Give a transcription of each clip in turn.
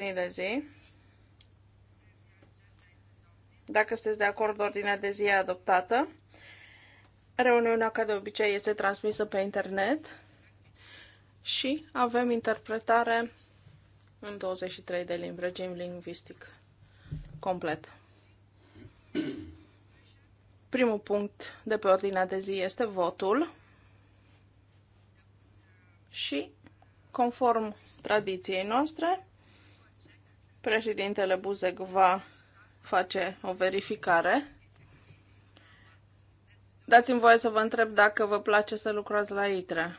ordinii de zi. Dacă sunteți de acord, ordinea de zi e adoptată. Reuniunea, ca de obicei, este transmisă pe internet și avem interpretare în 23 de limbi, regim lingvistic complet. Primul punct de pe ordinea de zi este votul și, conform tradiției noastre, Președintele Buzek va face o verificare. Dați-mi voie să vă întreb dacă vă place să lucrați la ITRE.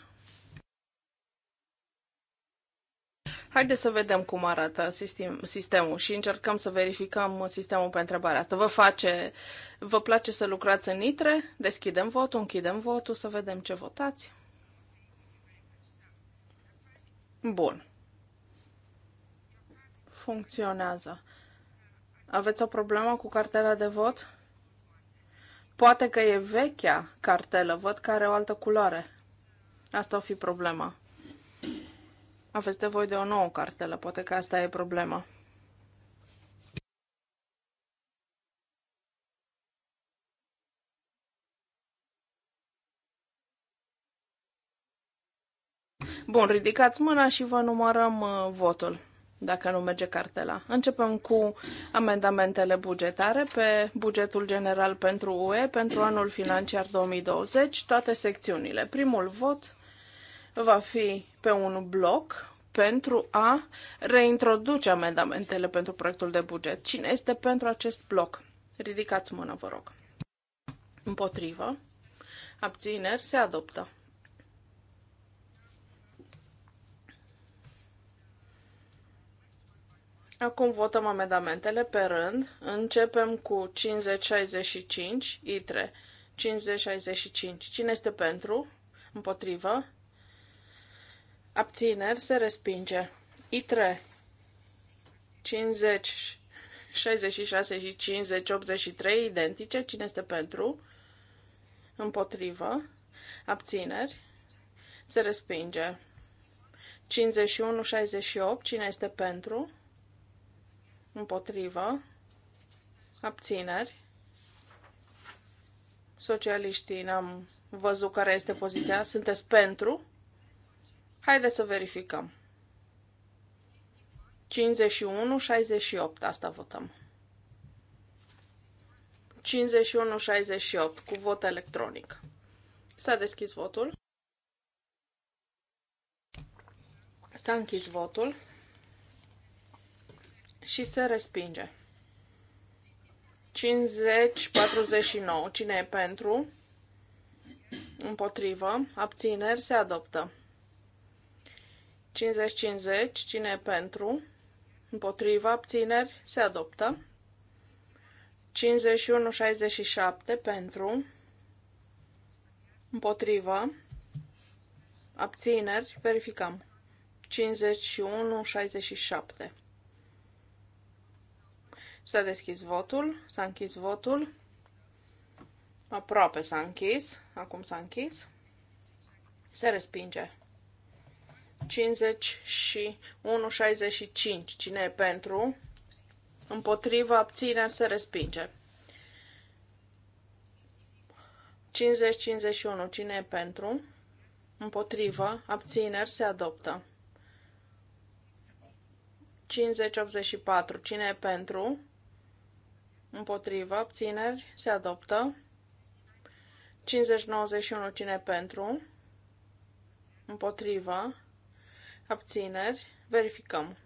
Haideți să vedem cum arată sistem, sistemul și încercăm să verificăm sistemul pe întrebarea asta. Vă face, vă place să lucrați în ITRE? Deschidem votul, închidem votul, să vedem ce votați. Bun funcționează. Aveți o problemă cu cartela de vot? Poate că e vechea cartelă, văd că are o altă culoare. Asta o fi problema. Aveți nevoie de o nouă cartelă, poate că asta e problema. Bun, ridicați mâna și vă numărăm uh, votul dacă nu merge cartela. Începem cu amendamentele bugetare pe bugetul general pentru UE pentru anul financiar 2020, toate secțiunile. Primul vot va fi pe un bloc pentru a reintroduce amendamentele pentru proiectul de buget. Cine este pentru acest bloc? Ridicați mâna, vă rog. Împotrivă. Abțineri se adoptă. Acum votăm amendamentele pe rând. Începem cu 5065, ITRE. 5065. Cine este pentru? Împotrivă? Abțineri se respinge. ITRE. 50 66 și 50 83 identice. Cine este pentru? Împotrivă? Abțineri se respinge. 51 68. Cine este pentru? împotrivă, abțineri. Socialiștii n-am văzut care este poziția. Sunteți pentru? Haideți să verificăm. 51, 68, asta votăm. 51, 68, cu vot electronic. S-a deschis votul. S-a închis votul și se respinge. 50-49. Cine e pentru? Împotrivă. Abțineri se adoptă. 50-50. Cine e pentru? Împotrivă. Abțineri se adoptă. 51-67 pentru. Împotrivă. Abțineri. Verificăm. 51-67. S-a deschis votul, s-a închis votul, aproape s-a închis, acum s-a închis, se respinge. 51, 65. Cine e pentru? Împotriva, abțineri, se respinge. 50, 51. Cine e pentru? Împotrivă, abțineri, se adoptă. 50, 84. Cine e pentru? împotrivă, abțineri, se adoptă. 50-91 cine pentru, împotrivă, abțineri, verificăm.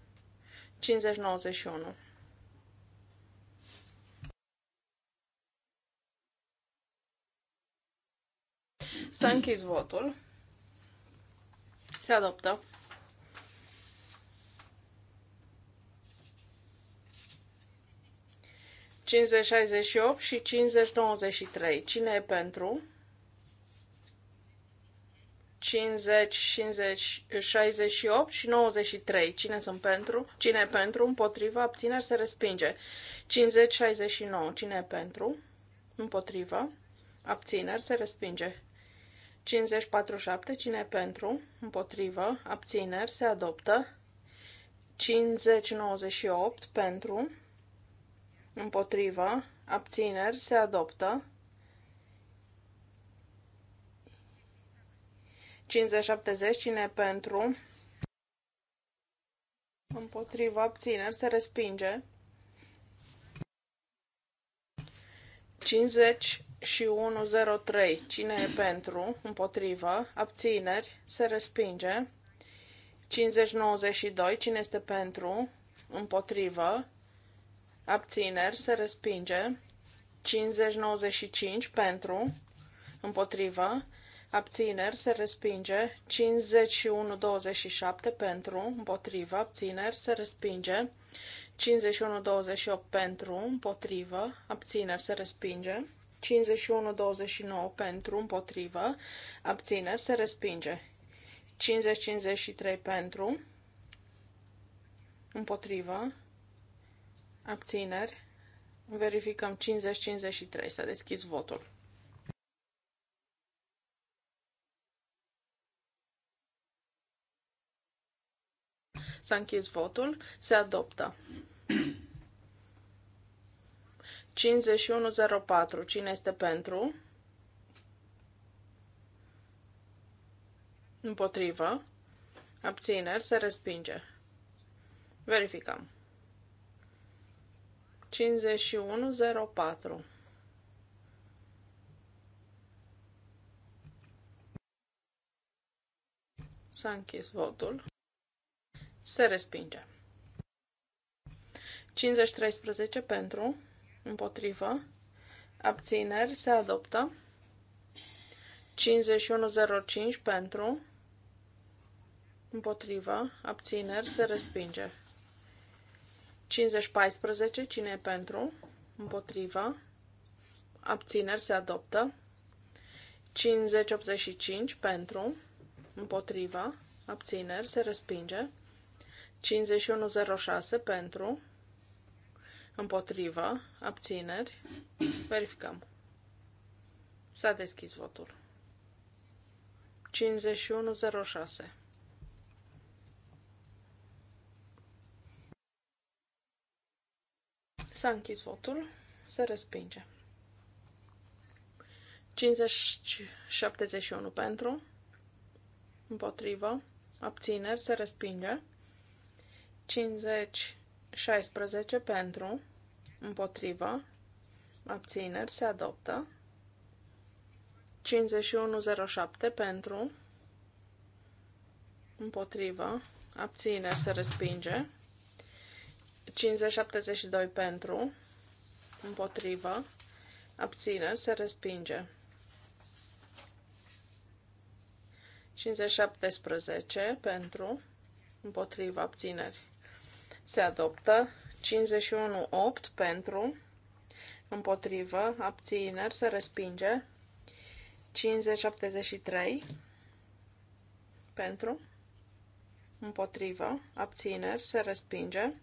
50-91. S-a închis votul. Se adoptă. 5068 și 5093. Cine e pentru? 50, 50, 68 și 93. Cine sunt pentru? Cine e pentru? Împotriva? Abțineri se respinge. 50, 69. Cine e pentru? Împotriva? Abțineri se respinge. 50, 47. Cine e pentru? Împotriva? Abțineri se adoptă. 50, 98. Pentru? împotrivă, abțineri, se adoptă. 50-70, cine e pentru, împotrivă, abțineri, se respinge. 50 și 103. cine e pentru, împotrivă, abțineri, se respinge. 50-92. cine este pentru, împotrivă, abțineri, se respinge. 50-95 pentru, împotrivă, abțineri, se respinge. 51-27 pentru, împotrivă, abțineri, se respinge. 51-28 pentru, împotrivă, abțineri, se respinge. 51-29 pentru, împotrivă, abțineri, se respinge. 50-53 pentru, împotrivă, abțineri, verificăm 50-53, s-a deschis votul. S-a închis votul, se adoptă. 5104, cine este pentru? Împotrivă. Abțineri, se respinge. Verificăm. 5104. S-a închis votul. Se respinge. 5013 pentru, împotrivă, abțineri, se adoptă. 5105 pentru, împotrivă, abțineri, se respinge. 50-14, cine e pentru? Împotrivă. Abțineri se adoptă. 50-85 pentru. Împotrivă. Abțineri se respinge. 51-06 pentru. Împotrivă. Abțineri. Verificăm. S-a deschis votul. 51-06. S-a închis votul. Se respinge. 50-71 pentru. Împotrivă. Abțineri. Se respinge. 50-16 pentru. Împotrivă. Abțineri. Se adoptă. 5107 pentru, împotrivă, abțineri, se respinge. 50-72 pentru, împotrivă, abține, se respinge. 5017 pentru, împotrivă, abțineri, se adoptă. 518 pentru, împotrivă, abțineri, se respinge. 5073 pentru, împotrivă, abțineri, se respinge. 50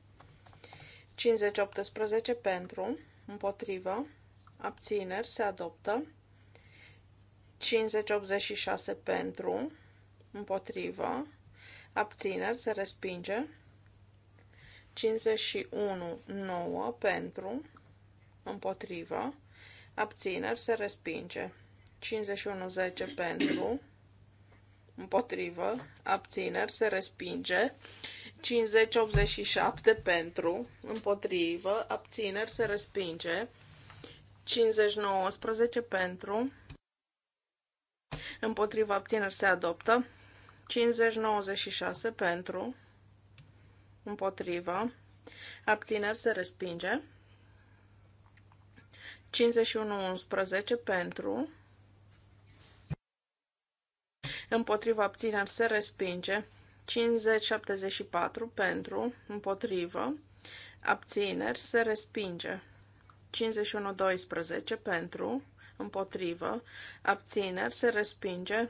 50-18 pentru, împotrivă, abțineri, se adoptă. 50-86 pentru, împotrivă, abțineri, se respinge. 51 9 pentru, împotrivă, abțineri, se respinge. 51 10 pentru, împotrivă, abțineri, se respinge. 50-87 pentru, împotrivă, abțineri se respinge. 50-19 pentru, împotrivă, abțineri se adoptă. 50-96 pentru, împotrivă, abțineri se respinge. 51-11 pentru, împotriva abțineri se respinge. 5074 pentru, împotrivă, abțineri, se respinge. 5112 pentru, împotrivă, abțineri, se respinge.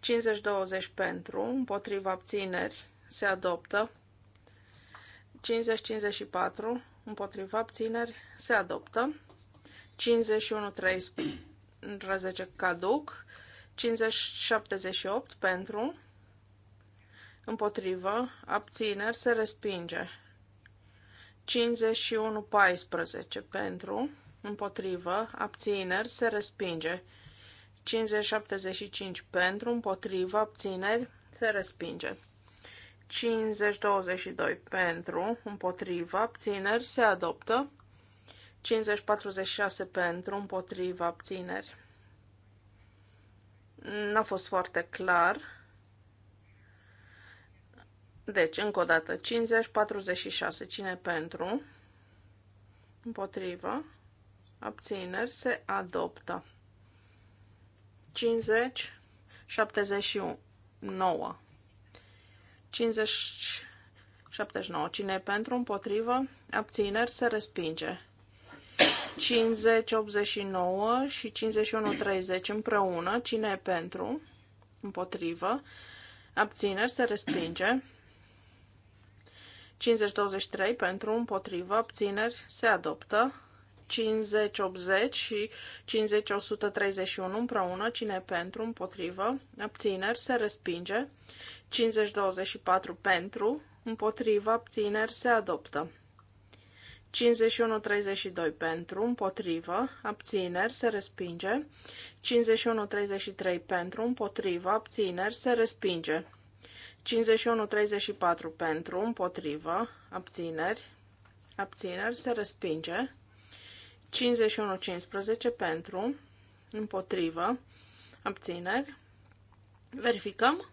5020 pentru, împotrivă, abțineri, se adoptă. 5054 împotrivă, abțineri, se adoptă. 5113 caduc. 5078 pentru, împotrivă, abțineri, se respinge. 51-14 pentru, împotrivă, abțineri, se respinge. 50-75 pentru, împotrivă, abțineri, se respinge. 50-22 pentru, împotrivă, abțineri, se adoptă. 50-46 pentru, împotrivă, abțineri. N-a fost foarte clar. Deci, încă o dată, 50-46. Cine pentru? Împotrivă. Abțineri se adoptă. 50, 79. 50, 79. Cine pentru, împotrivă, abțineri se respinge. 50, 89 și 51, 30 împreună. Cine e pentru, împotrivă, abțineri se respinge. 50-23 pentru, împotrivă, obțineri se adoptă. 50-80 și 50-131 împreună, cine pentru, împotrivă, abțineri, se respinge. 50-24 pentru, împotrivă, abțineri, se adoptă. 51-32 pentru, împotrivă, abțineri, se respinge. 51-33 pentru, împotrivă, abțineri, se respinge. 51-34 pentru, împotrivă, abțineri, abțineri, se respinge. 51-15 pentru, împotrivă, abțineri. Verificăm.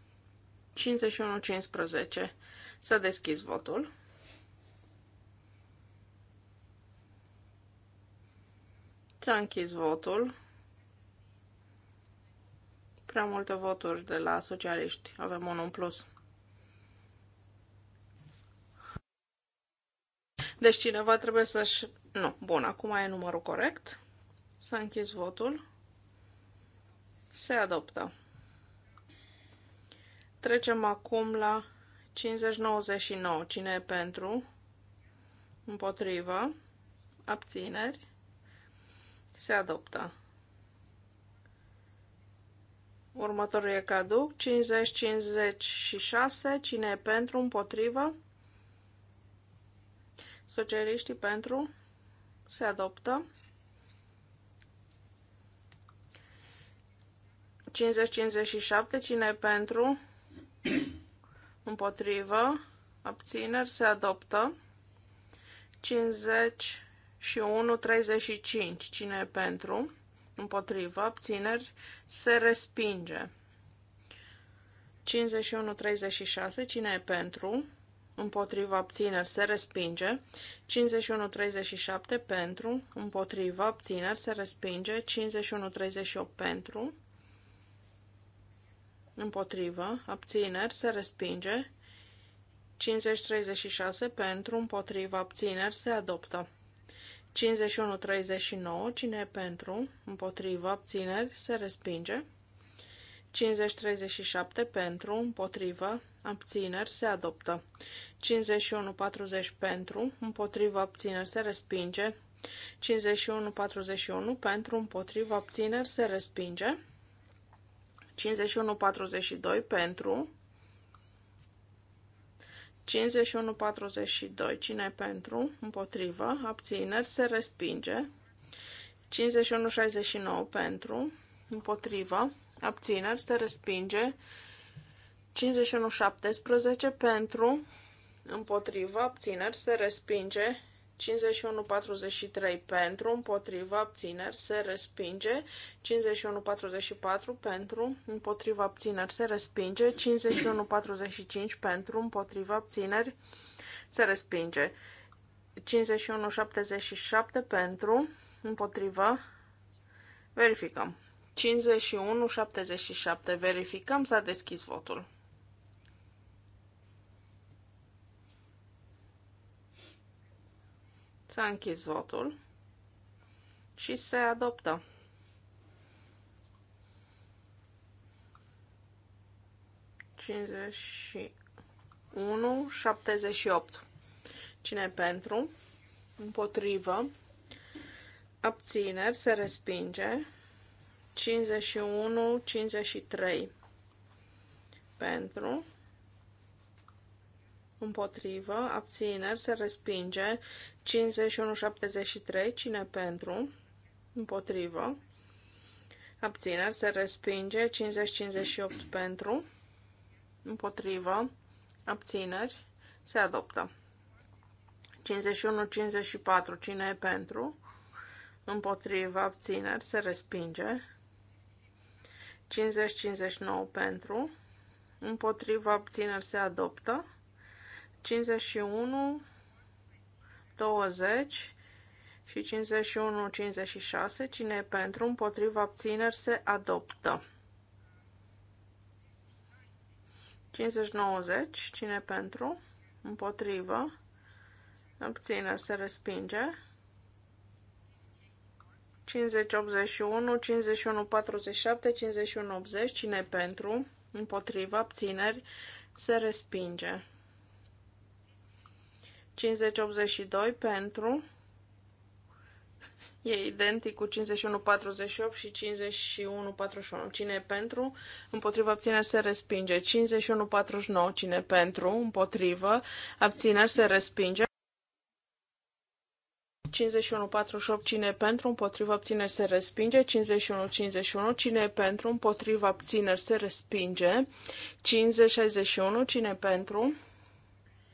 51-15. S-a deschis votul. S-a închis votul. Prea multe voturi de la socialiști. Avem unul în plus. Deci cineva trebuie să-și... Nu, bun, acum e numărul corect. S-a închis votul. Se adoptă. Trecem acum la 50-99. Cine e pentru? Împotrivă. Abțineri. Se adoptă. Următorul e caduc. 50-56. Cine e pentru? Împotrivă. Socialiștii pentru. Se adoptă. 50-57. Cine e pentru? Împotrivă. Abțineri. Se adoptă. 51 35 Cine e pentru? Împotrivă. Abțineri. Se respinge. 36 Cine e pentru? împotriva abțineri se respinge, 51-37 pentru, împotriva abțineri se respinge, 51-38 pentru, împotriva abțineri se respinge, 50-36 pentru, împotriva abțineri se adoptă. 51-39, cine e pentru, împotriva abțineri se respinge. 50-37 pentru, împotriva, abțineri, se adoptă. 51-40 pentru, împotriva abțineri se respinge. 51-41 pentru, împotriva abțineri se respinge. 51-42 pentru. 51-42 cine pentru, împotriva, abțineri se respinge. 51-69 pentru, împotriva, abțineri se respinge. 51-17 pentru, împotriva, abțineri, se respinge. 51-43 pentru, împotriva, abțineri, se respinge. 51-44 pentru, împotriva, abțineri, se respinge. 51-45 pentru, împotriva, abțineri, se respinge. 51-77 pentru, împotriva, verificăm. 51-77, verificăm, s-a deschis votul. S-a închis votul și se adoptă. și 1, 78. Cine pentru? Împotrivă. Abțineri se respinge. 51, 53. Pentru. Împotrivă. Abțineri se respinge. 51-73, cine pentru, împotrivă, abțineri, se respinge, 50-58 pentru, împotrivă, abțineri, se adoptă. 51-54, cine e pentru, împotrivă, abțineri, se respinge. 50-59 pentru, împotrivă, abțineri, se adoptă. 51 20 și 51-56. Cine e pentru, împotriva abțineri, se adoptă. 50-90. Cine e pentru, împotrivă, abțineri, se respinge. 50, 81, 51, 47, 51, 80, cine pentru, împotriva, abțineri, se respinge. 5082 pentru. E identic cu 5148 și 5141. Cine e pentru? Împotriva abțineri se respinge. 5149. Cine e pentru? Împotrivă. Abțineri se respinge. 5148 cine e pentru, împotriva abțineri se respinge. 5151 cine e pentru, împotriva abțineri se respinge. 5061 cine e pentru,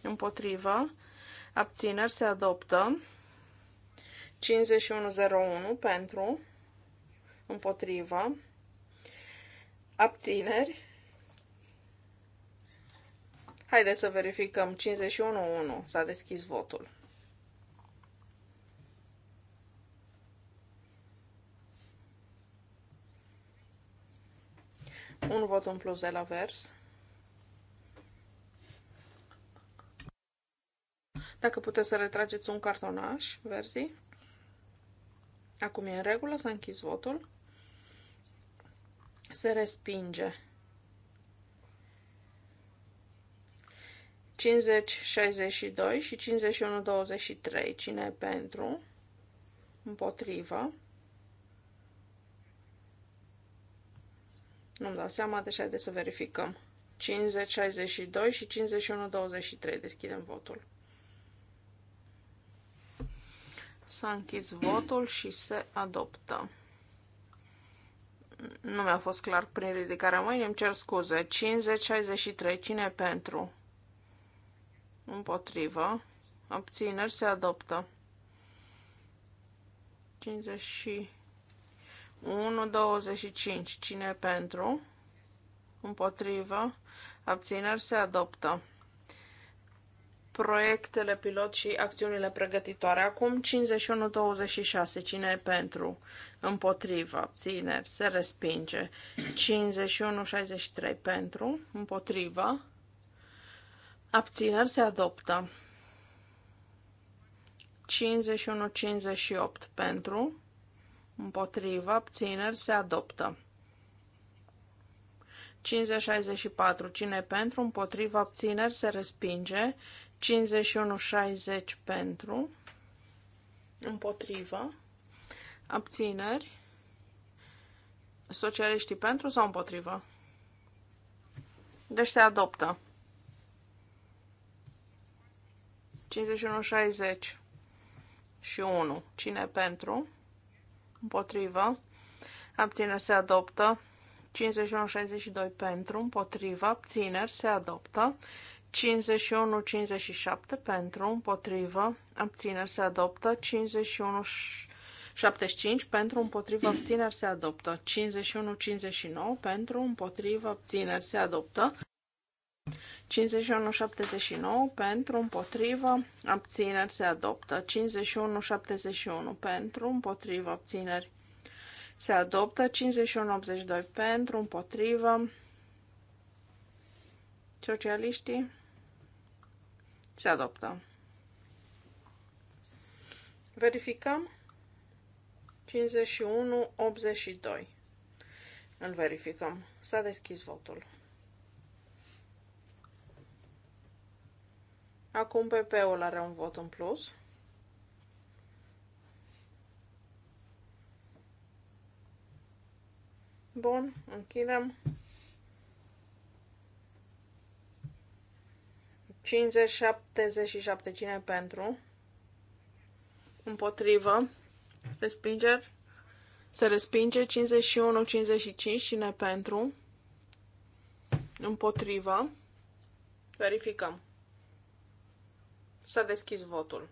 împotriva abțineri se adoptă. 5101 pentru, împotrivă, abțineri. Haideți să verificăm. 51.1. S-a deschis votul. Un vot în plus de la vers. Dacă puteți să retrageți un cartonaș, verzi. Acum e în regulă, s-a închis votul. Se respinge. 50, 62 și 51, 23. Cine e pentru? Împotrivă. Nu-mi dau seama, deci haideți să verificăm. 50, 62 și 51, 23. Deschidem votul. S-a închis votul și se adoptă. Nu mi-a fost clar prin ridicarea mâinii, îmi cer scuze. 50-63, cine pentru? Împotrivă. Abțineri se adoptă. 51-25, cine pentru? Împotrivă. Abțineri se adoptă proiectele pilot și acțiunile pregătitoare. Acum 51-26. Cine e pentru? Împotrivă. Abțineri. Se respinge. 51-63. Pentru. Împotrivă. Abțineri. Se adoptă. 51-58. Pentru. Împotrivă. Abțineri. Se adoptă. 50-64. Cine pentru, împotriva, abțineri, se respinge. 51-60 pentru, împotrivă, abțineri, socialiștii pentru sau împotrivă? Deci se adoptă. 51-60 și 1. Cine pentru? Împotrivă. Abțineri se adoptă. 51-62 pentru, împotrivă, abțineri se adoptă. 51, 57 pentru, împotrivă, abțineri se adoptă, 51, 75 pentru, împotrivă, abțineri se adoptă, 51, 59 pentru, împotrivă, abțineri se adoptă, 51, 79 pentru, împotrivă, abțineri se adoptă, 51, 71 pentru, împotrivă, abțineri se adoptă, 51, 82 pentru, împotrivă, Socialiștii se adoptă. Verificăm 51-82. Îl verificăm. S-a deschis votul. Acum PP-ul are un vot în plus. Bun, închidem. 50-77 cine pentru? Împotrivă. Respingeri. Se respinge 51-55 cine pentru? Împotrivă. Verificăm. S-a deschis votul.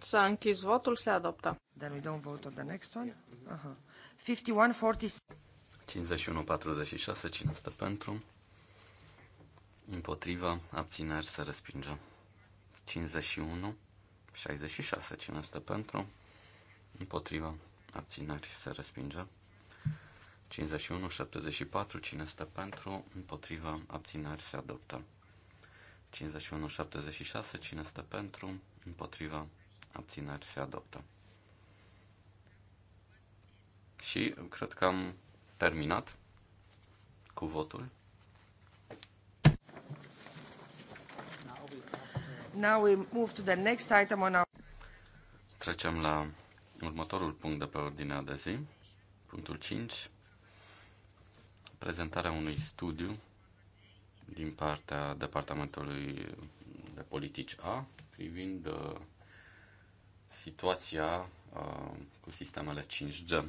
S-a închis votul, se adoptă. Then we don't vote on the next one? Aha. Uh -huh. 51-46, cine stă pentru? Împotriva, abțineri, să respingă. 51, 66, cine stă pentru? Împotriva, abțineri, să respingă. 51, 74, cine stă pentru? Împotriva, abțineri, se adoptă. 51, 76, cine stă pentru? Împotriva, abțineri, se adoptă. Și cred că am terminat cu votul. Now we move to the next item on our... Trecem la următorul punct de pe ordinea de zi, punctul 5, prezentarea unui studiu din partea Departamentului de Politici A privind uh, situația uh, cu sistemele 5G.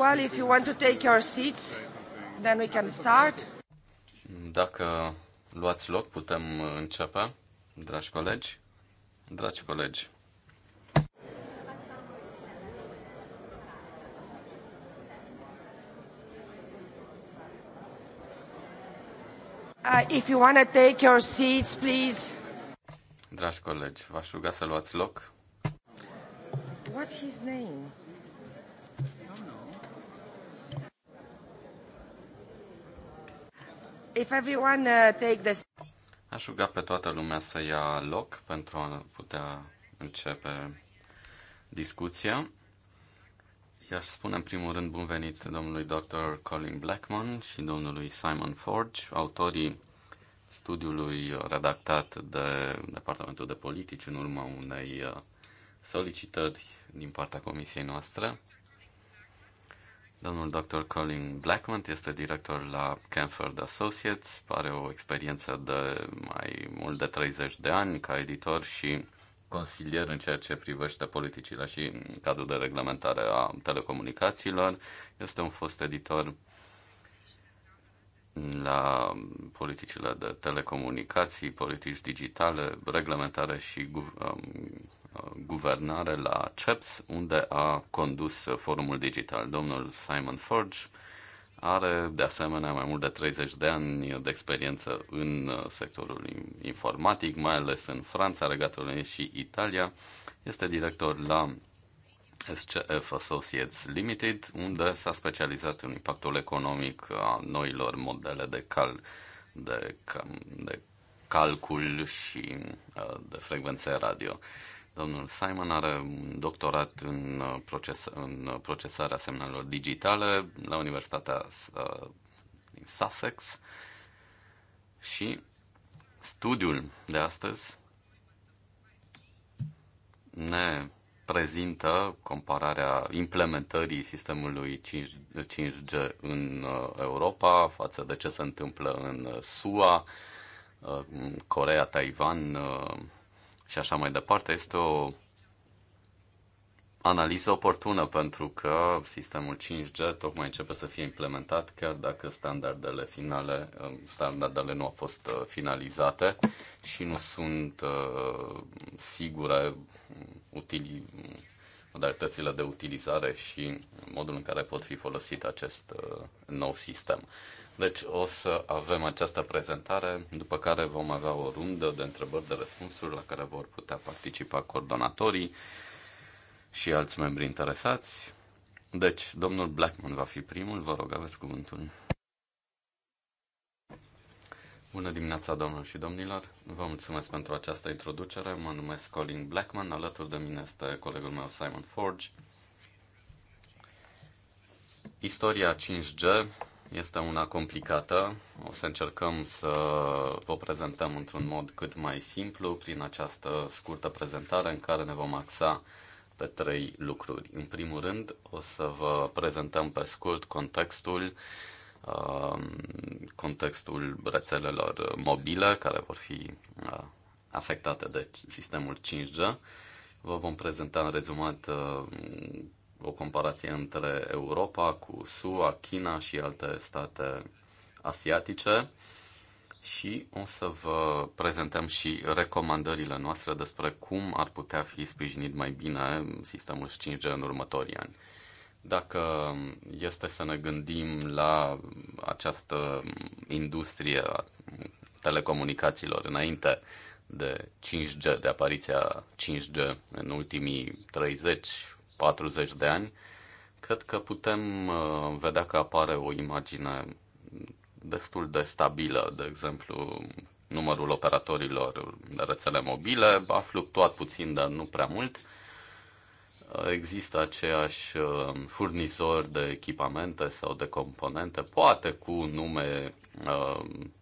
Well, if you want to take your seats, then we can start. Dacă luați loc, putem începe, dragi colegi. Dragi colegi, Uh, if you want to take your seats, please. Dragi colegi, v-aș ruga să luați loc. What's his name? if everyone uh, take this... Aș ruga pe toată lumea să ia loc pentru a putea începe discuția. I-aș spune în primul rând bun venit domnului Dr. Colin Blackman și domnului Simon Forge, autorii studiului redactat de Departamentul de Politici în urma unei uh, solicitări din partea comisiei noastre. Domnul dr. Colin Blackman este director la Canford Associates, are o experiență de mai mult de 30 de ani ca editor și consilier în ceea ce privește politicile și cadrul de reglementare a telecomunicațiilor. Este un fost editor la politicile de telecomunicații, politici digitale, reglementare și um, guvernare la CEPS, unde a condus forumul digital. Domnul Simon Forge are de asemenea mai mult de 30 de ani de experiență în sectorul informatic, mai ales în Franța, Regatul Unit și Italia. Este director la SCF Associates Limited, unde s-a specializat în impactul economic a noilor modele de cal de, de calcul și uh, de frecvențe radio. Domnul Simon are un doctorat în, uh, proces, în procesarea semnalelor digitale la Universitatea uh, din Sussex și studiul de astăzi ne prezintă compararea implementării sistemului 5G în uh, Europa față de ce se întâmplă în uh, SUA, uh, Corea, Taiwan și așa mai departe. Este o analiză oportună pentru că sistemul 5G tocmai începe să fie implementat chiar dacă standardele finale, standardele nu au fost finalizate și nu sunt sigure utili, modalitățile de utilizare și modul în care pot fi folosit acest uh, nou sistem. Deci o să avem această prezentare, după care vom avea o rundă de întrebări de răspunsuri la care vor putea participa coordonatorii și alți membri interesați. Deci, domnul Blackman va fi primul, vă rog, aveți cuvântul. Bună dimineața, domnilor și domnilor! Vă mulțumesc pentru această introducere. Mă numesc Colin Blackman. Alături de mine este colegul meu Simon Forge. Istoria 5G este una complicată. O să încercăm să vă prezentăm într-un mod cât mai simplu prin această scurtă prezentare în care ne vom axa pe trei lucruri. În primul rând, o să vă prezentăm pe scurt contextul Um, contextul rețelelor mobile care vor fi uh, afectate de sistemul 5G. Vă vom prezenta în rezumat uh, o comparație între Europa cu SUA, China și alte state asiatice și o să vă prezentăm și recomandările noastre despre cum ar putea fi sprijinit mai bine sistemul 5G în următorii ani. Dacă este să ne gândim la această industrie a telecomunicațiilor înainte de 5G, de apariția 5G în ultimii 30-40 de ani, cred că putem uh, vedea că apare o imagine destul de stabilă, de exemplu, numărul operatorilor de rețele mobile a fluctuat puțin, dar nu prea mult există aceeași um, furnizor de echipamente sau de componente, poate cu nume um,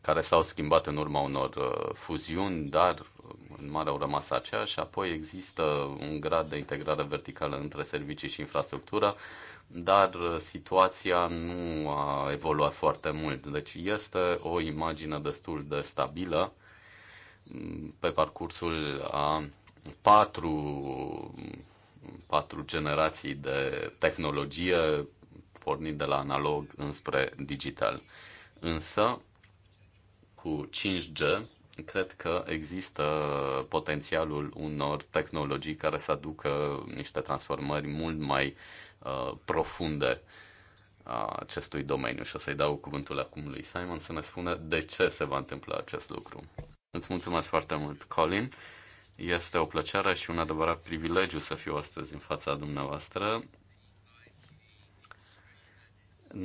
care s-au schimbat în urma unor uh, fuziuni, dar în mare au rămas aceeași. Apoi există un grad de integrare verticală între servicii și infrastructură, dar uh, situația nu a evoluat foarte mult. Deci este o imagine destul de stabilă mm, pe parcursul a patru patru generații de tehnologie, pornind de la analog înspre digital. Însă, cu 5G, cred că există potențialul unor tehnologii care să aducă niște transformări mult mai uh, profunde a acestui domeniu și o să-i dau cuvântul acum lui Simon să ne spună de ce se va întâmpla acest lucru. Îți mulțumesc foarte mult, Colin. Este o plăcere și un adevărat privilegiu să fiu astăzi în fața dumneavoastră.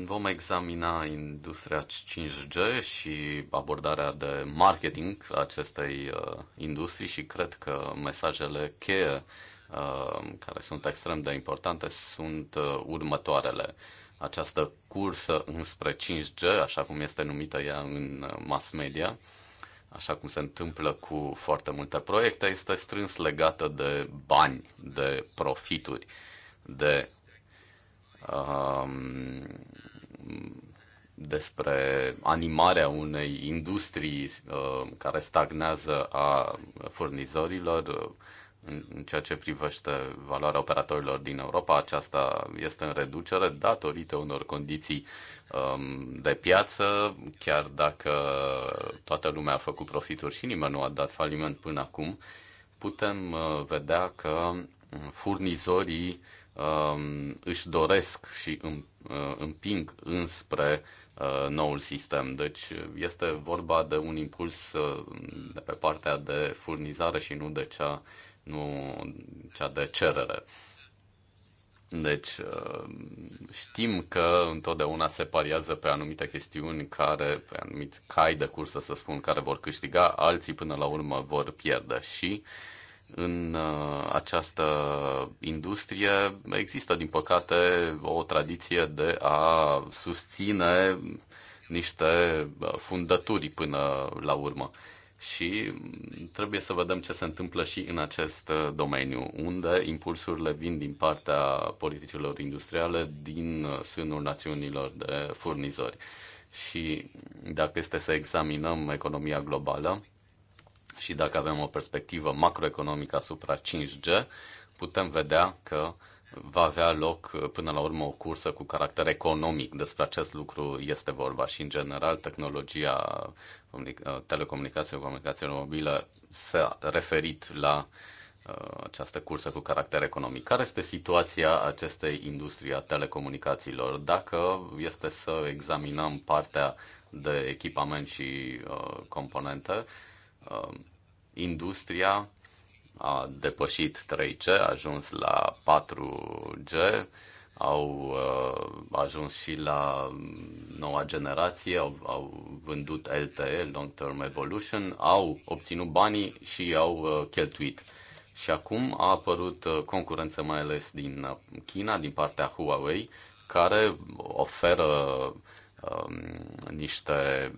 Vom examina industria 5G și abordarea de marketing acestei uh, industrii și cred că mesajele cheie uh, care sunt extrem de importante sunt uh, următoarele. Această cursă înspre 5G, așa cum este numită ea în uh, mass media, uh, așa cum se întâmplă cu foarte multe proiecte, este strâns legată de bani, de profituri, de um, despre animarea unei industrii uh, care stagnează a furnizorilor, în ceea ce privește valoarea operatorilor din Europa, aceasta este în reducere datorită unor condiții um, de piață, chiar dacă toată lumea a făcut profituri și nimeni nu a dat faliment până acum, putem uh, vedea că um, furnizorii um, își doresc și uh, împing înspre uh, noul sistem. Deci este vorba de un impuls uh, de pe partea de furnizare și nu de cea uh, nu cea de cerere. Deci uh, știm că întotdeauna se pariază pe anumite chestiuni care, pe anumit cai de cursă să spun, care vor câștiga, alții până la urmă vor pierde și în uh, această industrie există, din păcate, o tradiție de a susține niște uh, fundături până la urmă și mm, trebuie să vedem ce se întâmplă și în acest uh, domeniu, unde impulsurile vin din partea politicilor industriale din uh, sânul națiunilor de furnizori. Și dacă este să examinăm economia globală și dacă avem o perspectivă macroeconomică asupra 5G, putem vedea că va avea loc uh, până la urmă o cursă cu caracter economic. Despre acest lucru este vorba și, în general, tehnologia uh, telecomunicațiilor, comunicațiilor mobile s-a referit la uh, această cursă cu caracter economic. Care este situația acestei industrie a telecomunicațiilor? Dacă este să examinăm partea de echipament și uh, componente, uh, industria a depășit 3G, a ajuns la 4G, au uh, ajuns și la noua generație, au, au vândut LTE, Long Term Evolution, au obținut banii și au uh, cheltuit. Și acum a apărut uh, concurență mai ales din uh, China, din partea Huawei, care oferă uh, niște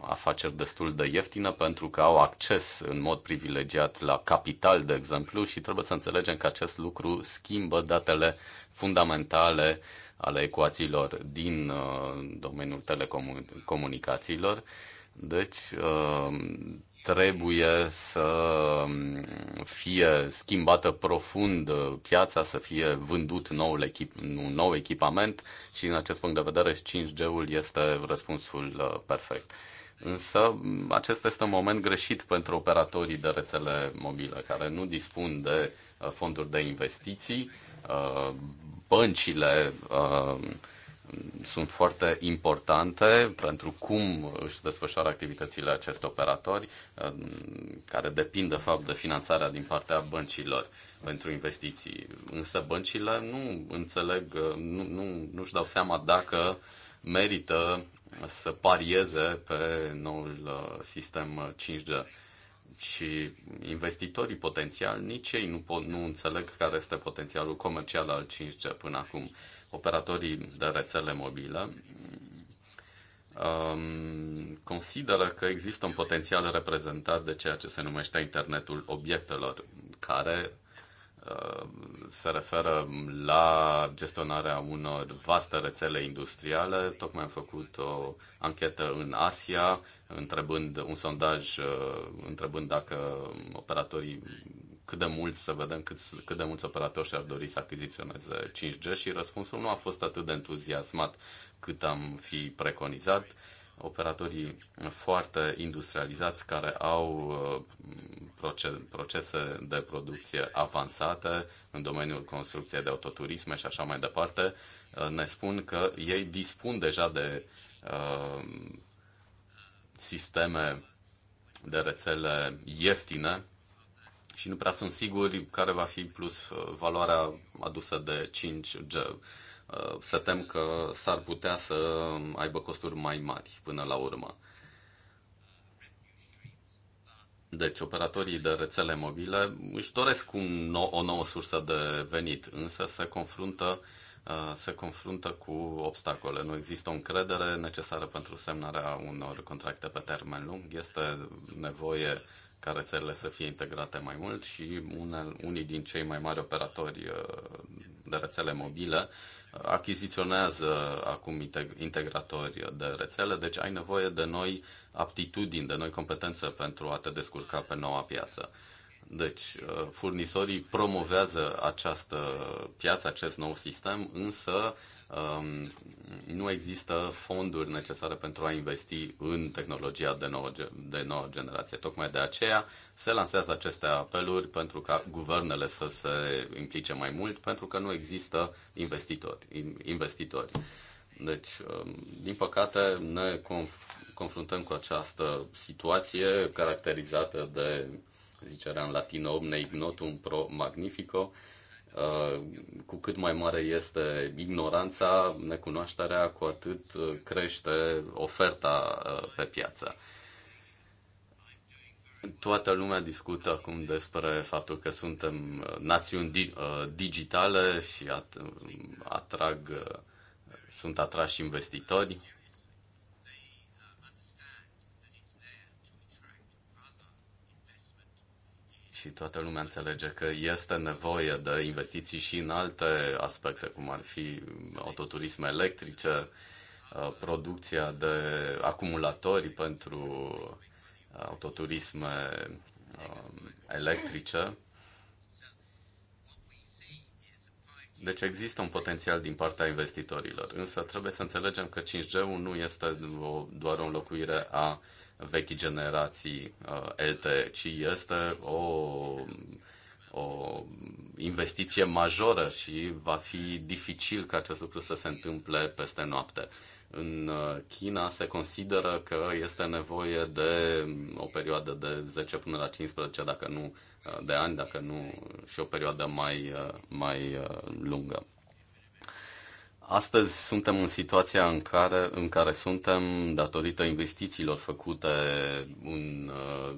afaceri destul de ieftine pentru că au acces în mod privilegiat la capital, de exemplu, și trebuie să înțelegem că acest lucru schimbă datele fundamentale ale ecuațiilor din uh, domeniul telecomunicațiilor. Deci, uh, trebuie să um, fie schimbată profund piața, să fie vândut noul echip, un nou echipament și din acest punct de vedere 5G-ul este răspunsul uh, perfect. Însă acesta este un moment greșit pentru operatorii de rețele mobile care nu dispun de uh, fonduri de investiții. Uh, băncile uh, sunt foarte importante pentru cum își desfășoară activitățile acestor operatori care depind de fapt de finanțarea din partea băncilor pentru investiții. Însă băncile nu înțeleg, nu, nu, nu-și dau seama dacă merită să parieze pe noul uh, sistem 5G. Uh, Și investitorii potențiali, nici ei nu, pot, nu înțeleg care este potențialul comercial al 5G până acum. Operatorii de rețele mobile um, consideră că există un potențial reprezentat de ceea ce se numește internetul obiectelor, care se referă la gestionarea unor vaste rețele industriale. Tocmai am făcut o anchetă în Asia, întrebând un sondaj, uh, întrebând dacă operatorii cât de mulți, să vedem cât, cât de mulți operatori și-ar dori să achiziționeze 5G și răspunsul nu a fost atât de entuziasmat cât am fi preconizat operatorii foarte industrializați care au uh, procese de producție avansate în domeniul construcției de autoturisme și așa mai departe, uh, ne spun că ei dispun deja de uh, sisteme de rețele ieftine și nu prea sunt siguri care va fi plus uh, valoarea adusă de 5G. Uh, se tem că s-ar putea să aibă costuri mai mari până la urmă. Deci, operatorii de rețele mobile își doresc un nou, o nouă sursă de venit, însă se confruntă, uh, se confruntă cu obstacole. Nu există o încredere necesară pentru semnarea unor contracte pe termen lung. Este nevoie ca rețelele să fie integrate mai mult și une, unii din cei mai mari operatori uh, de rețele mobile achiziționează acum integratori de rețele, deci ai nevoie de noi aptitudini, de noi competențe pentru a te descurca pe noua piață. Deci, uh, furnizorii promovează această piață, acest nou sistem, însă um, nu există fonduri necesare pentru a investi în tehnologia de nouă, de nouă generație. Tocmai de aceea se lansează aceste apeluri pentru ca guvernele să se implice mai mult, pentru că nu există investitori. investitori. Deci, um, din păcate, ne conf- confruntăm cu această situație caracterizată de zicerea în latină omne ignotum pro magnifico, uh, cu cât mai mare este ignoranța, necunoașterea, cu atât uh, crește oferta uh, pe piață. Toată lumea discută acum despre faptul că suntem națiuni digitale și atrag, sunt atrași investitori și toată lumea înțelege că este nevoie de investiții și în alte aspecte, cum ar fi uh, autoturisme electrice, uh, producția de acumulatori pentru uh, autoturisme um, electrice. Deci există un potențial din partea investitorilor, însă trebuie să înțelegem că 5G-ul nu este doar o înlocuire a vechi generații uh, LTE, ci este o, o investiție majoră și va fi dificil ca acest lucru să se întâmple peste noapte. În uh, China se consideră că este nevoie de o perioadă de 10 până la 15, dacă nu uh, de ani, dacă nu și o perioadă mai, mai lungă. Astăzi suntem în situația în care, în care suntem datorită investițiilor făcute în uh,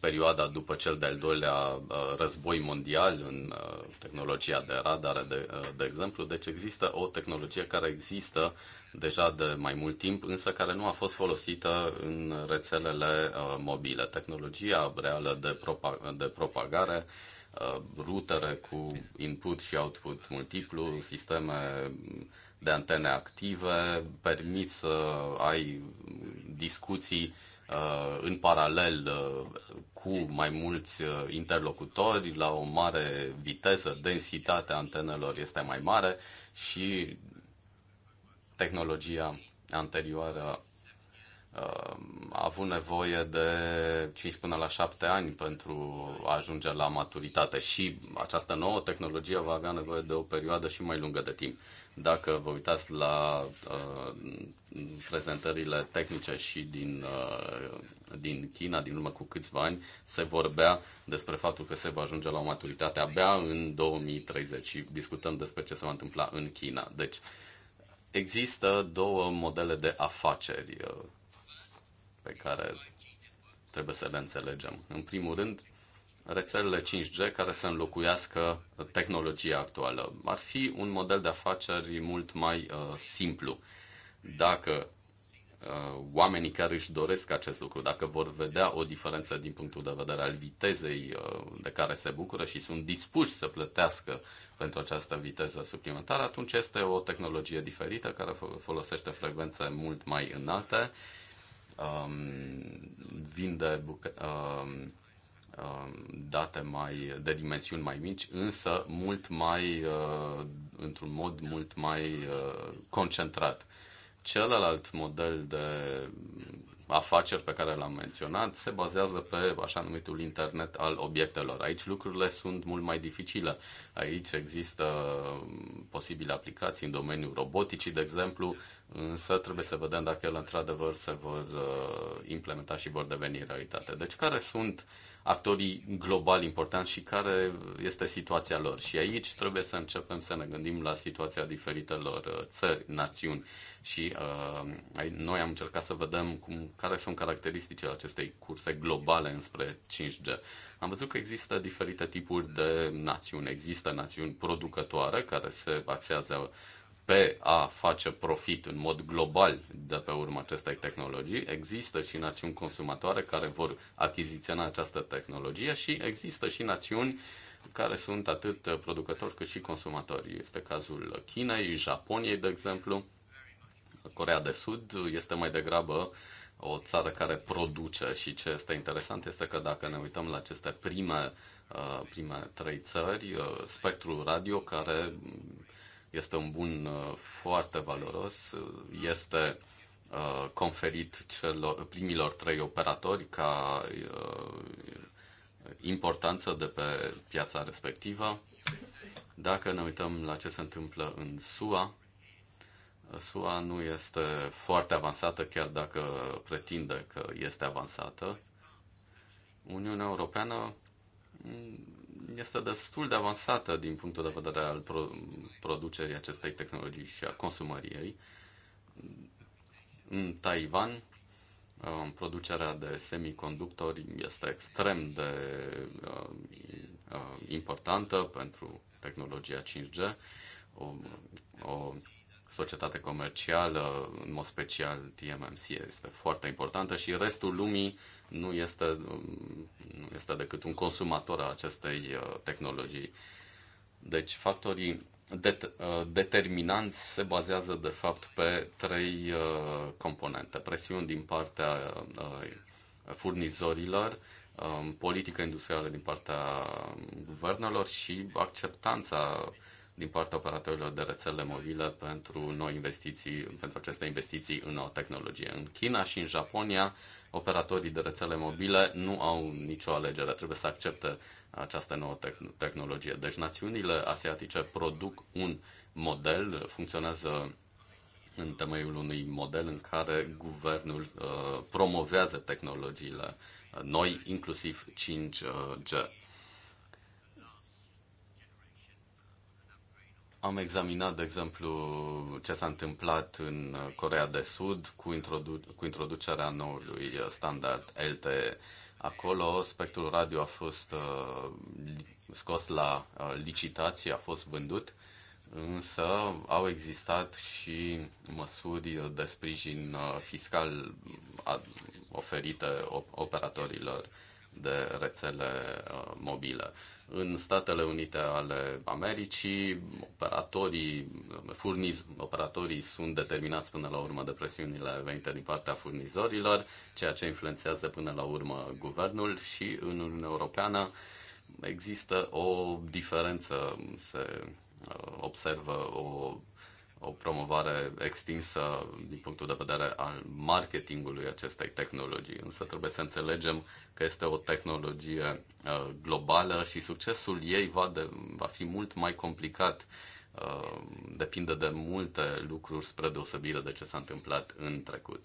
perioada după cel de-al doilea uh, război mondial în uh, tehnologia de radare, de, uh, de exemplu. Deci există o tehnologie care există deja de mai mult timp, însă care nu a fost folosită în rețelele uh, mobile. Tehnologia reală de, propa- de propagare Uh, routere cu input și output multiplu, sisteme de antene active, permit să ai discuții uh, în paralel uh, cu mai mulți interlocutori, la o mare viteză, densitatea antenelor este mai mare și tehnologia anterioară a avut nevoie de 5 până la 7 ani pentru a ajunge la maturitate și această nouă tehnologie va avea nevoie de o perioadă și mai lungă de timp. Dacă vă uitați la uh, prezentările tehnice și din, uh, din China, din urmă cu câțiva ani, se vorbea despre faptul că se va ajunge la o maturitate abia în 2030 și discutăm despre ce se va întâmpla în China. Deci, există două modele de afaceri uh, pe care trebuie să le înțelegem. În primul rând, rețelele 5G care să înlocuiască tehnologia actuală. Ar fi un model de afaceri mult mai uh, simplu. Dacă uh, oamenii care își doresc acest lucru, dacă vor vedea o diferență din punctul de vedere al vitezei uh, de care se bucură și sunt dispuși să plătească pentru această viteză suplimentară, atunci este o tehnologie diferită care folosește frecvențe mult mai înalte uh, um, vinde um, um, date mai, de dimensiuni mai mici, însă mult mai, uh, într-un mod mult mai uh, concentrat. Celălalt model de afaceri pe care le-am menționat se bazează pe așa numitul internet al obiectelor. Aici lucrurile sunt mult mai dificile. Aici există mm, posibile aplicații în domeniul roboticii, de exemplu, însă trebuie să vedem dacă ele într-adevăr se vor uh, implementa și vor deveni realitate. Deci care sunt uh, actorii globali importanți și care este situația lor. Și aici trebuie să începem să ne gândim la situația diferitelor uh, țări, națiuni. Și uh, noi am încercat să vedem cum, care sunt caracteristicile acestei curse globale înspre 5G. Am văzut că există diferite tipuri de națiuni. Există națiuni producătoare care se axează pe a face profit în mod global de pe urma acestei tehnologii. Există și națiuni consumatoare care vor achiziționa această tehnologie și există și națiuni care sunt atât producători cât și consumatori. Este cazul Chinei, Japoniei, de exemplu. Corea de Sud este mai degrabă o țară care produce și ce este interesant este că dacă ne uităm la aceste prime, uh, prime trei țări, uh, spectrul radio care este un bun uh, foarte valoros, este uh, conferit celor, primilor trei operatori ca uh, importanță de pe piața respectivă. Dacă ne uităm la ce se întâmplă în SUA, SUA nu este foarte avansată, chiar dacă pretinde că este avansată. Uniunea Europeană mm, este destul de avansată din punctul de vedere al pro- producerii acestei tehnologii și a consumării ei. În Taiwan, um, producerea de semiconductori este extrem de um, um, importantă pentru tehnologia 5G. O, o societate comercială, în mod special TMMC, este foarte importantă și restul lumii nu este, nu este decât un consumator al acestei uh, tehnologii. Deci factorii det- uh, determinanți se bazează de fapt pe trei uh, componente. Presiuni din partea furnizorilor, um, politică industrială din partea um, guvernelor și acceptanța uh, din partea operatorilor de rețele mobile pentru noi investiții, pentru aceste investiții în nouă tehnologie. În China și în Japonia, operatorii de rețele mobile nu au nicio alegere, trebuie să accepte această nouă tehn- tehnologie. Deci națiunile asiatice produc un model, funcționează în temeiul unui model în care guvernul uh, promovează tehnologiile uh, noi, inclusiv 5G. Am examinat, de exemplu, ce s-a întâmplat în Corea de Sud cu, introdu- cu introducerea noului standard LTE. Acolo spectrul radio a fost uh, scos la uh, licitație, a fost vândut, însă au existat și măsuri de sprijin uh, fiscal uh, oferite op- operatorilor de rețele uh, mobile. În Statele Unite ale Americii, operatorii, furniz, operatorii sunt determinați până la urmă de presiunile venite din partea furnizorilor, ceea ce influențează până la urmă guvernul și în Uniunea Europeană există o diferență, se uh, observă o o promovare extinsă din punctul de vedere al marketingului acestei tehnologii, însă trebuie să înțelegem că este o tehnologie uh, globală și succesul ei va, de, va fi mult mai complicat, uh, depinde de multe lucruri spre deosebire de ce s-a întâmplat în trecut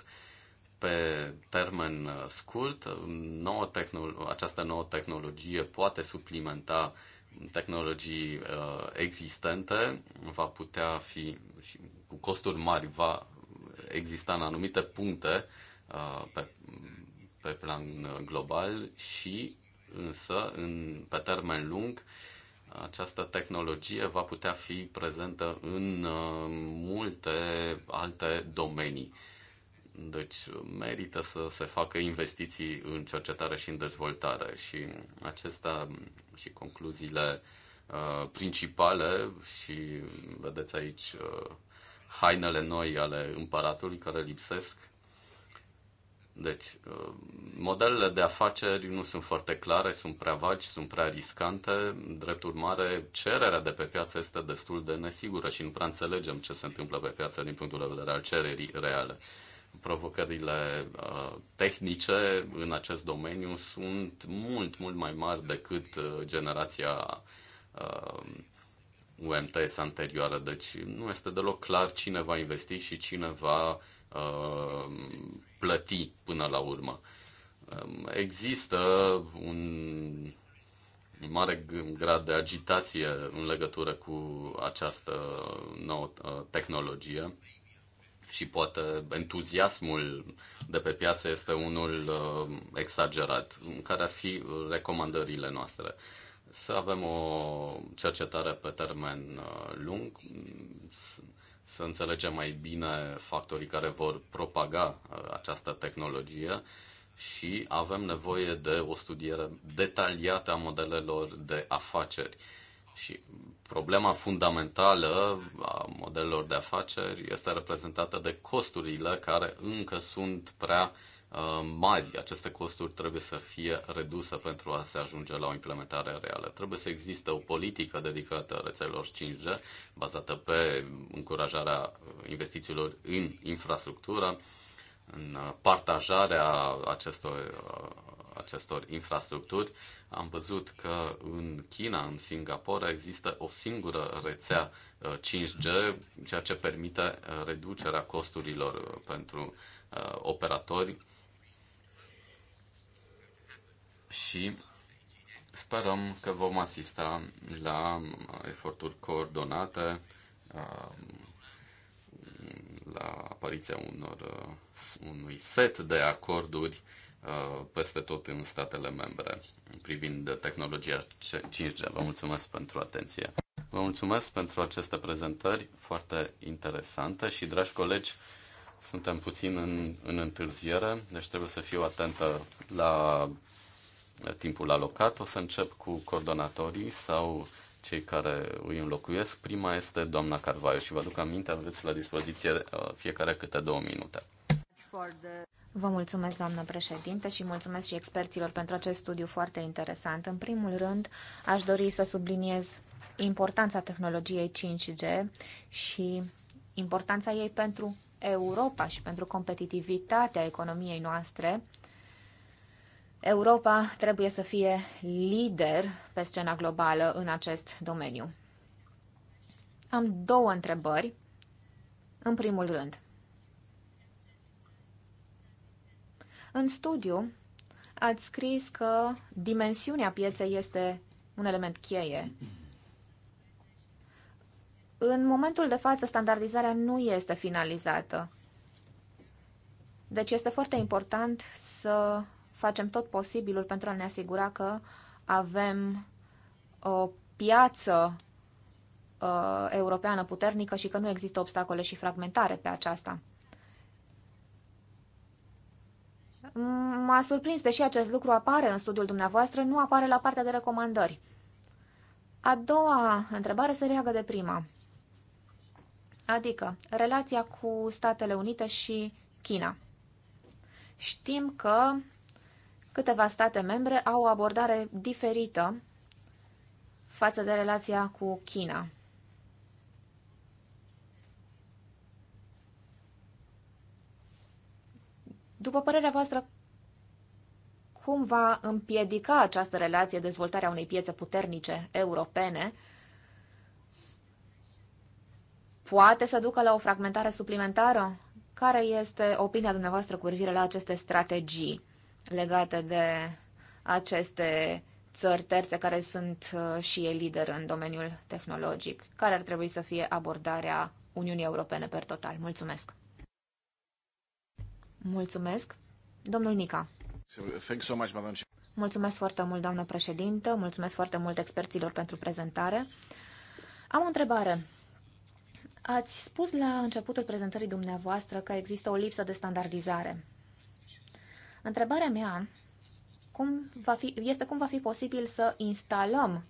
pe termen uh, scurt, nouă tehnolo- această nouă tehnologie poate suplimenta tehnologii uh, existente va putea fi și cu costuri mari va exista în anumite puncte uh, pe, pe plan global și însă în, pe termen lung această tehnologie va putea fi prezentă în uh, multe alte domenii. Deci merită să se facă investiții în cercetare și în dezvoltare și acesta și concluziile uh, principale și vedeți aici uh, hainele noi ale împăratului care lipsesc. Deci, uh, modelele de afaceri nu sunt foarte clare, sunt prea vagi, sunt prea riscante. Drept urmare, cererea de pe piață este destul de nesigură și nu prea înțelegem ce se întâmplă pe piață din punctul de vedere al cererii reale. Uh, provocările uh, tehnice în acest domeniu sunt mult, mult mai mari decât uh, generația uh, UMTS anterioară. Deci nu este deloc clar cine va investi și cine va uh, plăti până la urmă. Um, există un mare grad de agitație în legătură cu această nouă uh, tehnologie și poate entuziasmul de pe piață este unul uh, exagerat. Care ar fi recomandările noastre? Să avem o cercetare pe termen uh, lung, să înțelegem mai bine factorii care vor propaga uh, această tehnologie și avem nevoie de o studiere detaliată a modelelor de afaceri și problema fundamentală a modelelor de afaceri este reprezentată de costurile care încă sunt prea uh, mari. Aceste costuri trebuie să fie reduse pentru a se ajunge la o implementare reală. Trebuie să existe o politică dedicată rețelelor 5G, bazată pe încurajarea investițiilor în infrastructură, în partajarea acestor, uh, acestor infrastructuri am văzut că în China, în Singapore, există o singură rețea 5G, uh, ceea ce permite uh, reducerea costurilor uh, pentru operatori și sperăm că vom asista la eforturi coordonate, la apariția unor, unui set de acorduri peste tot în statele membre privind tehnologia 5G. Vă mulțumesc pentru atenție. Vă mulțumesc pentru aceste prezentări foarte interesante și, dragi colegi, suntem puțin în, în întârziere, deci trebuie să fiu atentă la timpul alocat. O să încep cu coordonatorii sau cei care îi înlocuiesc. Prima este doamna Carvaiu și vă aduc aminte, aveți la dispoziție uh, fiecare câte două minute. Vă mulțumesc, doamnă președinte, și mulțumesc și experților pentru acest studiu foarte interesant. În primul rând, aș dori să subliniez importanța tehnologiei 5G și importanța ei pentru Europa și pentru competitivitatea economiei noastre. Europa trebuie să fie lider pe scena globală în acest domeniu. Am două întrebări. În primul rând, În studiu ați scris că dimensiunea pieței este un element cheie. În momentul de față, standardizarea nu este finalizată. Deci este foarte important să facem tot posibilul pentru a ne asigura că avem o piață uh, europeană puternică și că nu există obstacole și fragmentare pe aceasta. m-a surprins, deși acest lucru apare în studiul dumneavoastră, nu apare la partea de recomandări. A doua întrebare se leagă de prima, adică relația cu Statele Unite și China. Știm că câteva state membre au o abordare diferită față de relația cu China. După părerea voastră, cum va împiedica această relație dezvoltarea unei piețe puternice europene? Poate să ducă la o fragmentare suplimentară? Care este opinia dumneavoastră cu privire la aceste strategii legate de aceste țări terțe care sunt uh, și ei lider în domeniul tehnologic? Care ar trebui să fie abordarea Uniunii Europene per total? Mulțumesc! Mulțumesc. Domnul Nica. Mulțumesc foarte mult, doamnă președintă. Mulțumesc foarte mult experților pentru prezentare. Am o întrebare. Ați spus la începutul prezentării dumneavoastră că există o lipsă de standardizare. Întrebarea mea cum va fi, este cum va fi posibil să instalăm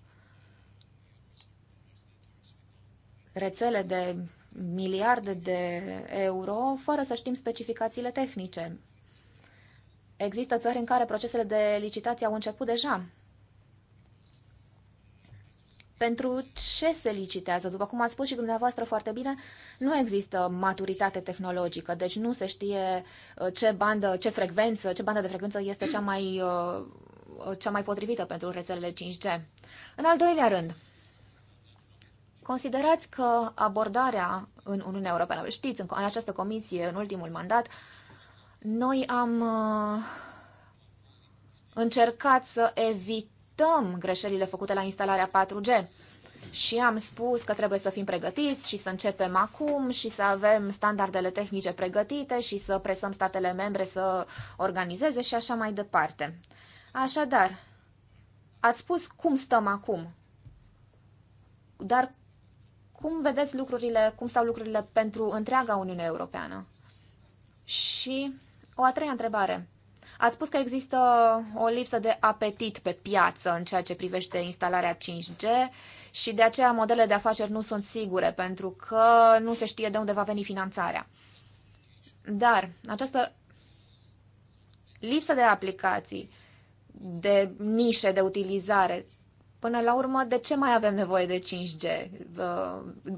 rețele de miliarde de euro fără să știm specificațiile tehnice. Există țări în care procesele de licitație au început deja. Pentru ce se licitează? După cum ați spus și dumneavoastră foarte bine, nu există maturitate tehnologică, deci nu se știe uh, ce bandă, ce frecvență, ce bandă de frecvență este cea mai, uh, uh, cea mai potrivită pentru rețelele 5G. În al doilea rând, Considerați că abordarea în Uniunea Europeană, știți, în această comisie, în ultimul mandat, noi am uh, încercat să evităm greșelile făcute la instalarea 4G și am spus că trebuie să fim pregătiți și să începem acum și să avem standardele tehnice pregătite și să presăm statele membre să organizeze și așa mai departe. Așadar, ați spus cum stăm acum, dar cum vedeți lucrurile, cum stau lucrurile pentru întreaga Uniune Europeană? Și o a treia întrebare. Ați spus că există o lipsă de apetit pe piață în ceea ce privește instalarea 5G și de aceea modelele de afaceri nu sunt sigure pentru că nu se știe de unde va veni finanțarea. Dar această lipsă de aplicații, de nișe de utilizare, Până la urmă, de ce mai avem nevoie de 5G?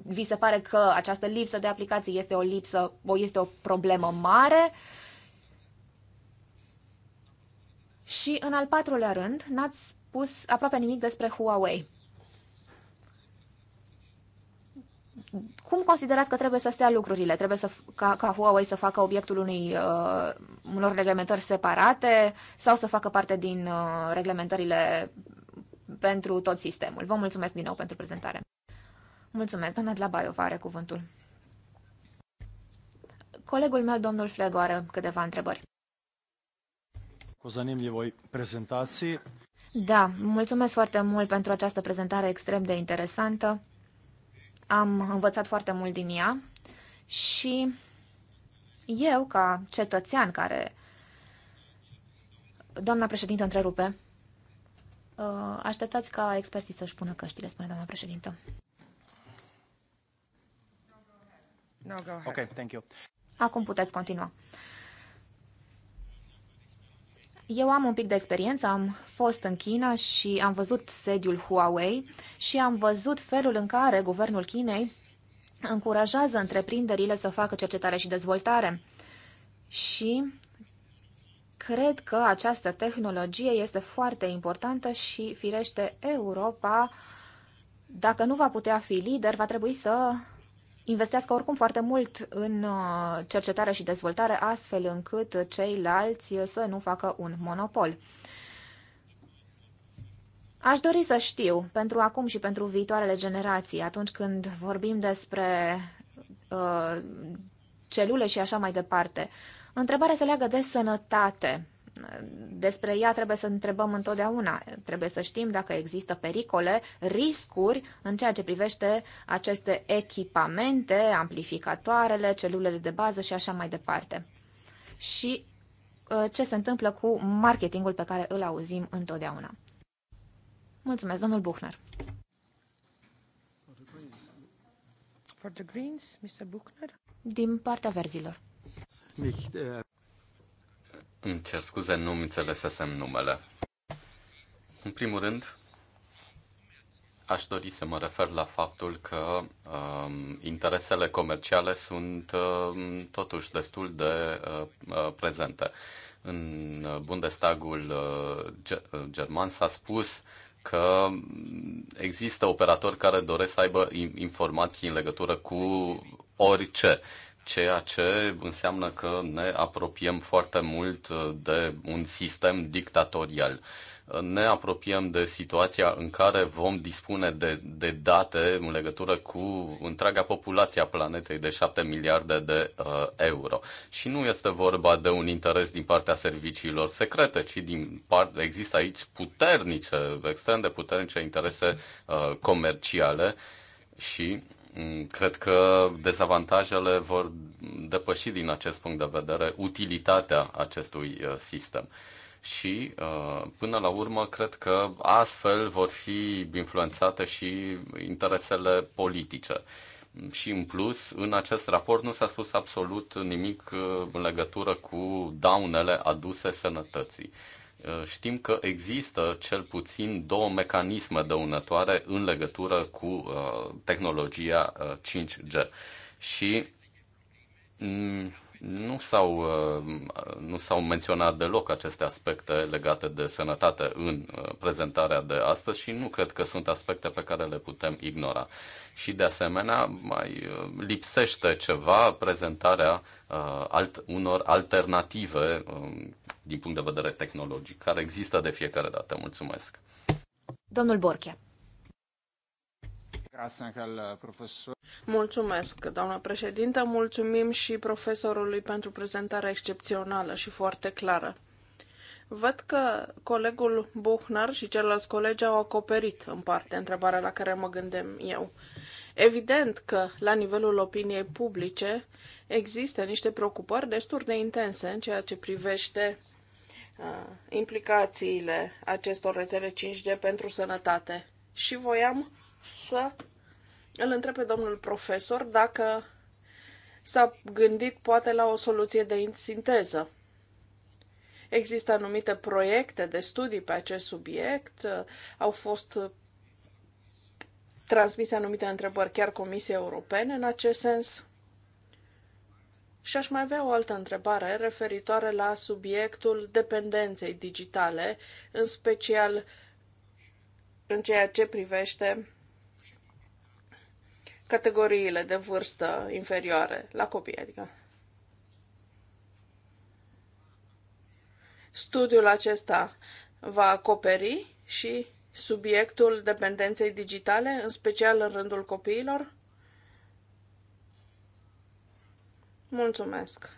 Vi se pare că această lipsă de aplicații este o lipsă, este o problemă mare? Și în al patrulea rând, n-ați spus aproape nimic despre Huawei. Cum considerați că trebuie să stea lucrurile? Trebuie să, ca, ca Huawei să facă obiectul unui, uh, unor reglementări separate sau să facă parte din uh, reglementările pentru tot sistemul. Vă mulțumesc din nou pentru prezentare. Mulțumesc, doamna Dlabaiova are cuvântul. Colegul meu, domnul Flego, are câteva întrebări. O voi prezentacii. Da, mulțumesc foarte mult pentru această prezentare extrem de interesantă. Am învățat foarte mult din ea și eu, ca cetățean care... Doamna președintă întrerupe. Uh, așteptați ca expertii să-și pună căștile, spune doamna președintă. No, go ahead. Okay, thank you. Acum puteți continua. Eu am un pic de experiență, am fost în China și am văzut sediul Huawei și am văzut felul în care guvernul Chinei încurajează întreprinderile să facă cercetare și dezvoltare. Și Cred că această tehnologie este foarte importantă și, firește, Europa, dacă nu va putea fi lider, va trebui să investească oricum foarte mult în uh, cercetare și dezvoltare, astfel încât ceilalți să nu facă un monopol. Aș dori să știu, pentru acum și pentru viitoarele generații, atunci când vorbim despre uh, celule și așa mai departe. Întrebarea se leagă de sănătate. Despre ea trebuie să întrebăm întotdeauna. Trebuie să știm dacă există pericole, riscuri în ceea ce privește aceste echipamente, amplificatoarele, celulele de bază și așa mai departe. Și ă, ce se întâmplă cu marketingul pe care îl auzim întotdeauna. Mulțumesc, domnul Buchner. For the Greens, Mr. Buchner din partea verzilor. Äh, Îmi cer scuze, nu-mi înțelesesem numele. În primul rând, aș dori să mă refer la faptul că um, interesele comerciale sunt um, totuși destul de uh, uh prezente. În Bundestagul uh, uh, german s-a spus că există operatori care doresc să aibă informații în legătură cu orice, ceea ce înseamnă că ne apropiem foarte mult uh, de un sistem dictatorial uh, ne apropiem de situația în care vom dispune de, de date în legătură cu întreaga populație a planetei de 7 miliarde de uh, euro. Și nu este vorba de un interes din partea serviciilor secrete, ci din part, există aici puternice, extrem de puternice interese uh, comerciale și Cred că dezavantajele vor depăși din acest punct de vedere utilitatea acestui uh, sistem. Și, uh, până la urmă, cred că astfel vor fi influențate și interesele politice. Și, în plus, în acest raport nu s-a spus absolut nimic uh, în legătură cu daunele aduse sănătății. Uh, știm că există cel puțin două mecanisme dăunătoare în legătură cu uh, tehnologia 5G. Uh, Și mm, nu s-au, uh, nu s-au menționat deloc aceste aspecte legate de sănătate în uh, prezentarea de astăzi și nu cred că sunt aspecte pe care le putem ignora. Și de asemenea mai uh, lipsește ceva prezentarea alt, unor alternative um, din punct de vedere tehnologic care există de fiecare dată. Mulțumesc! Domnul Borchia. Asanhal, profesor. Mulțumesc, doamnă președintă. Mulțumim și profesorului pentru prezentarea excepțională și foarte clară. Văd că colegul Buchner și celălalt colegi au acoperit în parte întrebarea la care mă gândem eu. Evident că, la nivelul opiniei publice, există niște preocupări destul de intense în ceea ce privește uh, implicațiile acestor rețele 5G pentru sănătate. Și voiam să îl întreb pe domnul profesor dacă s-a gândit poate la o soluție de sinteză. Există anumite proiecte de studii pe acest subiect, au fost transmise anumite întrebări chiar Comisiei Europene în acest sens. Și aș mai avea o altă întrebare referitoare la subiectul dependenței digitale, în special în ceea ce privește categoriile de vârstă inferioare la copii, adică. Studiul acesta va acoperi și subiectul dependenței digitale, în special în rândul copiilor? Mulțumesc!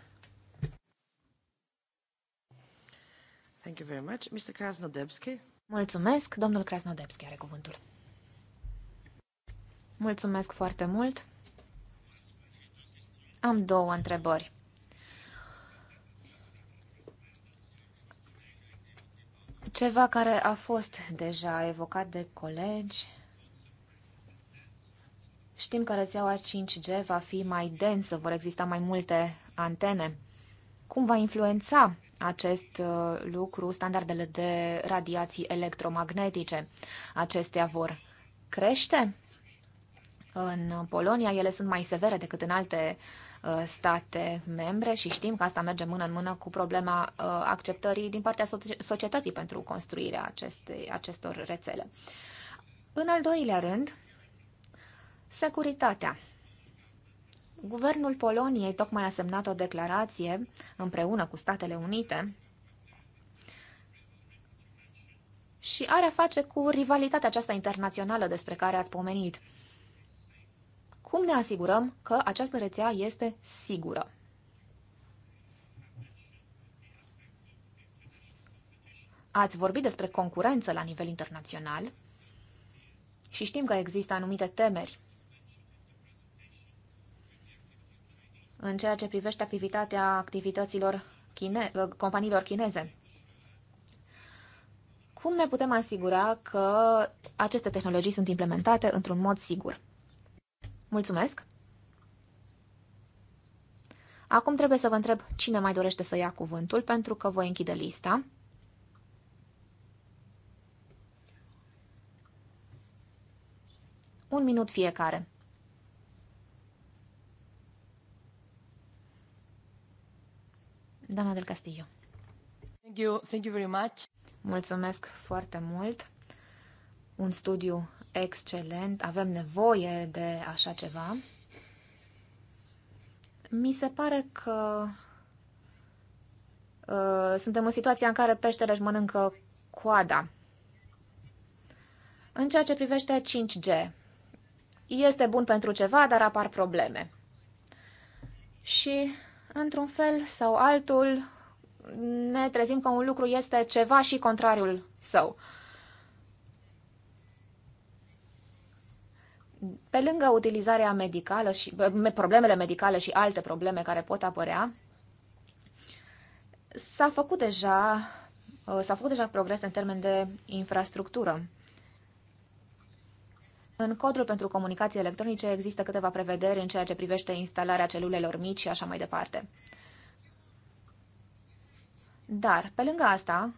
Thank you very much. Mr. Krasnodebski. Mulțumesc, domnul Krasnodebski are cuvântul. Mulțumesc foarte mult. Am două întrebări. Ceva care a fost deja evocat de colegi. Știm că rețeaua 5G va fi mai densă, vor exista mai multe antene. Cum va influența acest uh, lucru standardele de radiații electromagnetice? Acestea vor crește? în Polonia. Ele sunt mai severe decât în alte uh, state membre și știm că asta merge mână în mână cu problema uh, acceptării din partea societății pentru construirea acestei, acestor rețele. În al doilea rând, securitatea. Guvernul Poloniei tocmai a semnat o declarație împreună cu Statele Unite și are a face cu rivalitatea aceasta internațională despre care ați pomenit cum ne asigurăm că această rețea este sigură? Ați vorbit despre concurență la nivel internațional și știm că există anumite temeri în ceea ce privește activitatea activităților chine, ă, companiilor chineze. Cum ne putem asigura că aceste tehnologii sunt implementate într-un mod sigur? Mulțumesc! Acum trebuie să vă întreb cine mai dorește să ia cuvântul, pentru că voi închide lista. Un minut fiecare. Doamna del Castillo. Thank you, thank you very much. Mulțumesc foarte mult. Un studiu excelent, avem nevoie de așa ceva. Mi se pare că uh, suntem în situația în care peștele își mănâncă coada. În ceea ce privește 5G, este bun pentru ceva, dar apar probleme. Și, într-un fel sau altul, ne trezim că un lucru este ceva și contrariul său. Uh, Pe lângă utilizarea medicală și problemele medicale și alte probleme care pot apărea, s-a făcut deja uh, s-a făcut deja progres în termen de infrastructură. În codul pentru comunicații electronice există câteva prevederi în ceea ce privește instalarea celulelor mici și așa mai departe. Dar, pe lângă asta,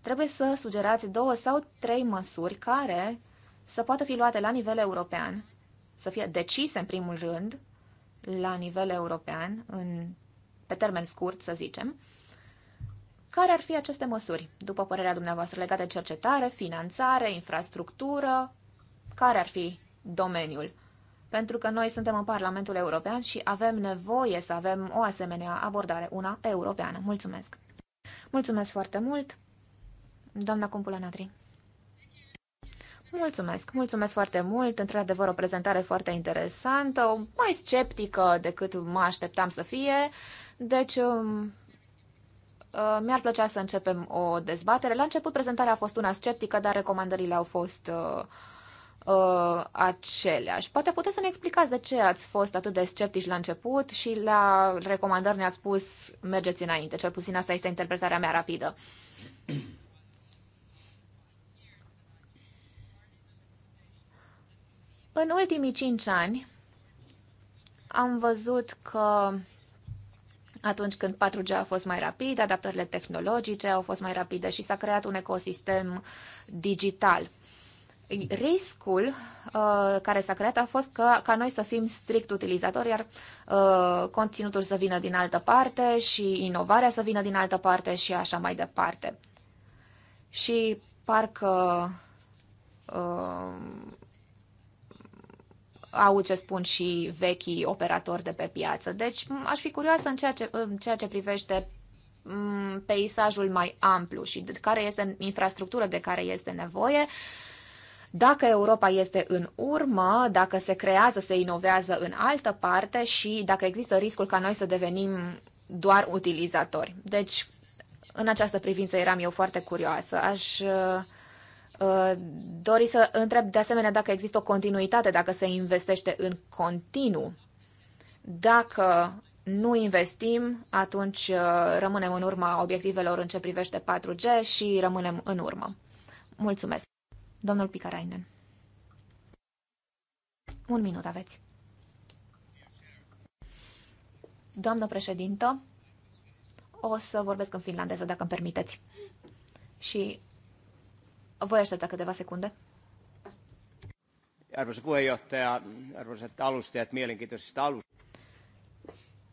trebuie să sugerați două sau trei măsuri care să poată fi luate la nivel european, să fie decise în primul rând la nivel european, în, pe termen scurt, să zicem, care ar fi aceste măsuri, după părerea dumneavoastră, legate de cercetare, finanțare, infrastructură? Care ar fi domeniul? Pentru că noi suntem în Parlamentul European și avem nevoie să avem o asemenea abordare, una europeană. Mulțumesc! Mulțumesc foarte mult, doamna Cumpulă Natri. Mulțumesc, mulțumesc foarte mult. Într-adevăr, o prezentare foarte interesantă, mai sceptică decât mă așteptam să fie. Deci, um, uh, mi-ar plăcea să începem o dezbatere. La început, prezentarea a fost una sceptică, dar recomandările au fost uh, uh, aceleași. Poate puteți să ne explicați de ce ați fost atât de sceptici la început și la recomandări ne-ați spus mergeți înainte. Cel puțin asta este interpretarea mea rapidă. În ultimii cinci ani am văzut că atunci când 4G a fost mai rapid, adaptările tehnologice au fost mai rapide și s-a creat un ecosistem digital. Riscul uh, care s-a creat a fost că, ca noi să fim strict utilizatori, iar uh, conținutul să vină din altă parte și inovarea să vină din altă parte și așa mai departe. Și parcă uh, au ce spun și vechii operatori de pe piață. Deci aș fi curioasă în ceea ce, în ceea ce privește peisajul mai amplu și de care este infrastructura de care este nevoie. Dacă Europa este în urmă, dacă se creează, se inovează în altă parte și dacă există riscul ca noi să devenim doar utilizatori. Deci, în această privință eram eu foarte curioasă. Aș Uh, dori să întreb de asemenea dacă există o continuitate, dacă se investește în continuu. Dacă nu investim, atunci uh, rămânem în urma obiectivelor în ce privește 4G și rămânem în urmă. Mulțumesc. Domnul Picarainen. Un minut aveți. Doamnă președintă, o să vorbesc în finlandeză, dacă îmi permiteți. Și voi aștepta câteva secunde. Arvoisa puheenjohtaja, arvoisat alustajat, mielenkiintoisista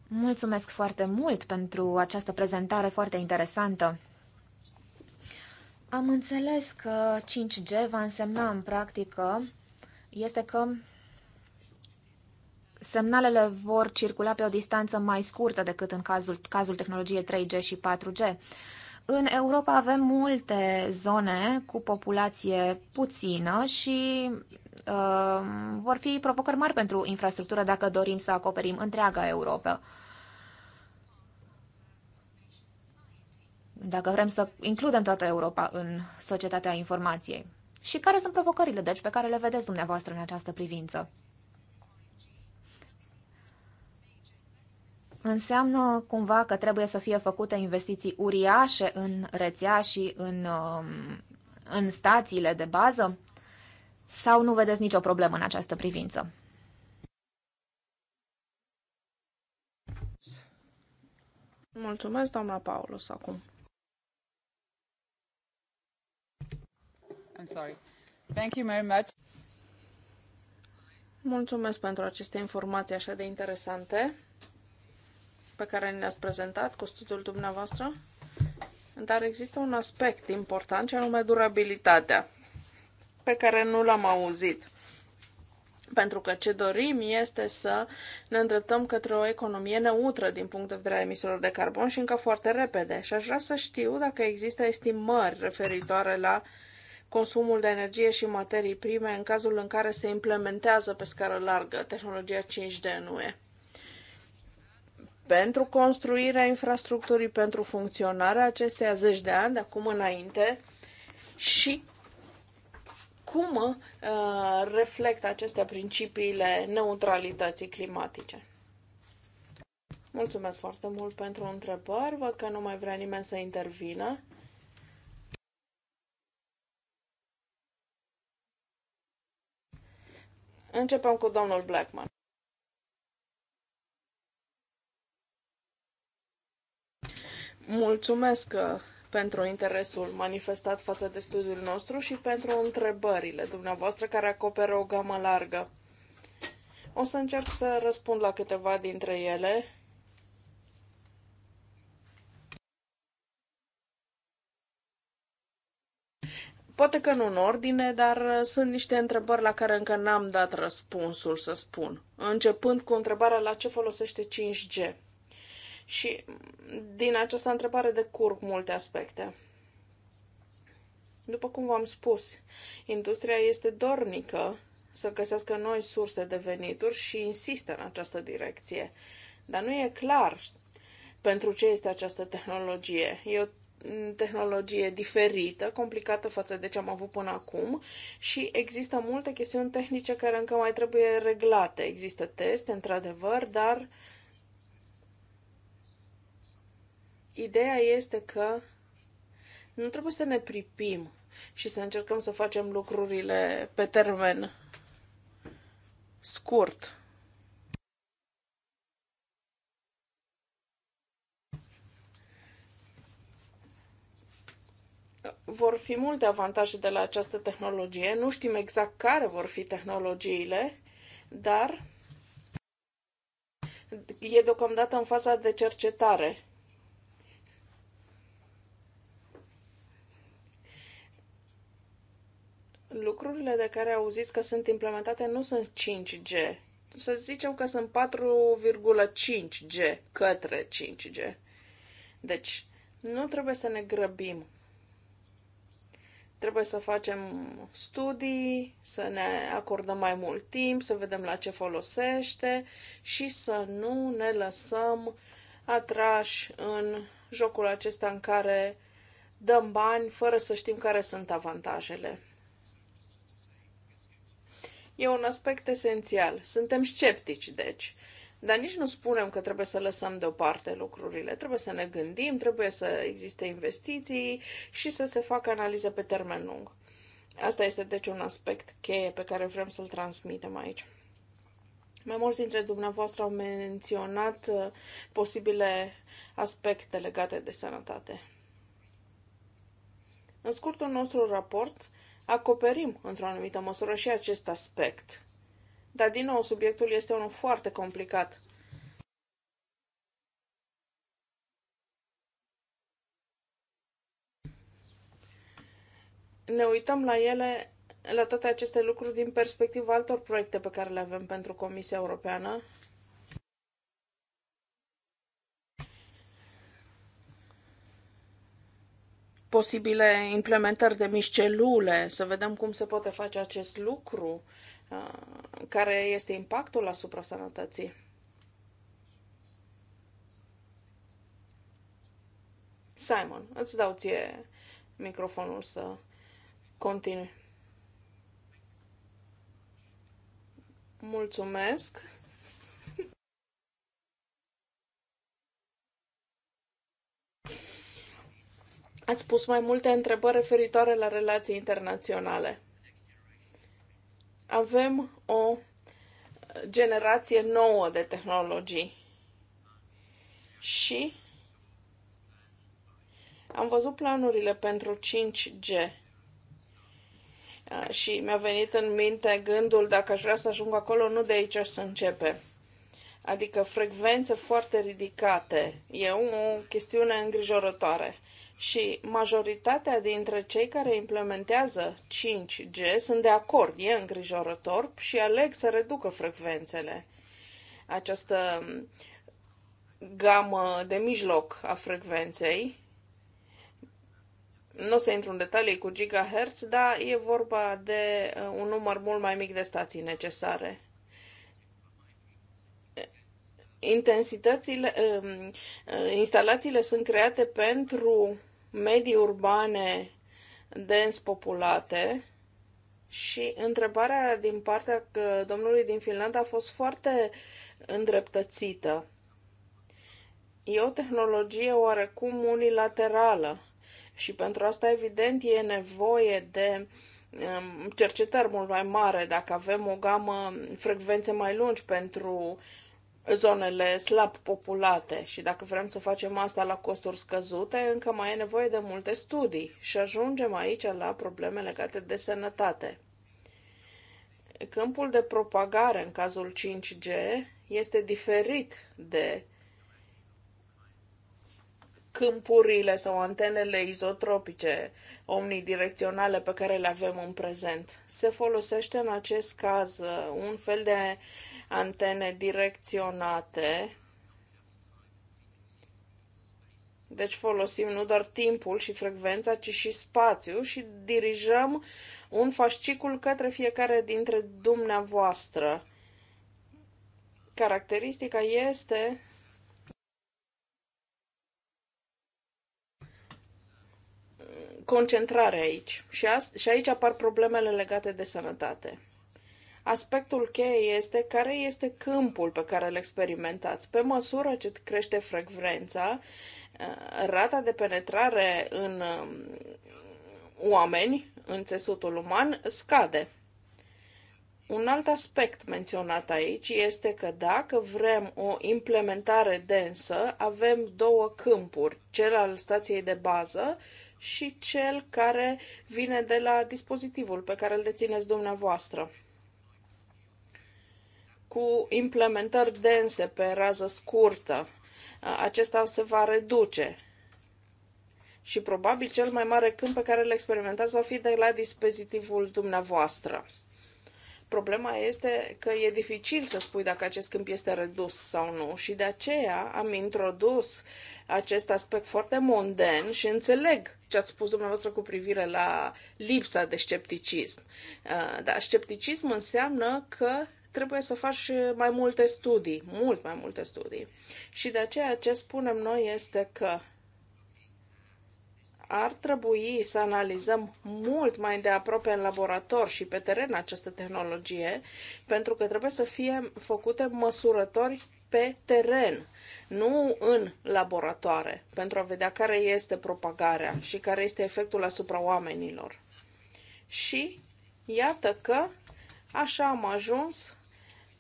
Mulțumesc foarte mult pentru această prezentare foarte interesantă. Am înțeles că 5G va însemna în practică este că semnalele vor circula pe o distanță mai scurtă decât în cazul, cazul tehnologiei 3G și 4G. În Europa avem multe zone cu populație puțină și uh, vor fi provocări mari pentru infrastructură dacă dorim să acoperim întreaga Europa. Dacă vrem să includem toată Europa în societatea informației. Și care sunt provocările, deci, pe care le vedeți dumneavoastră în această privință? înseamnă cumva că trebuie să fie făcute investiții uriașe în rețea și în, um, în stațiile de bază? Sau nu vedeți nicio problemă în această privință? Mulțumesc, doamna Paulus, acum. I'm sorry. Thank you very much. Mulțumesc pentru aceste informații așa de interesante pe care ni le ați prezentat cu studiul dumneavoastră, dar există un aspect important, ce anume durabilitatea, pe care nu l-am auzit. Pentru că ce dorim este să ne îndreptăm către o economie neutră din punct de vedere a emisiilor de carbon și încă foarte repede. Și aș vrea să știu dacă există estimări referitoare la consumul de energie și materii prime în cazul în care se implementează pe scară largă tehnologia 5D în UE pentru construirea infrastructurii, pentru funcționarea acesteia zeci de ani de acum înainte și cum uh, reflectă acestea principiile neutralității climatice. Mulțumesc foarte mult pentru întrebări. Văd că nu mai vrea nimeni să intervină. Începem cu domnul Blackman. Mulțumesc uh, pentru interesul manifestat față de studiul nostru și pentru întrebările dumneavoastră care acoperă o gamă largă. O să încerc să răspund la câteva dintre ele. Poate că nu în ordine, dar uh, sunt niște întrebări la care încă n-am dat răspunsul, să spun. Începând cu întrebarea la ce folosește 5G. Și din această întrebare decurg multe aspecte. După cum v-am spus, industria este dornică să găsească noi surse de venituri și insistă în această direcție. Dar nu e clar pentru ce este această tehnologie. E o tehnologie diferită, complicată față de ce am avut până acum și există multe chestiuni tehnice care încă mai trebuie reglate. Există teste, într-adevăr, dar uh, Ideea este că nu trebuie să ne pripim și să încercăm să facem lucrurile pe termen scurt. Vor fi multe avantaje de la această tehnologie. Nu știm exact care vor fi tehnologiile, dar e deocamdată în faza de cercetare. lucrurile de care auziți că sunt implementate nu sunt 5G. Să zicem că sunt 4,5G către 5G. Deci, nu trebuie să ne grăbim. Trebuie să facem studii, să ne acordăm mai mult timp, să vedem la ce folosește și să nu ne lăsăm atrași în jocul acesta în care dăm bani fără să știm care sunt avantajele e un aspect esențial. Suntem sceptici, deci. Dar nici nu spunem că trebuie să lăsăm deoparte lucrurile. Trebuie să ne gândim, trebuie să existe investiții și să se facă analize pe termen lung. Asta este deci un aspect cheie pe care vrem să-l transmitem aici. Mai mulți dintre dumneavoastră au menționat uh, posibile aspecte legate de sănătate. În scurtul nostru raport, acoperim într-o anumită măsură și acest aspect. Dar, din nou, subiectul este unul foarte complicat. Ne uităm la ele, la toate aceste lucruri, din perspectiva altor proiecte pe care le avem pentru Comisia Europeană posibile implementări de mici să vedem cum se poate face acest lucru, uh, care este impactul asupra sănătății. Simon, îți dau ție microfonul să continui. Mulțumesc! Ați pus mai multe întrebări referitoare la relații internaționale. Avem o generație nouă de tehnologii și am văzut planurile pentru 5G și mi-a venit în minte gândul dacă aș vrea să ajung acolo, nu de aici să începe. Adică frecvențe foarte ridicate. E o chestiune îngrijorătoare și majoritatea dintre cei care implementează 5G sunt de acord, e îngrijorător și aleg să reducă frecvențele. Această gamă de mijloc a frecvenței. Nu o să intru în detalii cu gigahertz, dar e vorba de uh, un număr mult mai mic de stații necesare intensitățile, um, uh, instalațiile sunt create pentru medii urbane dens populate și întrebarea din partea domnului din Finlanda a fost foarte îndreptățită. E o tehnologie oarecum unilaterală și pentru asta, evident, e nevoie de um, cercetări mult mai mare dacă avem o gamă, frecvențe mai lungi pentru zonele slab populate și dacă vrem să facem asta la costuri scăzute, încă mai e nevoie de multe studii și ajungem aici la probleme legate de sănătate. Câmpul de propagare în cazul 5G este diferit de câmpurile sau antenele izotropice omnidirecționale pe care le avem în prezent. Se folosește în acest caz uh, un fel de antene direcționate. Deci folosim nu doar timpul și frecvența, ci și spațiu și dirijăm un fascicul către fiecare dintre dumneavoastră. Caracteristica este concentrare aici. Și, a, și aici apar problemele legate de sănătate. Aspectul cheie este care este câmpul pe care îl experimentați. Pe măsură ce crește frecvența, uh, rata de penetrare în um, oameni, în țesutul uman, scade. Un alt aspect menționat aici este că dacă vrem o implementare densă, avem două câmpuri, cel al stației de bază și cel care vine de la dispozitivul pe care îl dețineți dumneavoastră cu implementări dense pe rază scurtă. Acesta se va reduce. Și probabil cel mai mare câmp pe care îl experimentați va fi de la dispozitivul dumneavoastră. Problema este că e dificil să spui dacă acest câmp este redus sau nu și de aceea am introdus acest aspect foarte monden și înțeleg ce ați spus dumneavoastră cu privire la lipsa de scepticism. Uh, dar scepticism înseamnă că trebuie să faci mai multe studii, mult mai multe studii. Și de aceea ce spunem noi este că ar trebui să analizăm mult mai de aproape în laborator și pe teren această tehnologie, pentru că trebuie să fie făcute măsurători pe teren, nu în laboratoare, pentru a vedea care este propagarea și care este efectul asupra oamenilor. Și iată că așa am ajuns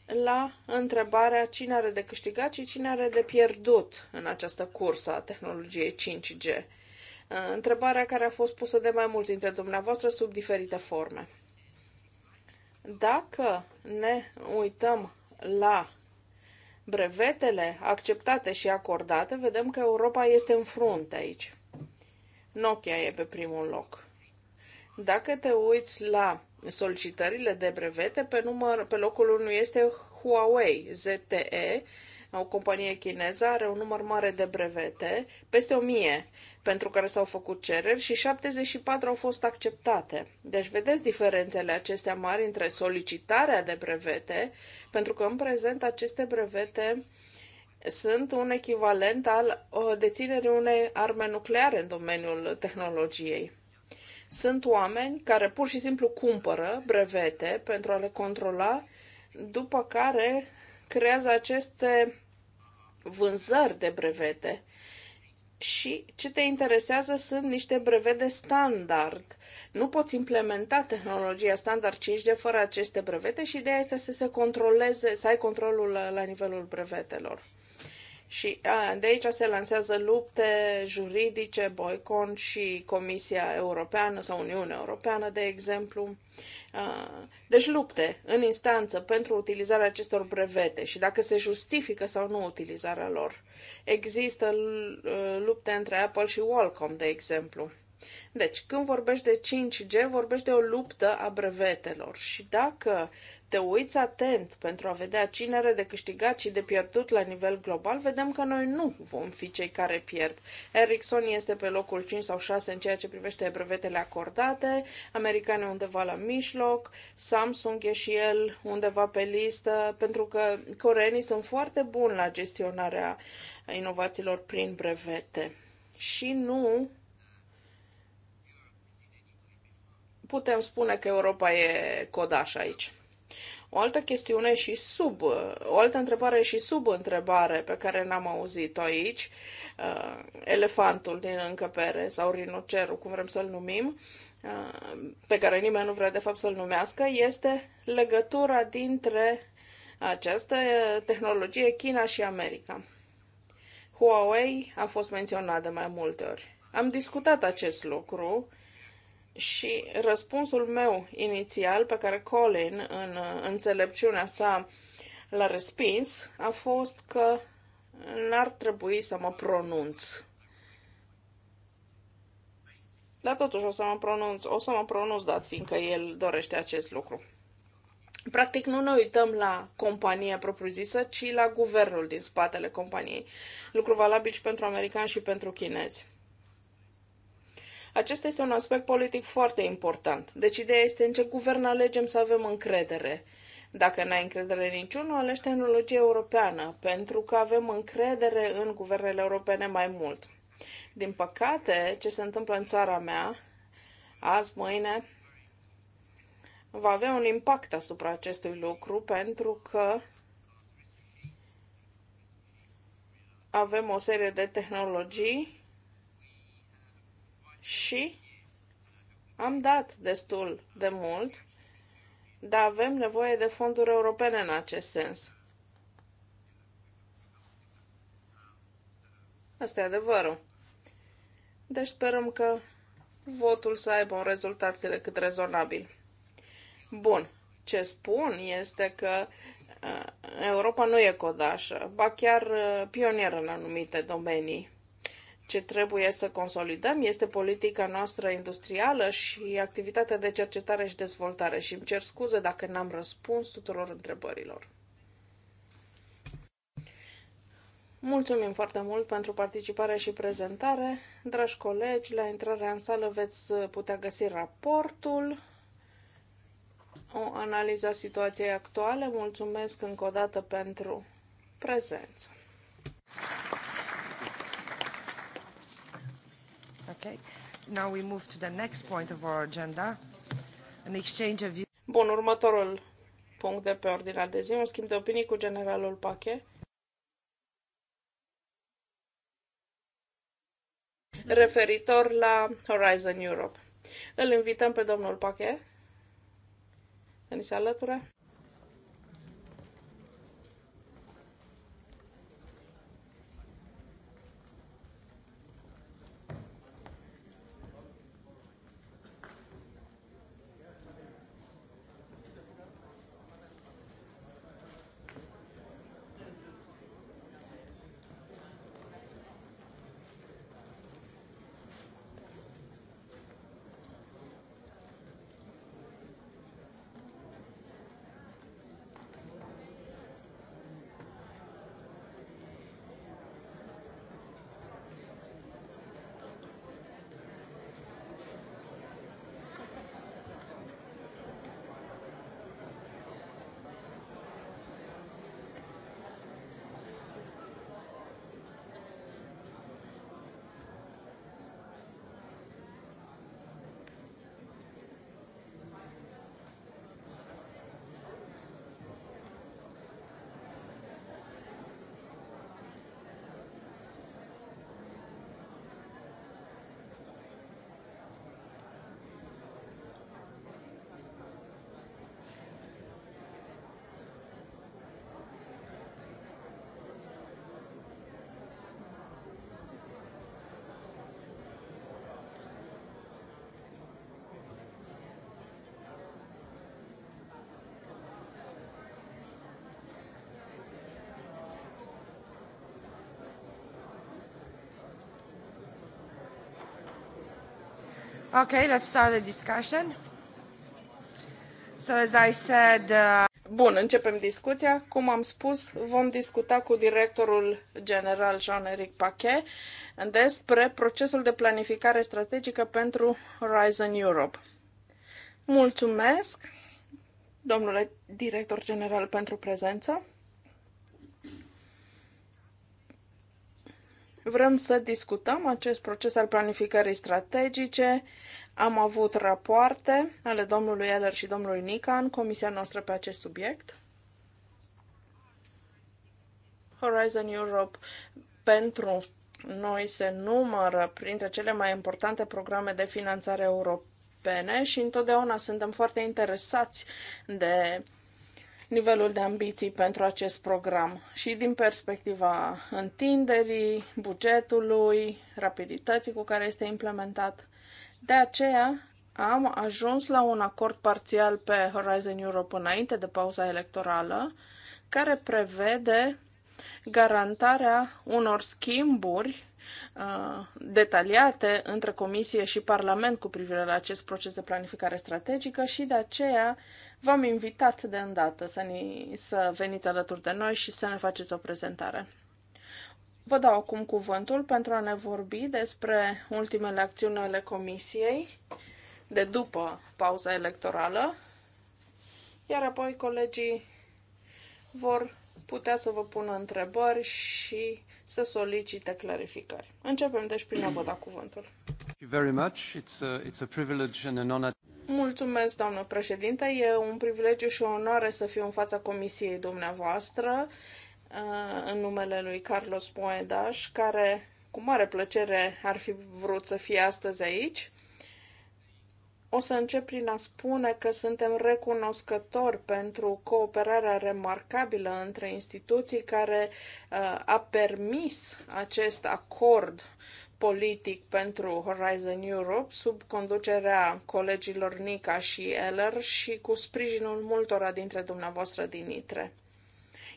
la întrebarea cine are de câștigat și cine are de pierdut în această cursă a tehnologiei 5G. Uh, întrebarea care a fost pusă de mai mulți dintre dumneavoastră sub diferite forme. Dacă ne uităm la brevetele acceptate și acordate, vedem că Europa este în frunte aici. Nokia e pe primul loc. Dacă te uiți la solicitările de brevete, pe, număr, pe locul 1 este Huawei ZTE, o companie chineză, are un număr mare de brevete, peste 1000 pentru care s-au făcut cereri și 74 au fost acceptate. Deci vedeți diferențele acestea mari între solicitarea de brevete, pentru că în prezent aceste brevete sunt un echivalent al uh, deținerii unei arme nucleare în domeniul tehnologiei. Sunt oameni care pur și simplu cumpără brevete pentru a le controla, după care creează aceste vânzări de brevete. Și ce te interesează sunt niște brevete standard. Nu poți implementa tehnologia standard 5D fără aceste brevete și ideea este să se controleze, să ai controlul la nivelul brevetelor. Și a, de aici se lansează lupte juridice, boicon și Comisia Europeană sau Uniunea Europeană, de exemplu. A, deci lupte în instanță pentru utilizarea acestor brevete și dacă se justifică sau nu utilizarea lor. Există lupte între Apple și Qualcomm, de exemplu. Deci, când vorbești de 5G, vorbești de o luptă a brevetelor și dacă te uiți atent pentru a vedea cine are de câștigat și de pierdut la nivel global, vedem că noi nu vom fi cei care pierd. Ericsson este pe locul 5 sau 6 în ceea ce privește brevetele acordate, americane undeva la mijloc, Samsung e și el undeva pe listă, pentru că coreenii sunt foarte buni la gestionarea inovațiilor prin brevete. Și nu putem spune că Europa e codaș aici. O altă chestiune și sub, o altă întrebare și sub întrebare pe care n-am auzit-o aici, uh, elefantul din încăpere sau rinocerul, cum vrem să-l numim, uh, pe care nimeni nu vrea de fapt să-l numească, este legătura dintre această uh, tehnologie China și America. Huawei a fost menționat de mai multe ori. Am discutat acest lucru și răspunsul meu inițial, pe care Colin, în uh, înțelepciunea sa, l-a respins, a fost că n-ar trebui să mă pronunț. Dar totuși o să mă pronunț, o să mă pronunț dat fiindcă el dorește acest lucru. Practic nu ne uităm la compania propriu-zisă, ci la guvernul din spatele companiei. Lucru valabil și pentru americani și pentru chinezi. Acesta este un aspect politic foarte important. Deci ideea este în ce guvern alegem să avem încredere. Dacă n-ai încredere în niciunul, alegi tehnologie europeană, pentru că avem încredere în guvernele europene mai mult. Din păcate, ce se întâmplă în țara mea, azi, mâine, va avea un impact asupra acestui lucru, pentru că avem o serie de tehnologii și am dat destul de mult, dar avem nevoie de fonduri europene în acest sens. Asta e adevărul. Deci sperăm că votul să aibă un rezultat cât de cât rezonabil. Bun. Ce spun este că uh, Europa nu e codașă, ba chiar uh, pionieră în anumite domenii ce trebuie să consolidăm este politica noastră industrială și activitatea de cercetare și dezvoltare și îmi cer scuze dacă n-am răspuns tuturor întrebărilor. Mulțumim foarte mult pentru participare și prezentare. Dragi colegi, la intrarea în sală veți putea găsi raportul, o analiză a situației actuale. Mulțumesc încă o dată pentru prezență. Okay. Now we move to the next point of our agenda. An exchange of... Bun, următorul punct de pe ordinea de zi, un schimb de opinii cu generalul Pache. referitor la Horizon Europe. Îl invităm pe domnul Pache să ni se alăture. Okay, let's start the discussion. So as I said, uh... Bun, începem discuția. Cum am spus, vom discuta cu directorul general Jean-Éric Paquet despre procesul de planificare strategică pentru Horizon Europe. Mulțumesc, domnule director general, pentru prezență. Vrem să discutăm acest proces al planificării strategice. Am avut rapoarte ale domnului Eller și domnului Nica în comisia noastră pe acest subiect. Horizon Europe pentru noi se numără printre cele mai importante programe de finanțare europene și întotdeauna suntem foarte interesați de nivelul de ambiții pentru acest program și din perspectiva întinderii, bugetului, rapidității cu care este implementat. De aceea am ajuns la un acord parțial pe Horizon Europe înainte de pauza electorală, care prevede garantarea unor schimburi Uh, detaliate între Comisie și Parlament cu privire la acest proces de planificare strategică și de aceea v-am invitat de îndată să, ni, să veniți alături de noi și să ne faceți o prezentare. Vă dau acum cuvântul pentru a ne vorbi despre ultimele acțiuni ale Comisiei de după pauza electorală, iar apoi colegii vor putea să vă pună întrebări și să solicite clarificări. Începem deci prin a vă da cuvântul. Mulțumesc, doamnă președinte. E un privilegiu și o onoare să fiu în fața comisiei dumneavoastră uh, în numele lui Carlos Poedaș, care cu mare plăcere ar fi vrut să fie astăzi aici. O să încep prin a spune că suntem recunoscători pentru cooperarea remarcabilă între instituții care uh, a permis acest acord politic pentru Horizon Europe sub conducerea colegilor Nica și Eller și cu sprijinul multora dintre dumneavoastră din ITRE.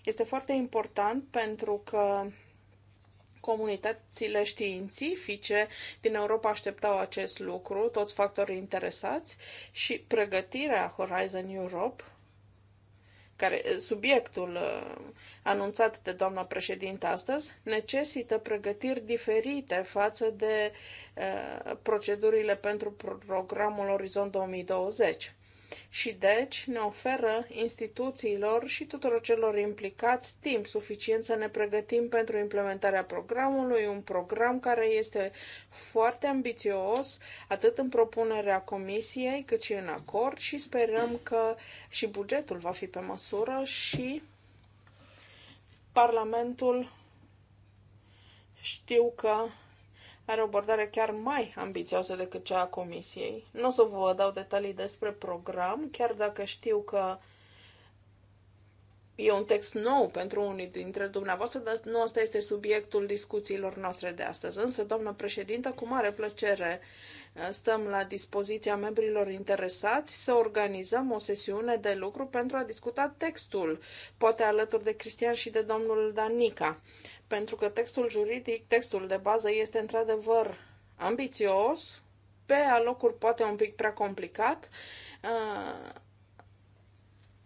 Este foarte important pentru că Comunitățile științifice din Europa așteptau acest lucru, toți factorii interesați și pregătirea Horizon Europe care subiectul uh, anunțat de doamna președinte astăzi necesită pregătiri diferite față de uh, procedurile pentru programul Orizont 2020 și deci ne oferă instituțiilor și tuturor celor implicați timp suficient să ne pregătim pentru implementarea programului, un program care este foarte ambițios, atât în propunerea comisiei, cât și în acord și sperăm că și bugetul va fi pe măsură și Parlamentul știu că are o abordare chiar mai ambițioasă decât cea a Comisiei. Nu o să vă dau detalii despre program, chiar dacă știu că e un text nou pentru unii dintre dumneavoastră, dar nu asta este subiectul discuțiilor noastre de astăzi. Însă, doamnă președintă, cu mare plăcere uh, stăm la dispoziția membrilor interesați să organizăm o sesiune de lucru pentru a discuta textul, poate alături de Cristian și de domnul Danica, pentru că textul juridic, textul de bază este într-adevăr ambițios, pe alocuri poate un pic prea complicat, uh,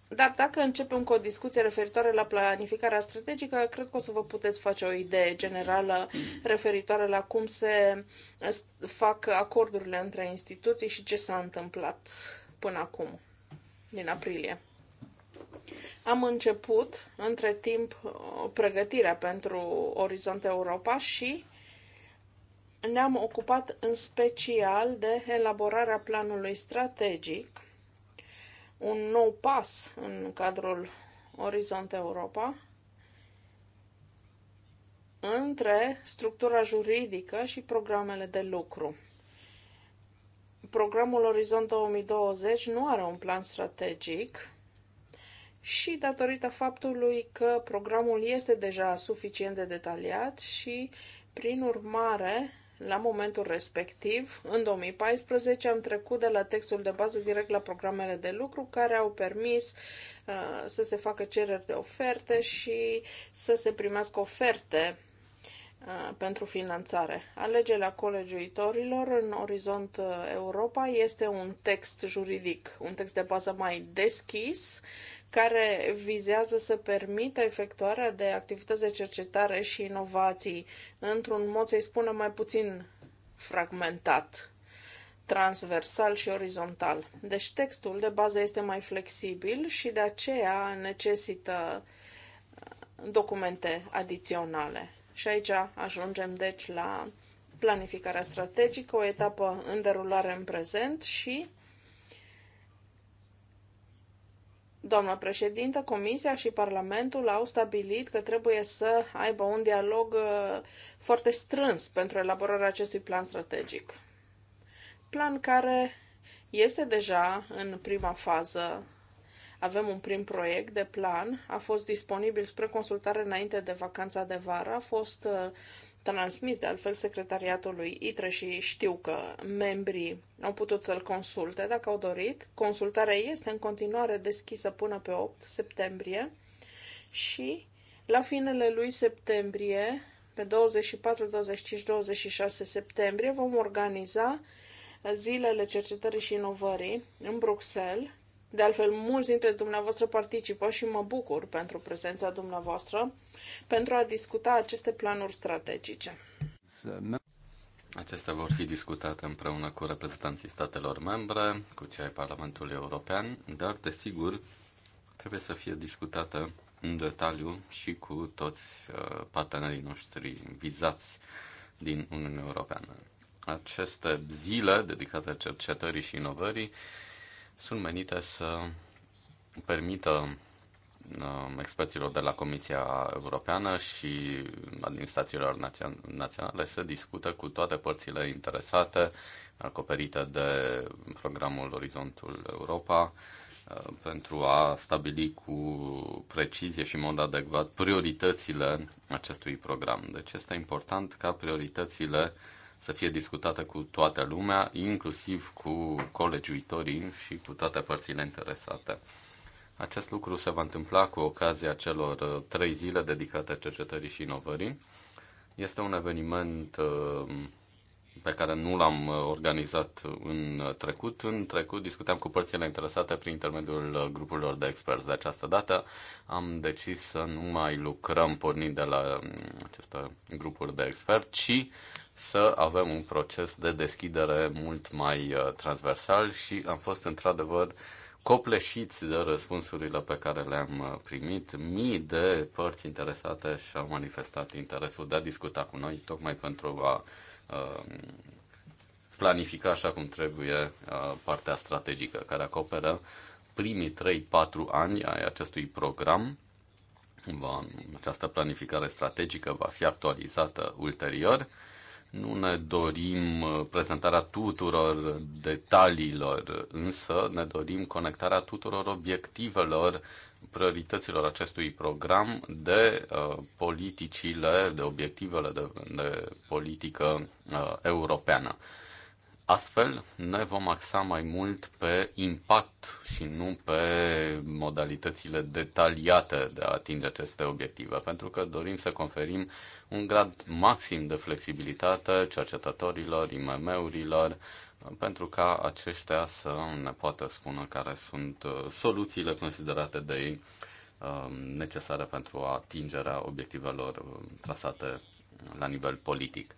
dar dacă începem cu o discuție referitoare la planificarea strategică, cred că o să vă puteți face o idee generală referitoare la cum se fac acordurile între instituții și ce s-a întâmplat până acum, din aprilie. Am început, între timp, pregătirea pentru Orizont Europa și ne-am ocupat în special de elaborarea planului strategic, un nou pas în cadrul Orizont Europa, între structura juridică și programele de lucru. Programul Orizont 2020 nu are un plan strategic, și datorită faptului că programul este deja suficient de detaliat și, prin urmare, la momentul respectiv, în 2014, am trecut de la textul de bază direct la programele de lucru care au permis uh, să se facă cereri de oferte și să se primească oferte uh, pentru finanțare. Alegerea colegiuitorilor în Orizont uh, Europa este un text juridic, un text de bază mai deschis care vizează să permită efectuarea de activități de cercetare și inovații într-un mod, să-i spunem, mai puțin fragmentat, transversal și orizontal. Deci textul de bază este mai flexibil și de aceea necesită uh, documente adiționale. Și aici ajungem deci la planificarea strategică, o etapă în derulare în prezent și Doamna președintă, Comisia și Parlamentul au stabilit că trebuie să aibă un dialog uh, foarte strâns pentru elaborarea acestui plan strategic. Plan care este deja în prima fază. Avem un prim proiect de plan, a fost disponibil spre consultare înainte de vacanța de vară, a fost uh, transmis de altfel secretariatului ITRE și știu că membrii au putut să-l consulte dacă au dorit. Consultarea este în continuare deschisă până pe 8 septembrie și la finele lui septembrie, pe 24, 25, 26 septembrie, vom organiza zilele cercetării și inovării în Bruxelles de altfel, mulți dintre dumneavoastră participă și mă bucur pentru prezența dumneavoastră pentru a discuta aceste planuri strategice. Acestea vor fi discutate împreună cu reprezentanții statelor membre, cu cei ai Parlamentului European, dar, desigur, trebuie să fie discutată în detaliu și cu toți uh, partenerii noștri vizați din Uniunea Europeană. Aceste zile dedicate cercetării și inovării sunt menite să permită uh, experților de la Comisia Europeană și administrațiilor naționale să discute cu toate părțile interesate acoperite de programul Orizontul Europa uh, pentru a stabili cu precizie și în mod adecvat prioritățile acestui program. Deci este important ca prioritățile uh, să fie discutată cu toată lumea, inclusiv cu colegiuitorii și cu toate părțile interesate. Acest lucru se va întâmpla cu ocazia celor uh, trei zile dedicate cercetării și inovării. Este un eveniment uh, pe care nu l-am uh, organizat în trecut. În trecut discutam cu părțile interesate prin intermediul grupurilor de experți. De această dată am decis să nu mai lucrăm pornind de la um, aceste grupuri de experți, ci să avem un proces de deschidere mult mai uh, transversal și am fost într-adevăr copleșiți de răspunsurile pe care le-am uh, primit. Mii de părți interesate și-au manifestat interesul de a discuta cu noi, tocmai pentru a uh, planifica așa cum trebuie partea strategică care acoperă primii 3-4 ani ai acestui program. Va, această planificare strategică va fi actualizată ulterior nu ne dorim uh, prezentarea tuturor detaliilor, însă ne dorim conectarea tuturor obiectivelor, priorităților acestui program de uh, politicile, de obiectivele de, de politică uh, europeană. Astfel, ne vom axa mai mult pe impact și nu pe modalitățile detaliate de a atinge aceste obiective, pentru că dorim să conferim un grad maxim de flexibilitate cercetătorilor, IMM-urilor, pentru ca aceștia să ne poată spune care sunt uh, soluțiile considerate de ei uh, necesare pentru atingerea obiectivelor uh, trasate la nivel politic.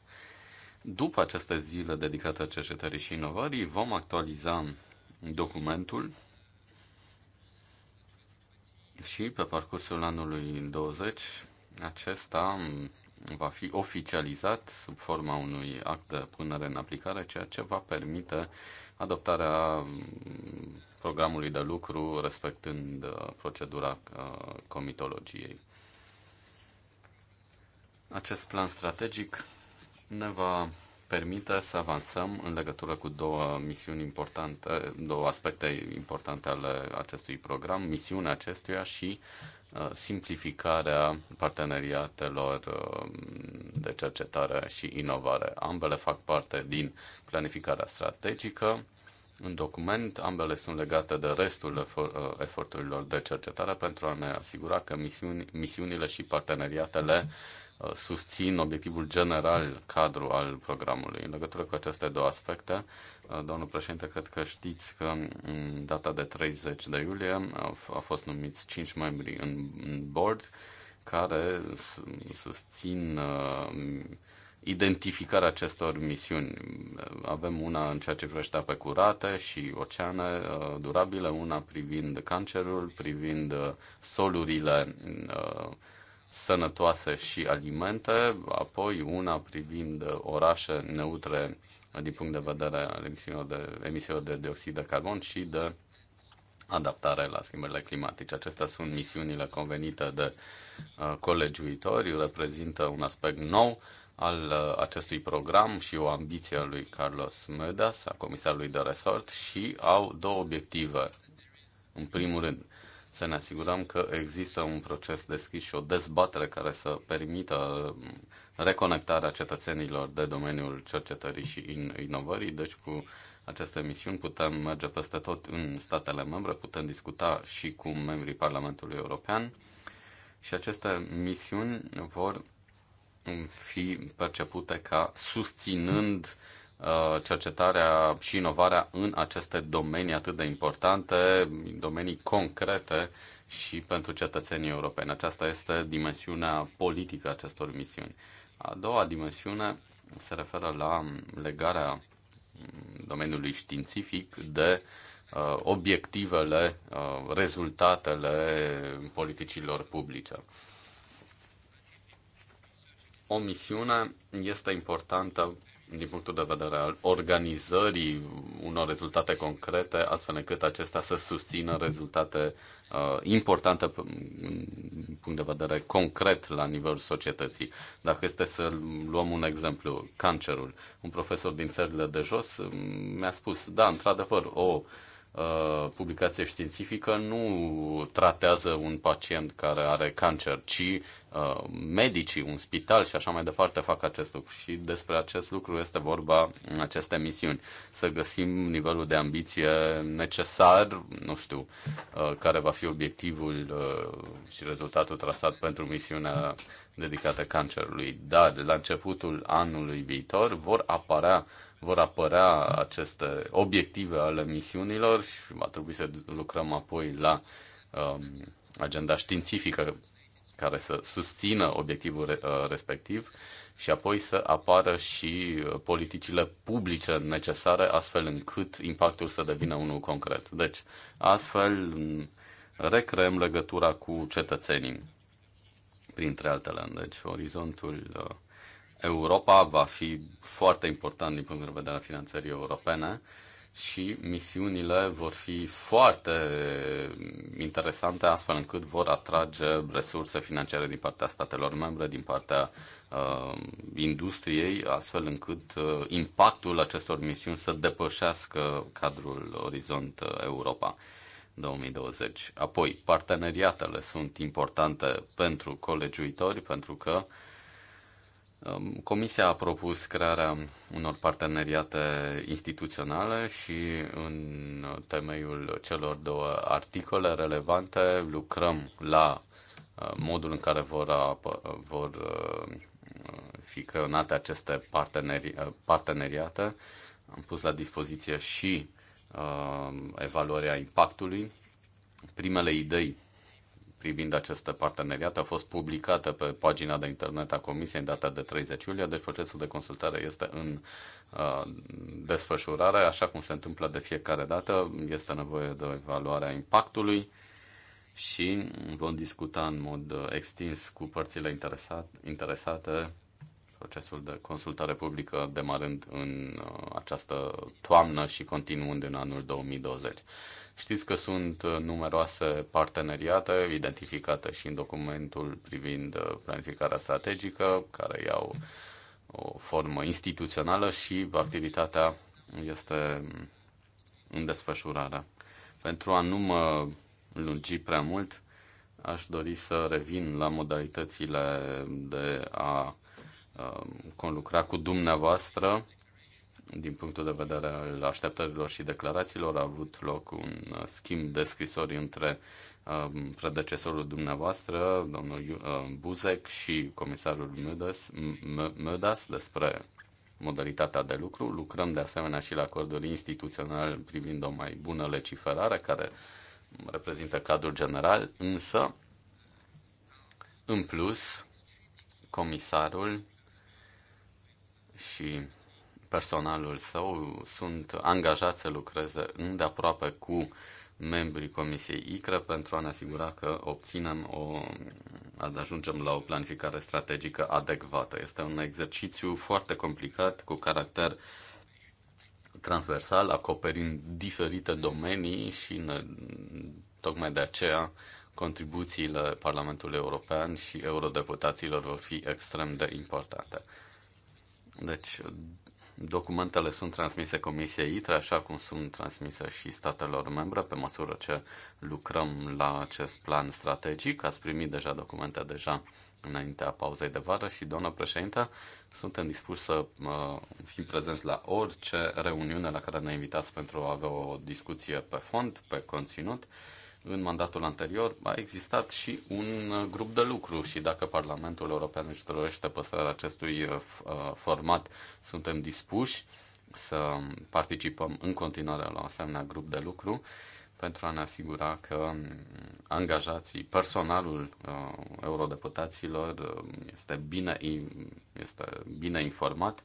După aceste zile dedicate cercetării și inovării, vom actualiza documentul și pe parcursul anului 20 acesta va fi oficializat sub forma unui act de punere în aplicare, ceea ce va permite adoptarea programului de lucru respectând uh, procedura uh, comitologiei. Acest plan strategic ne va permite să avansăm în legătură cu două misiuni importante, două aspecte importante ale acestui program, misiunea acestuia și uh, simplificarea parteneriatelor uh, de cercetare și inovare. Ambele fac parte din planificarea strategică în document. Ambele sunt legate de restul uh, eforturilor de cercetare pentru a ne asigura că misiuni, misiunile și parteneriatele Uh, susțin obiectivul general cadru al programului. În legătură cu aceste două aspecte, uh, domnul președinte, cred că știți că în data de 30 de iulie au fost numiți 5 membri în board care susțin uh, identificarea acestor misiuni. Avem una în ceea ce privește ape curate și oceane durabile, una privind cancerul, privind solurile sănătoase și alimente, apoi una privind orașe neutre din punct de vedere al emisiilor de, emisiilor de dioxid de carbon și de adaptare la schimbările climatice. Acestea sunt misiunile convenite de uh, colegiuitori, reprezintă un aspect nou al uh, acestui program și o ambiție a lui Carlos Medas, a comisarului de resort, și au două obiective. În primul rând, să ne asigurăm că există un proces deschis și o dezbatere care să permită mm, reconectarea cetățenilor de domeniul cercetării și inovării. Deci cu aceste misiuni putem merge peste tot în statele membre, putem discuta și cu membrii Parlamentului European și aceste misiuni vor mm, fi percepute ca susținând uh, Uh, cercetarea și inovarea în aceste domenii atât de importante, domenii concrete și pentru cetățenii europeni. Aceasta este dimensiunea politică a acestor misiuni. A doua dimensiune se referă la legarea domeniului științific de uh, obiectivele, uh, rezultatele politicilor publice. O misiune este importantă din punctul de vedere al organizării unor rezultate concrete, astfel încât acestea să susțină rezultate uh, importante din punct de vedere concret la nivelul societății. Dacă este să luăm un exemplu, cancerul, un profesor din țările de jos mm, mi-a spus, da, într-adevăr, o Uh, publicație științifică nu tratează un pacient care are cancer, ci uh, medicii, un spital și așa mai departe fac acest lucru. Și despre acest lucru este vorba în aceste misiuni. Să găsim nivelul de ambiție necesar, nu știu, uh, care va fi obiectivul uh, și rezultatul trasat pentru misiunea dedicată cancerului. Dar la începutul anului viitor vor apărea vor apărea aceste obiective ale misiunilor și va trebui să lucrăm apoi la um, agenda științifică care să susțină obiectivul uh, respectiv și apoi să apară și uh, politicile publice necesare, astfel încât impactul să devină unul concret. Deci, astfel mm, recreăm legătura cu cetățenii, printre altele. Deci, orizontul uh, Europa va fi foarte important din punct de vedere al finanțării europene și misiunile vor fi foarte interesante, astfel încât vor atrage resurse financiare din partea statelor membre, din partea uh, industriei, astfel încât uh, impactul acestor misiuni să depășească cadrul Orizont Europa 2020. Apoi, parteneriatele sunt importante pentru colegiuitori, pentru că uh, Comisia a propus crearea unor parteneriate instituționale și în temeiul celor două articole relevante lucrăm la uh, modul în care vor, vor uh, fi creonate aceste parteneri, uh, parteneriate. Am pus la dispoziție și evaluarea impactului. Primele idei privind aceste parteneriate a fost publicată pe pagina de internet a Comisiei în data de 30 iulie, deci procesul de consultare este în uh, desfășurare, așa cum se întâmplă de fiecare dată, este nevoie de o evaluare a impactului și vom discuta în mod uh, extins cu părțile interesate procesul de consultare publică demarând în uh, această toamnă și continuând în anul 2020. Știți că sunt uh, numeroase parteneriate identificate și în documentul privind uh, planificarea strategică, care iau o formă instituțională și activitatea este în desfășurare. Pentru a nu mă lungi prea mult, aș dori să revin la modalitățile de a conlucra cu dumneavoastră din punctul de vedere al așteptărilor și declarațiilor. A avut loc un uh, schimb de scrisori între um, predecesorul dumneavoastră, domnul uh, Buzek și comisarul Mödas despre modalitatea de lucru. Lucrăm de asemenea și la acordul instituțional privind o mai bună legiferare care reprezintă cadrul general, însă, în plus, comisarul și personalul său sunt angajați să lucreze îndeaproape cu membrii Comisiei ICRE pentru a ne asigura că obținem o, ajungem la o planificare strategică adecvată. Este un exercițiu foarte complicat cu caracter transversal, acoperind diferite domenii și ne, tocmai de aceea contribuțiile Parlamentului European și eurodeputaților vor fi extrem de importante. Deci, documentele sunt transmise Comisiei ITRE, așa cum sunt transmise și statelor membre, pe măsură ce lucrăm la acest plan strategic. Ați primit deja documente deja înaintea pauzei de vară și, doamnă președinte, suntem dispuși să uh, fim prezenți la orice reuniune la care ne invitați pentru a avea o discuție pe fond, pe conținut. Uh, în mandatul anterior a existat și un uh, grup de lucru și dacă Parlamentul European își dorește păstrarea acestui uh, uh, format, suntem dispuși să participăm în continuare la un asemenea grup de lucru pentru a ne asigura că um, angajații, personalul uh, eurodeputaților um, este bine, este bine informat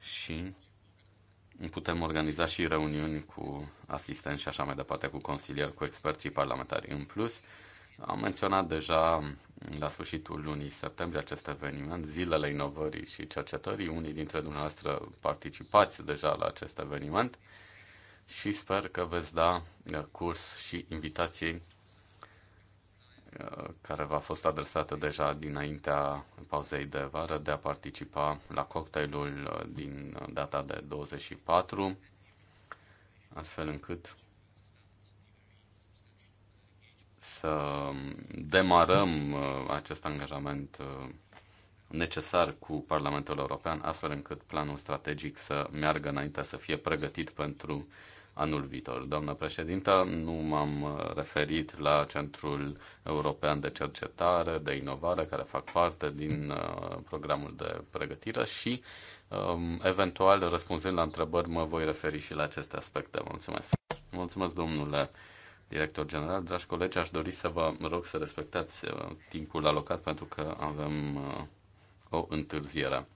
și putem organiza și reuniuni cu asistenți și așa mai departe, cu consilieri, cu experții parlamentari. În plus, am menționat deja la sfârșitul lunii septembrie acest eveniment, Zilele Inovării și Cercetării. Unii dintre dumneavoastră participați deja la acest eveniment și sper că veți da eh, curs și invitației care v-a fost adresată deja dinaintea pauzei de vară de a participa la cocktailul uh, din data de 24, astfel încât să demarăm uh, acest angajament uh, necesar cu Parlamentul European, astfel încât planul strategic să meargă înainte să fie pregătit pentru anul viitor. Doamnă președintă, nu m-am uh, referit la Centrul European de Cercetare, de Inovare, care fac parte din uh, programul de pregătire și, um, eventual, răspunzând la întrebări, mă voi referi și la aceste aspecte. Mulțumesc! Mulțumesc, domnule director general. Dragi colegi, aș dori să vă rog să respectați uh, timpul alocat pentru că avem o întârziere.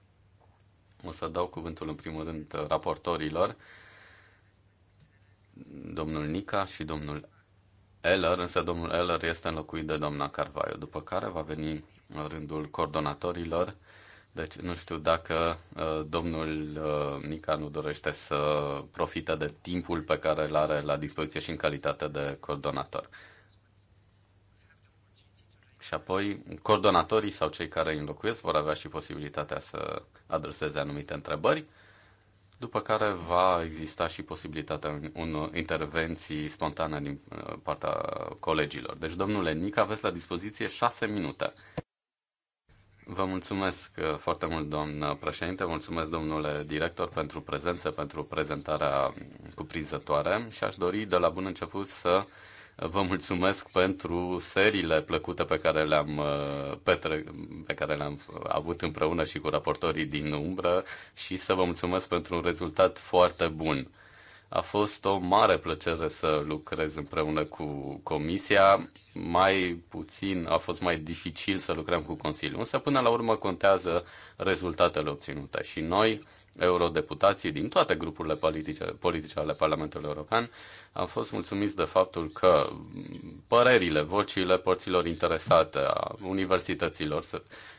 O să dau cuvântul în primul rând raportorilor domnul Nica și domnul Eller, însă domnul Eller este înlocuit de doamna Carvaio, după care va veni rândul coordonatorilor. Deci nu știu dacă uh, domnul uh, Nica nu dorește să profite de timpul pe care îl are la dispoziție și în calitate de coordonator. Și apoi coordonatorii sau cei care îi înlocuiesc vor avea și posibilitatea să adreseze anumite întrebări după care va exista și posibilitatea unor intervenții spontane din uh, partea colegilor. Deci, domnule Nic, aveți la dispoziție șase minute. Vă mulțumesc uh, foarte mult, domn președinte, mulțumesc, domnule director, pentru prezență, pentru prezentarea cuprinzătoare și aș dori de la bun început să Vă mulțumesc pentru seriile plăcute pe care le-am, uh, petre- pe care le-am uh, avut împreună și cu raportorii din umbră și să vă mulțumesc pentru un rezultat foarte bun. A fost o mare plăcere să lucrez împreună cu Comisia. Mai puțin a fost mai dificil să lucrăm cu Consiliul, însă până la urmă contează rezultatele obținute și noi eurodeputații din toate grupurile politice, politice ale Parlamentului European am fost mulțumiți de faptul că părerile, vocile părților interesate, a universităților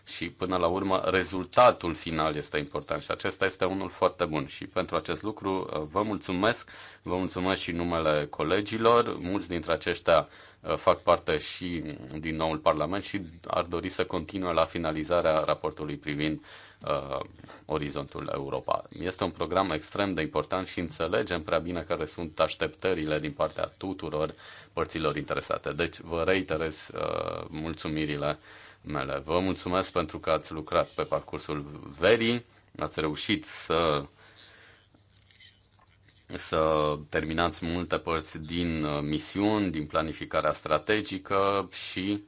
și până la urmă rezultatul final este important și acesta este unul foarte bun și pentru acest lucru uh, vă mulțumesc, vă mulțumesc și numele colegilor, mulți dintre aceștia uh, fac parte și din noul Parlament și ar dori să continue la finalizarea raportului privind uh, Orizontul Europa. Este un program extrem de important și înțelegem prea bine care sunt așteptările contribuțiile din partea tuturor părților interesate. Deci vă reiterez uh, mulțumirile mele. Vă mulțumesc pentru că ați lucrat pe parcursul verii, ați reușit să să terminați multe părți din uh, misiuni, din planificarea strategică și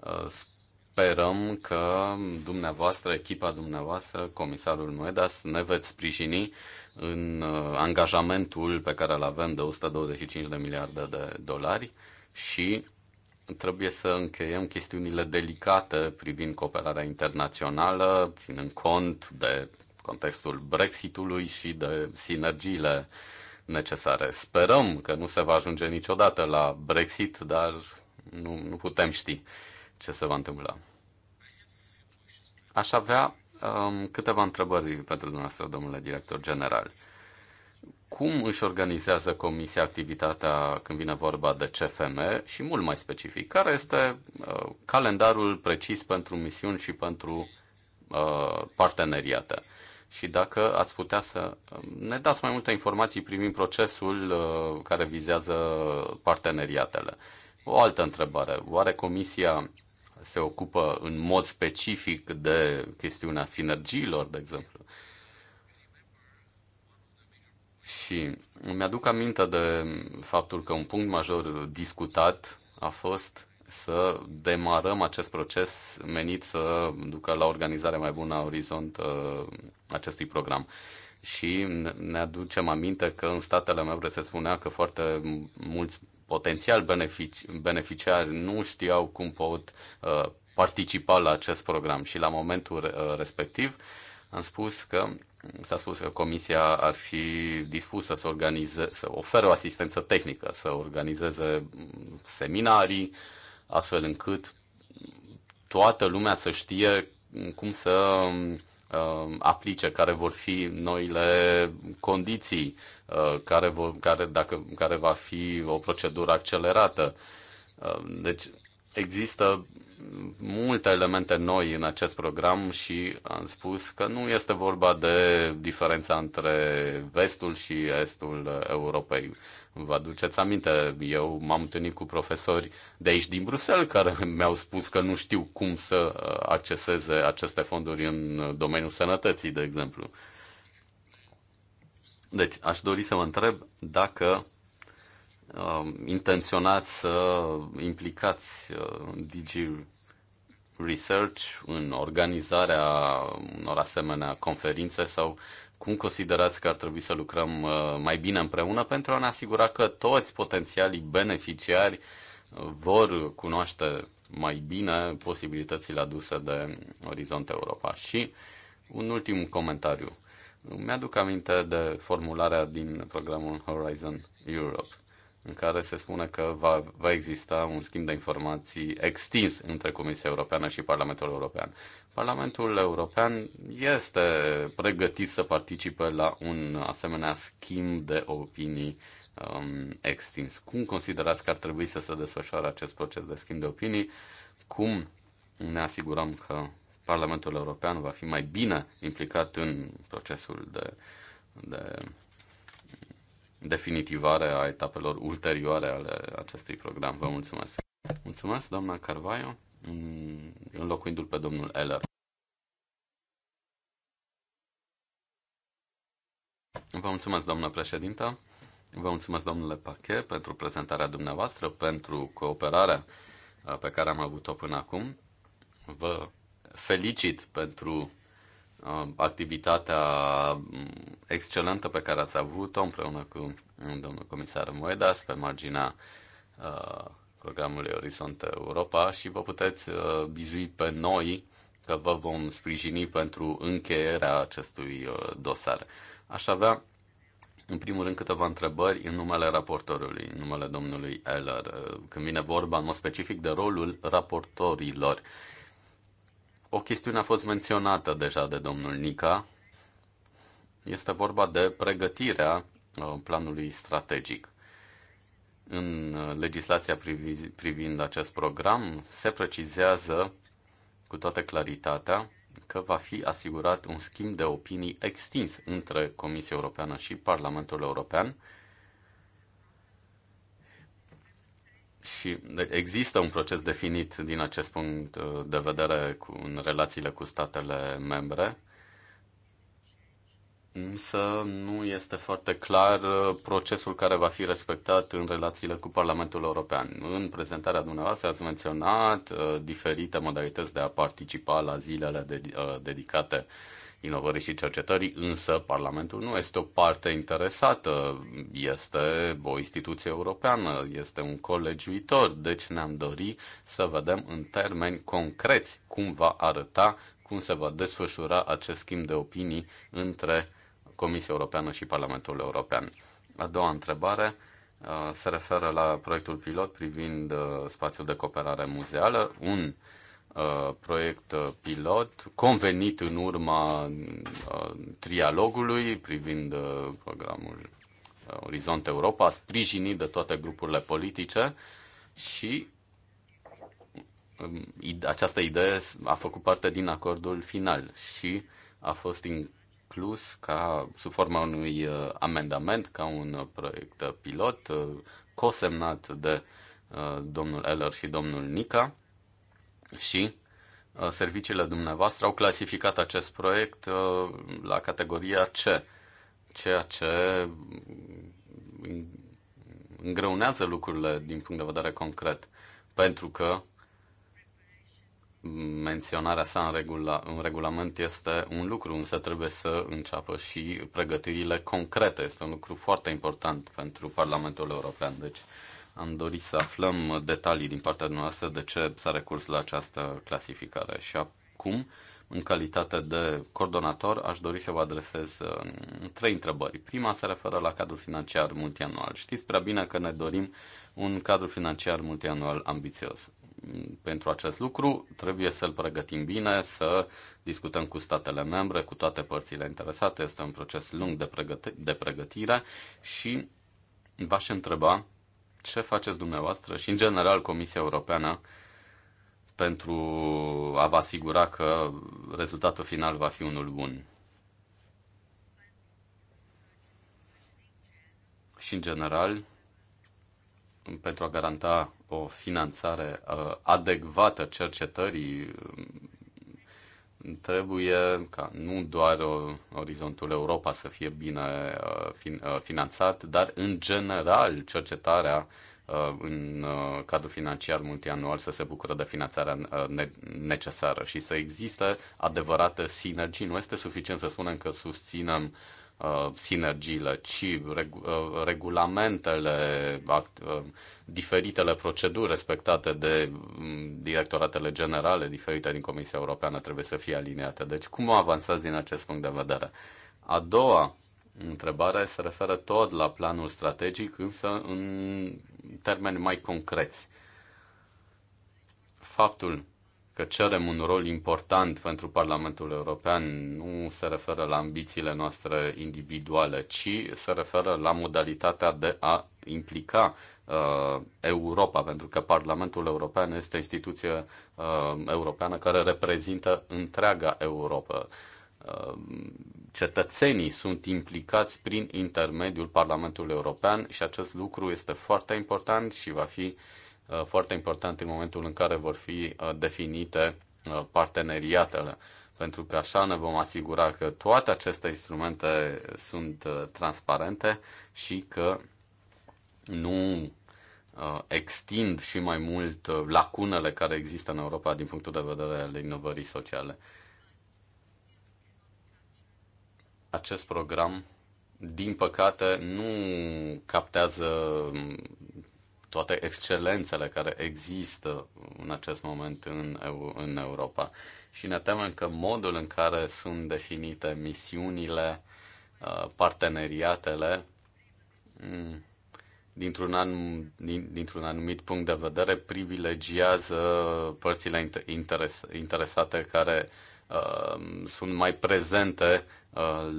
uh, sperăm că dumneavoastră, echipa dumneavoastră, comisarul Moedas, ne veți sprijini în uh, angajamentul pe care îl avem de 125 de miliarde de dolari și trebuie să încheiem chestiunile delicate privind cooperarea internațională, ținând cont de contextul Brexitului și de sinergiile necesare. Sperăm că nu se va ajunge niciodată la Brexit, dar nu, nu putem ști ce se va întâmpla. Aș avea um, câteva întrebări pentru dumneavoastră, domnule director general. Cum își organizează Comisia activitatea când vine vorba de CFM și mult mai specific? Care este uh, calendarul precis pentru misiuni și pentru uh, parteneriate? și dacă ați putea să uh, ne dați mai multe informații privind procesul uh, care vizează parteneriatele. O altă întrebare. Oare Comisia se ocupă în mod specific de chestiunea sinergiilor, de exemplu. Și mi aduc aminte de faptul că un punct major discutat a fost să demarăm acest proces menit să ducă la organizarea mai bună a orizont uh, acestui program. Și ne aducem aminte că în statele membre se spunea că foarte mulți potențial benefici, beneficiari nu știau cum pot uh, participa la acest program și la momentul uh, respectiv am spus că s-a spus că comisia ar fi dispusă să organize, să oferă o asistență tehnică, să organizeze mm, seminarii, astfel încât toată lumea să știe cum să mm, Um, aplice, care vor fi noile condiții, uh, care, vor, care, dacă, care va fi o procedură accelerată. Uh, deci Există multe elemente noi în acest program și am spus că nu este vorba de diferența între vestul și estul Europei. Vă aduceți aminte, eu m-am întâlnit cu profesori de aici din Bruxelles care mi-au spus că nu știu cum să uh, acceseze aceste fonduri în domeniul sănătății, de exemplu. Deci, aș dori să mă întreb dacă Um, intenționați să implicați uh, DG Research în organizarea unor asemenea conferințe sau cum considerați că ar trebui să lucrăm uh, mai bine împreună pentru a ne asigura că toți potențialii beneficiari uh, vor cunoaște mai bine posibilitățile aduse de Orizont Europa. Și un ultim comentariu. Mi-aduc aminte de formularea din programul Horizon Europe în care se spune că va, va exista un schimb de informații extins între Comisia Europeană și Parlamentul European. Parlamentul European este pregătit să participe la un asemenea schimb de opinii um, extins. Cum considerați că ar trebui să se desfășoare acest proces de schimb de opinii? Cum ne asigurăm că Parlamentul European va fi mai bine implicat în procesul de, de definitivare a etapelor ulterioare ale acestui program. Vă mulțumesc! Mulțumesc, doamna Carvaio, înlocuindu-l pe domnul Eller. Vă mulțumesc, doamnă președintă. Vă mulțumesc, domnule Pache, pentru prezentarea dumneavoastră, pentru cooperarea uh, pe care am avut-o până acum. Vă felicit pentru Um, activitatea um, excelentă pe care ați avut-o împreună cu um, domnul comisar Moedas pe marginea uh, programului Orizont Europa și vă puteți uh, bizui pe noi că vă vom sprijini pentru încheierea acestui uh, dosar. Aș avea, în primul rând, câteva întrebări în numele raportorului, în numele domnului Eller, când vine vorba, în mod specific, de rolul raportorilor. O chestiune a fost menționată deja de domnul Nica. Este vorba de pregătirea uh, planului strategic. În uh, legislația privind acest program se precizează cu toată claritatea că va fi asigurat un schimb de opinii extins între Comisia Europeană și Parlamentul European și deci, există un proces definit din acest punct uh, de vedere cu, în relațiile cu statele membre, însă nu este foarte clar uh, procesul care va fi respectat în relațiile cu Parlamentul European. În prezentarea dumneavoastră ați menționat uh, diferite modalități de a participa la zilele dedicate uh, inovării și cercetării, însă Parlamentul nu este o parte interesată, este o instituție europeană, este un colegiuitor, deci ne-am dori să vedem în termeni concreți cum va arăta, cum se va desfășura acest schimb de opinii între Comisia Europeană și Parlamentul European. A doua întrebare uh, se referă la proiectul pilot privind uh, spațiul de cooperare muzeală, un Uh, proiect uh, pilot convenit în urma uh, trialogului privind programul Orizont Europa, sprijinit de toate grupurile politice și um, această idee a făcut parte din acordul final și a fost inclus ca sub forma unui amendament, ca un proiect pilot cosemnat de domnul Eller și domnul Nica și uh, serviciile dumneavoastră au clasificat acest proiect uh, la categoria C, ceea ce mm, îngreunează lucrurile din punct de vedere concret, pentru că menționarea sa în, regula, în regulament este un lucru, însă trebuie să înceapă și pregătirile concrete. Este un lucru foarte important pentru Parlamentul European. Deci, am dorit să aflăm detalii din partea noastră de ce s-a recurs la această clasificare. Și acum, în calitate de coordonator, aș dori să vă adresez um, trei întrebări. Prima se referă la cadrul financiar multianual. Știți prea bine că ne dorim un cadru financiar multianual ambițios pentru acest lucru, trebuie să-l pregătim bine, să discutăm cu statele membre, cu toate părțile interesate. Este un proces lung de, pregăti- de pregătire și v-aș întreba ce faceți dumneavoastră și, în general, Comisia Europeană pentru a vă asigura că rezultatul final va fi unul bun? Și, în general, pentru a garanta o finanțare uh, adecvată cercetării trebuie ca nu doar uh, orizontul Europa să fie bine uh, uh, finanțat, dar în general cercetarea în cadrul financiar multianual să se bucură de finanțarea necesară și să existe adevărate sinergii. Nu este suficient să spunem că susținem Uh, sinergiile, ci uh, regulamentele, act- uh, diferitele proceduri respectate de mm, directoratele generale diferite din Comisia Europeană trebuie să fie aliniate. Deci cum avansați din acest punct de vedere? A doua întrebare se referă tot la planul strategic, însă în termeni mai concreți. Faptul că cerem un rol important pentru Parlamentul European nu se referă la ambițiile noastre individuale, ci se referă la modalitatea de a implica uh, Europa, pentru că Parlamentul European este o instituție uh, europeană care reprezintă întreaga Europa. Uh, cetățenii sunt implicați prin intermediul Parlamentului European și acest lucru este foarte important și va fi uh, Uh, foarte important în momentul în care vor fi uh, definite uh, parteneriatele, pentru că așa ne vom asigura că toate aceste instrumente sunt transparente și că nu extind și mai mult lacunele care există în Europa din punctul de vedere al inovării sociale. Acest program, din păcate, nu captează toate excelențele care există în acest moment în, în Europa. Și ne temem că modul în care sunt definite misiunile, uh, parteneriatele, mm, dintr-un, anum, dintr-un anumit punct de vedere, privilegiază părțile interes, interesate care uh, sunt mai prezente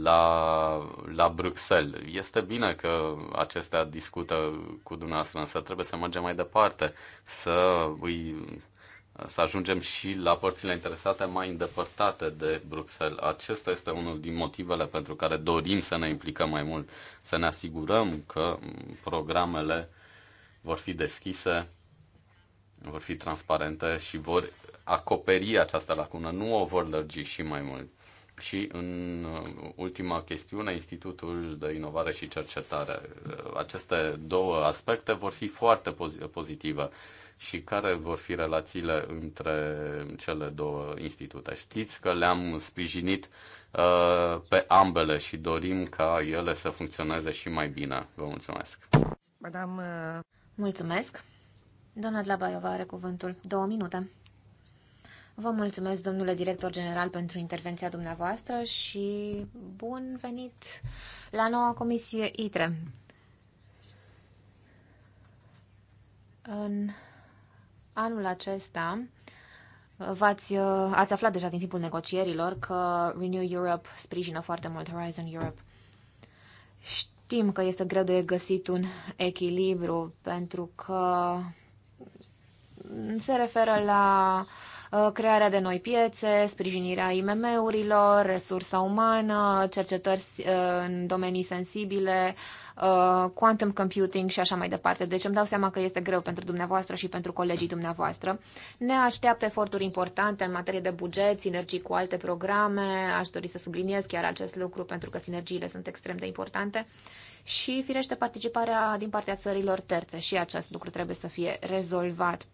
la, la Bruxelles. Este bine că acestea discută cu dumneavoastră, însă trebuie să mergem mai departe, să îi să ajungem și la părțile interesate mai îndepărtate de Bruxelles. Acesta este unul din motivele pentru care dorim să ne implicăm mai mult, să ne asigurăm că programele vor fi deschise, vor fi transparente și vor acoperi această lacună, nu o vor lărgi și mai mult. Și în uh, ultima chestiune, Institutul de Inovare și Cercetare. Uh, aceste două aspecte vor fi foarte pozitive și care vor fi relațiile între cele două institute. Știți că le-am sprijinit uh, pe ambele și dorim ca ele să funcționeze și mai bine. Vă mulțumesc. Madame... Uh, mulțumesc. Dona Dlabaiova are cuvântul. Două minute. Vă mulțumesc, domnule director general, pentru intervenția dumneavoastră și bun venit la noua comisie ITRE. În anul acesta v-ați, ați aflat deja din timpul negocierilor că Renew Europe sprijină foarte mult Horizon Europe. Știm că este greu de găsit un echilibru pentru că se referă la uh, Uh, crearea de noi piețe, sprijinirea IMM-urilor, resursa umană, cercetări uh, în domenii sensibile, uh, quantum computing și așa mai departe. Deci îmi dau seama că este greu pentru dumneavoastră și pentru colegii dumneavoastră. Ne așteaptă eforturi importante în materie de buget, sinergii cu alte programe. Aș dori să subliniez chiar acest lucru pentru că sinergiile sunt extrem de importante. Și, firește, participarea din partea țărilor terțe și acest lucru trebuie să fie rezolvat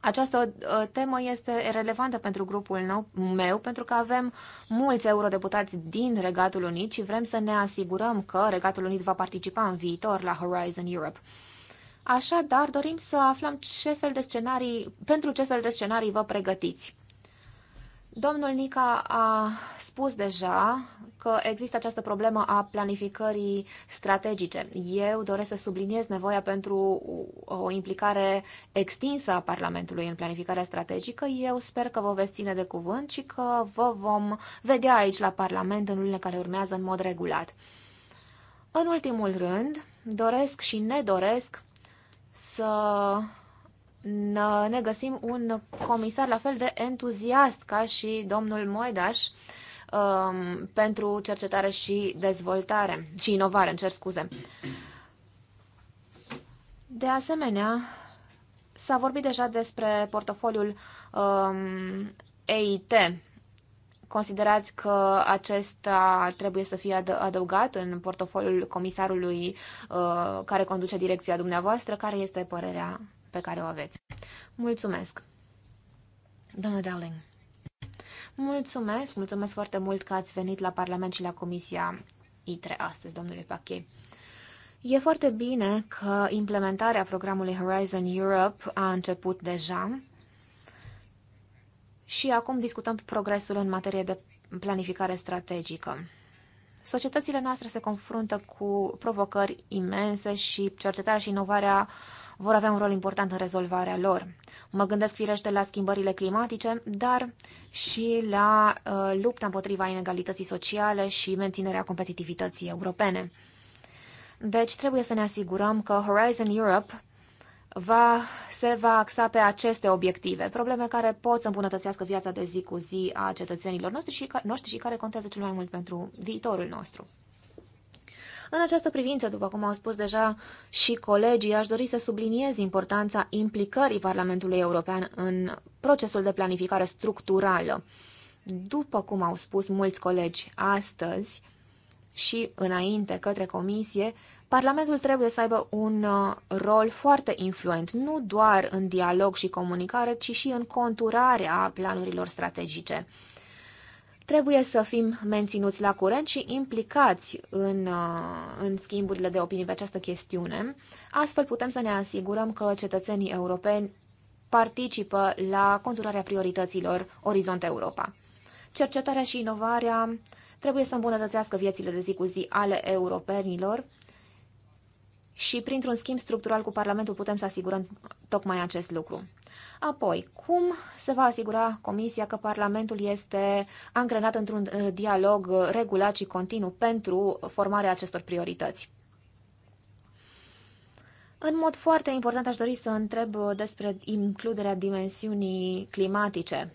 această uh, temă este relevantă pentru grupul meu, pentru că avem mulți eurodeputați din Regatul Unit și vrem să ne asigurăm că Regatul Unit va participa în viitor la Horizon Europe. Așadar, dorim să aflăm ce fel de scenarii, pentru ce fel de scenarii vă pregătiți. Domnul Nica a spus deja că există această problemă a planificării strategice. Eu doresc să subliniez nevoia pentru o implicare extinsă a Parlamentului în planificarea strategică. Eu sper că vă veți ține de cuvânt și că vă vom vedea aici la Parlament în lunile care urmează în mod regulat. În ultimul rând, doresc și ne doresc să ne găsim un comisar la fel de entuziast ca și domnul Moedaș um, pentru cercetare și dezvoltare și inovare, încerc cer scuze. De asemenea, s-a vorbit deja despre portofoliul um, EIT. Considerați că acesta trebuie să fie adăugat în portofoliul comisarului uh, care conduce direcția dumneavoastră? Care este părerea pe care o aveți. Mulțumesc! Doamna Dowling. Mulțumesc, mulțumesc foarte mult că ați venit la Parlament și la Comisia ITRE astăzi, domnule Pache. E foarte bine că implementarea programului Horizon Europe a început deja și acum discutăm progresul în materie de planificare strategică. Societățile noastre se confruntă cu provocări imense și cercetarea și inovarea uh, vor avea un rol important în rezolvarea lor. Mă gândesc firește la schimbările climatice, dar și la uh, lupta împotriva inegalității sociale și menținerea competitivității europene. Deci trebuie să ne asigurăm că Horizon Europe va, se va axa pe aceste obiective, probleme care pot să îmbunătățească viața de zi cu zi a cetățenilor noștri și, noștri și care contează cel mai mult pentru viitorul nostru. În această privință, după cum au spus deja și colegii, aș dori să subliniez importanța implicării Parlamentului European în procesul de planificare structurală. După cum au spus mulți colegi astăzi și înainte către comisie, Parlamentul trebuie să aibă un uh, rol foarte influent, nu doar în dialog și comunicare, ci și în conturarea planurilor strategice. Trebuie să fim menținuți la curent și implicați în, uh, în schimburile de opinii pe această chestiune. Astfel putem să ne asigurăm că cetățenii europeni participă la conturarea priorităților Orizont Europa. Cercetarea și inovarea trebuie să îmbunătățească viețile de zi cu zi ale europenilor și printr-un schimb structural cu Parlamentul putem să asigurăm tocmai acest lucru. Apoi, cum se va asigura Comisia că Parlamentul este angrenat într-un uh, dialog uh, regulat și continuu pentru formarea acestor priorități? În mod foarte important aș dori să întreb uh, despre includerea dimensiunii climatice.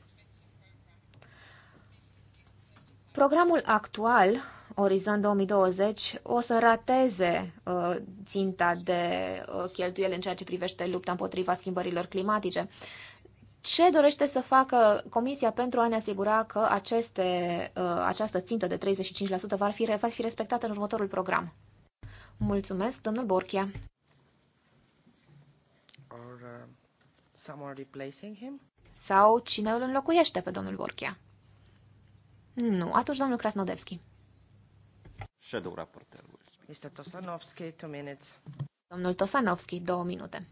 Programul actual Orizont 2020 o să rateze uh, ținta de uh, cheltuieli în ceea ce privește lupta împotriva schimbărilor climatice. Ce dorește să facă Comisia pentru a ne asigura că aceste, uh, această țintă de 35% va fi, va fi respectată în următorul program? Mulțumesc, domnul Borchia. Or, uh, replacing him? Sau cine îl înlocuiește pe domnul Borchia? Nu, atunci domnul Krasnodevski. Shadow Rapporteur will speak. Mr. Tosanovski, two minutes. Domnul Tosanovski, două minute.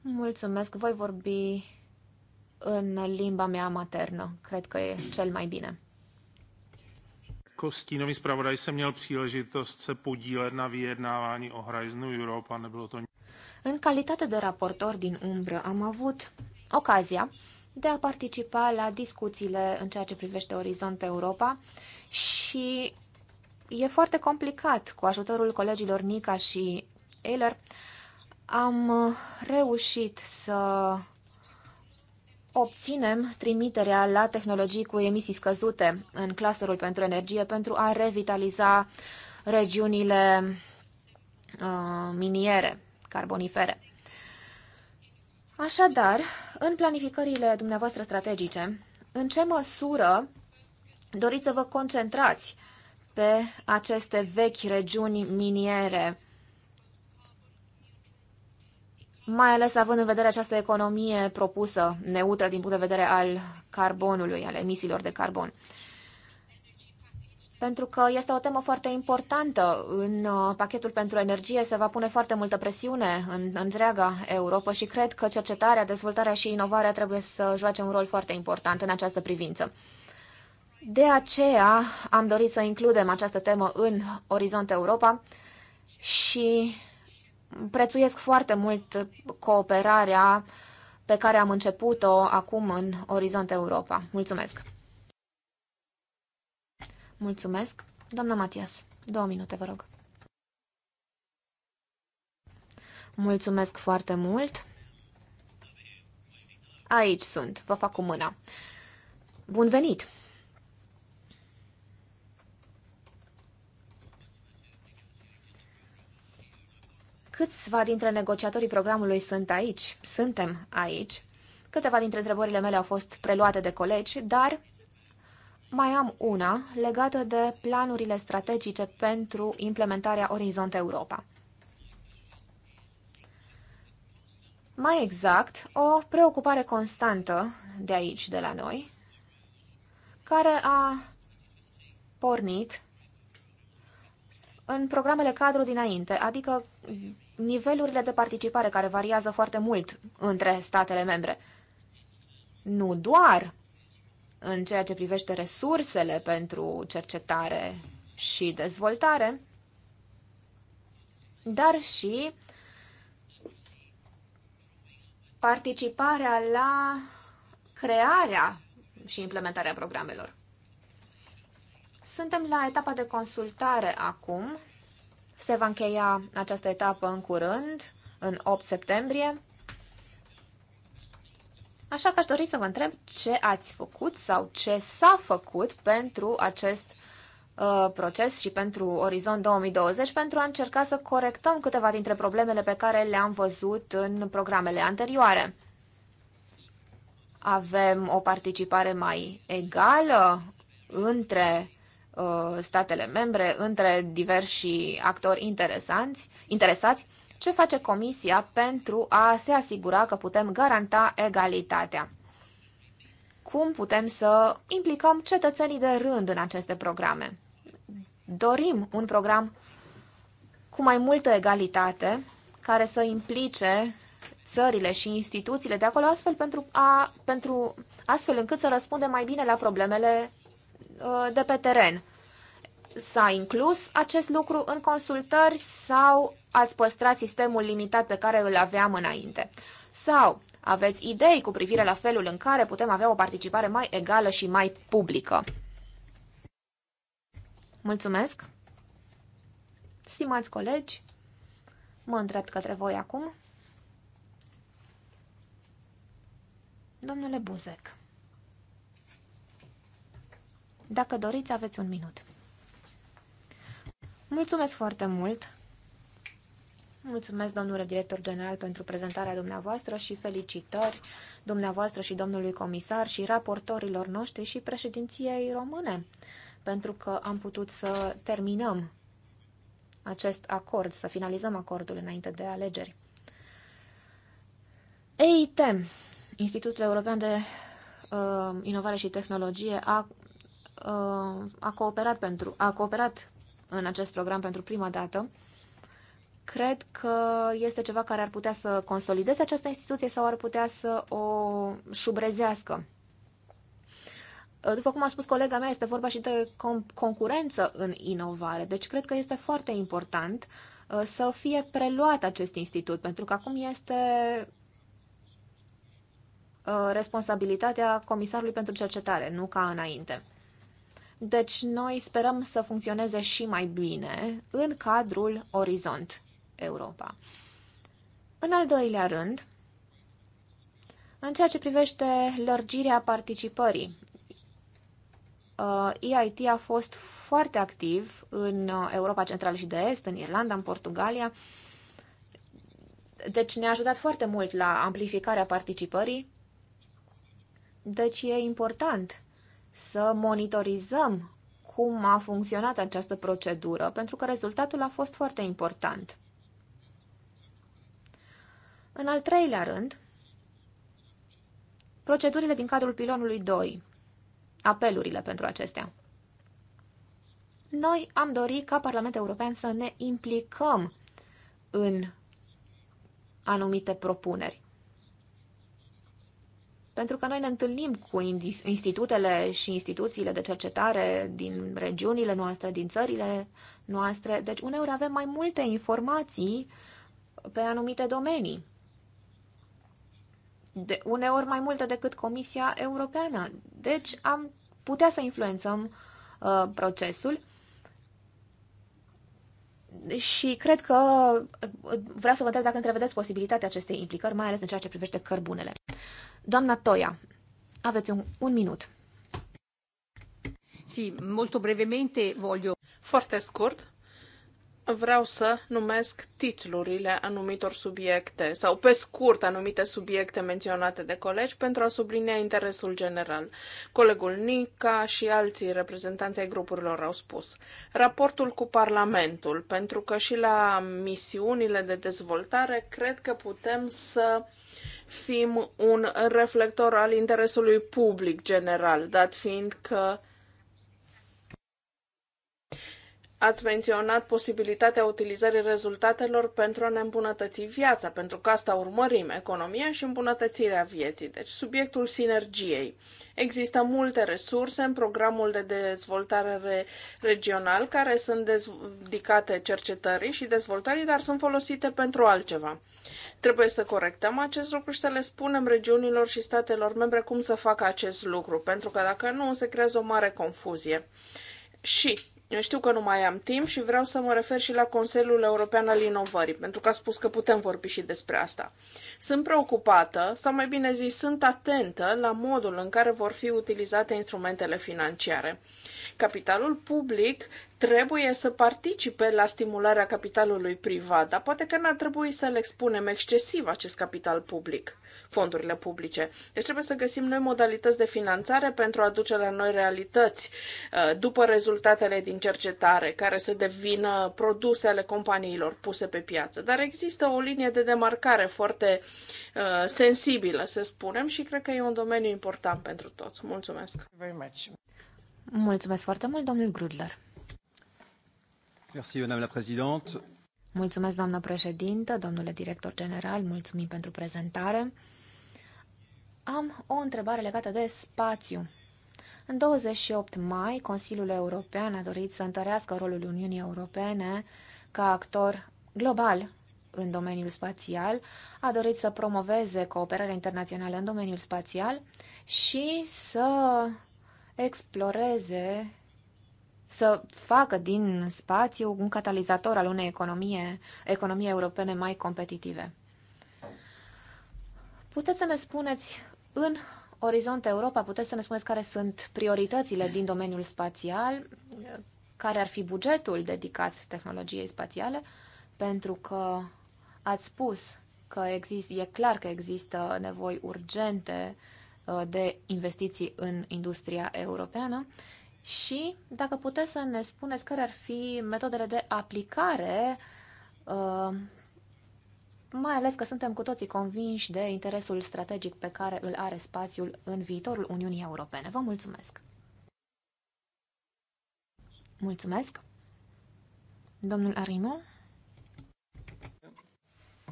Mulțumesc, voi vorbi în limba mea maternă. Cred că e cel mai bine. Jako stínový zpravodaj jsem měl příležitost se podílet na vyjednávání o Horizonu Europa, nebylo to... În calitate de raportor din umbră am avut ocazia de a participa la discuțiile în ceea ce privește Orizont Europa și e foarte complicat. Cu ajutorul colegilor Nica și Eiler am reușit să obținem trimiterea la tehnologii cu emisii scăzute în clusterul pentru energie pentru a revitaliza regiunile uh, miniere, carbonifere. Așadar, în planificările dumneavoastră strategice, în ce măsură doriți să vă concentrați pe aceste vechi regiuni miniere, mai ales având în vedere această economie propusă, neutră din punct de vedere al carbonului, al emisiilor de carbon pentru că este o temă foarte importantă. În uh, pachetul pentru energie se va pune foarte multă presiune în întreaga Europa și cred că cercetarea, dezvoltarea și inovarea trebuie să joace un rol foarte important în această privință. De aceea am dorit să includem această temă în Orizont Europa și prețuiesc foarte mult cooperarea pe care am început-o acum în Orizont Europa. Mulțumesc! Mulțumesc. Doamna Matias, două minute, vă rog. Mulțumesc foarte mult. Aici sunt, vă fac cu mâna. Bun venit! Câțiva dintre negociatorii programului sunt aici, suntem aici. Câteva dintre întrebările mele au fost preluate de colegi, dar mai am una legată de planurile strategice pentru implementarea Orizont Europa. Mai exact, o preocupare constantă de aici, de la noi, care a pornit în programele cadru dinainte, adică nivelurile de participare care variază foarte mult între statele membre. Nu doar în ceea ce privește resursele pentru cercetare și dezvoltare, dar și participarea la crearea și implementarea programelor. Suntem la etapa de consultare acum. Se va încheia această etapă în curând, în 8 septembrie. Așa că aș dori să vă întreb ce ați făcut sau ce s-a făcut pentru acest uh, proces și pentru Orizont 2020 pentru a încerca să corectăm câteva dintre problemele pe care le-am văzut în programele anterioare. Avem o participare mai egală între uh, statele membre, între diversi actori interesanți, interesați ce face Comisia pentru a se asigura că putem garanta egalitatea? Cum putem să implicăm cetățenii de rând în aceste programe? Dorim un program cu mai multă egalitate, care să implice țările și instituțiile de acolo, astfel, pentru a, pentru, astfel încât să răspundem mai bine la problemele uh, de pe teren. S-a inclus acest lucru în consultări sau ați păstrat sistemul limitat pe care îl aveam înainte? Sau aveți idei cu privire la felul în care putem avea o participare mai egală și mai publică? Mulțumesc! Stimați colegi, mă îndrept către voi acum. Domnule Buzec, dacă doriți, aveți un minut. Mulțumesc foarte mult! Mulțumesc, domnule director general, pentru prezentarea dumneavoastră și felicitări dumneavoastră și domnului comisar și raportorilor noștri și președinției române, pentru că am putut să terminăm acest acord, să finalizăm acordul înainte de alegeri. EIT, Institutul European de uh, Inovare și Tehnologie, a, uh, a cooperat pentru a cooperat în acest program pentru prima dată. Cred că este ceva care ar putea să consolideze această instituție sau ar putea să o șubrezească. După cum a spus colega mea, este vorba și de concurență în inovare, deci cred că este foarte important uh, să fie preluat acest institut, pentru că acum este uh, responsabilitatea Comisarului pentru Cercetare, nu ca înainte. Deci noi sperăm să funcționeze și mai bine în cadrul Orizont Europa. În al doilea rând, în ceea ce privește lărgirea participării, uh, EIT a fost foarte activ în Europa Centrală și de Est, în Irlanda, în Portugalia. Deci ne-a ajutat foarte mult la amplificarea participării. Deci e important să monitorizăm cum a funcționat această procedură, pentru că rezultatul a fost foarte important. În al treilea rând, procedurile din cadrul pilonului 2, apelurile pentru acestea. Noi am dorit ca Parlamentul European să ne implicăm în anumite propuneri. Pentru că noi ne întâlnim cu institutele și instituțiile de cercetare din regiunile noastre, din țările noastre, deci uneori avem mai multe informații pe anumite domenii. De, uneori mai multe decât Comisia Europeană. Deci am putea să influențăm uh, procesul și cred că uh, vreau să vă întreb dacă întrevedeți posibilitatea acestei implicări, mai ales în ceea ce privește cărbunele. Doamna Toia, aveți un, un minut. Sì, molto brevemente voglio... Foarte scurt, vreau să numesc titlurile anumitor subiecte sau pe scurt anumite subiecte menționate de colegi pentru a sublinia interesul general. Colegul Nica și alții reprezentanți ai grupurilor au spus. Raportul cu Parlamentul, pentru că și la misiunile de dezvoltare cred că putem să fim un reflector al interesului public general, dat fiind că Ați menționat posibilitatea utilizării rezultatelor pentru a ne îmbunătăți viața, pentru că asta urmărim, economia și îmbunătățirea vieții, deci subiectul sinergiei. Există multe resurse în programul de dezvoltare regional care sunt dedicate cercetării și dezvoltării, dar sunt folosite pentru altceva. Trebuie să corectăm acest lucru și să le spunem regiunilor și statelor membre cum să facă acest lucru, pentru că dacă nu, se creează o mare confuzie. Și eu știu că nu mai am timp și vreau să mă refer și la Consiliul European al Inovării, pentru că a spus că putem vorbi și despre asta. Sunt preocupată, sau mai bine zis, sunt atentă la modul în care vor fi utilizate instrumentele financiare. Capitalul public trebuie să participe la stimularea capitalului privat, dar poate că n-ar trebui să le expunem excesiv acest capital public fondurile publice. Deci trebuie să găsim noi modalități de finanțare pentru a duce la noi realități uh, după rezultatele din cercetare, care să devină produse ale companiilor puse pe piață. Dar există o linie de demarcare foarte uh, sensibilă, să spunem, și cred că e un domeniu important pentru toți. Mulțumesc! Mulțumesc foarte mult, domnul Grudler! Merci, Madame la Présidente. Mulțumesc, doamnă președintă, domnule director general, mulțumim pentru prezentare. Am o întrebare legată de spațiu. În 28 mai, Consiliul European a dorit să întărească rolul Uniunii Europene ca actor global în domeniul spațial, a dorit să promoveze cooperarea internațională în domeniul spațial și să exploreze, să facă din spațiu un catalizator al unei economie, economie europene mai competitive. Puteți să ne spuneți în Orizont Europa, puteți să ne spuneți care sunt prioritățile din domeniul spațial, care ar fi bugetul dedicat tehnologiei spațiale, pentru că ați spus că exist, e clar că există nevoi urgente uh, de investiții în industria europeană și dacă puteți să ne spuneți care ar fi metodele de aplicare uh, mai ales că suntem cu toții convinși de interesul strategic pe care îl are spațiul în viitorul Uniunii Europene. Vă mulțumesc! Mulțumesc! Domnul Arimo?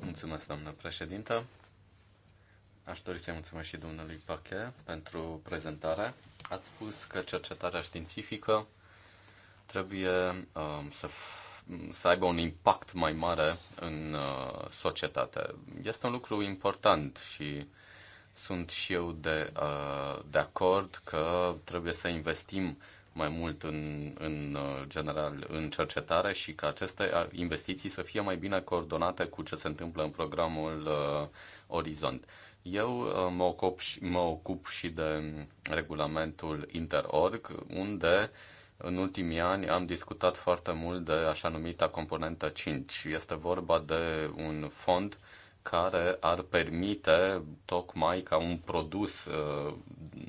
Mulțumesc, doamnă președintă. Aș dori să-i mulțumesc și domnului Pache pentru prezentare. Ați spus că cercetarea științifică trebuie um, să să aibă un impact mai mare în uh, societate. Este un lucru important și sunt și eu de, uh, de acord că trebuie să investim mai mult în, în uh, general în cercetare și ca aceste investiții să fie mai bine coordonate cu ce se întâmplă în programul uh, Orizont. Eu uh, mă, ocup și, mă ocup și de regulamentul Interorg, unde uh, în ultimii ani am discutat foarte mult de așa numita componentă 5. Este vorba de un fond care ar permite tocmai ca un produs uh,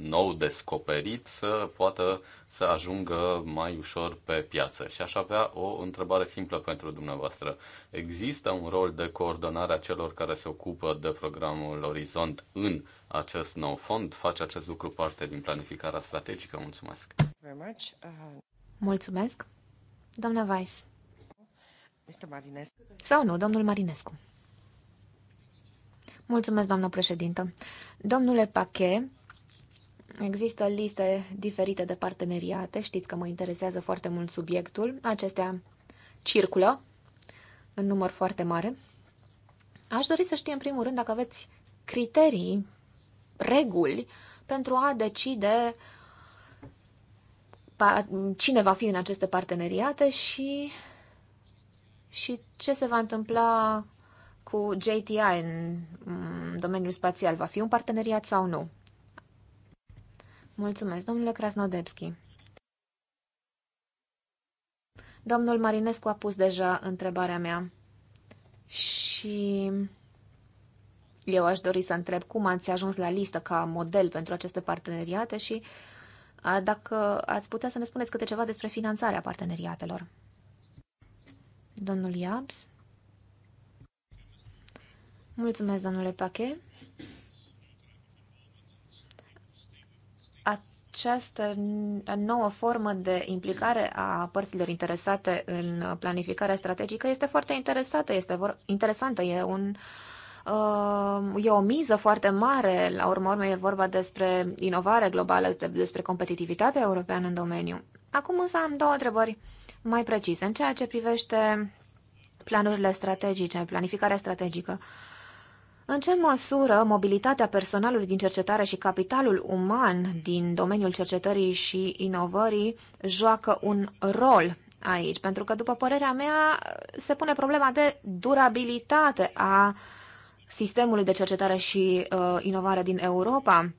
nou descoperit să poată să ajungă mai ușor pe piață. Și aș avea o întrebare simplă pentru dumneavoastră. Există un rol de coordonare a celor care se ocupă de programul Orizont în acest nou fond? Face acest lucru parte din planificarea strategică? Mulțumesc! Uh, Mulțumesc. Doamna Weiss. Sau nu, domnul Marinescu. Mulțumesc, doamnă președintă. Domnule Pache, există liste diferite de parteneriate. Știți că mă interesează foarte mult subiectul. Acestea circulă în număr foarte mare. Aș dori să știu, în primul rând, dacă aveți criterii, reguli pentru a decide uh, cine va fi în aceste parteneriate și, și ce se va întâmpla cu JTI în mm, domeniul spațial. Va fi un parteneriat sau nu? Mulțumesc, domnule Krasnodebski. Domnul Marinescu a pus deja întrebarea mea și eu aș dori să întreb cum ați ajuns la listă ca model pentru aceste parteneriate și uh, dacă ați putea să ne spuneți câte ceva despre finanțarea parteneriatelor. Domnul Iabs. Mulțumesc, domnule Pache. Această nouă formă de implicare a părților interesate în planificarea strategică este foarte interesată, este vor, interesantă, e un uh, Um, e o miză foarte mare. La urmă urmei e vorba despre inovare globală, despre competitivitatea europeană în domeniu. Acum însă am două întrebări mai precise în ceea ce privește planurile strategice, planificarea strategică. În ce măsură mobilitatea personalului din cercetare și capitalul uman din domeniul cercetării și inovării joacă un rol aici? Pentru că, după părerea mea, se pune problema de durabilitate a uh, sistemului de cercetare și uh, inovare din Europa,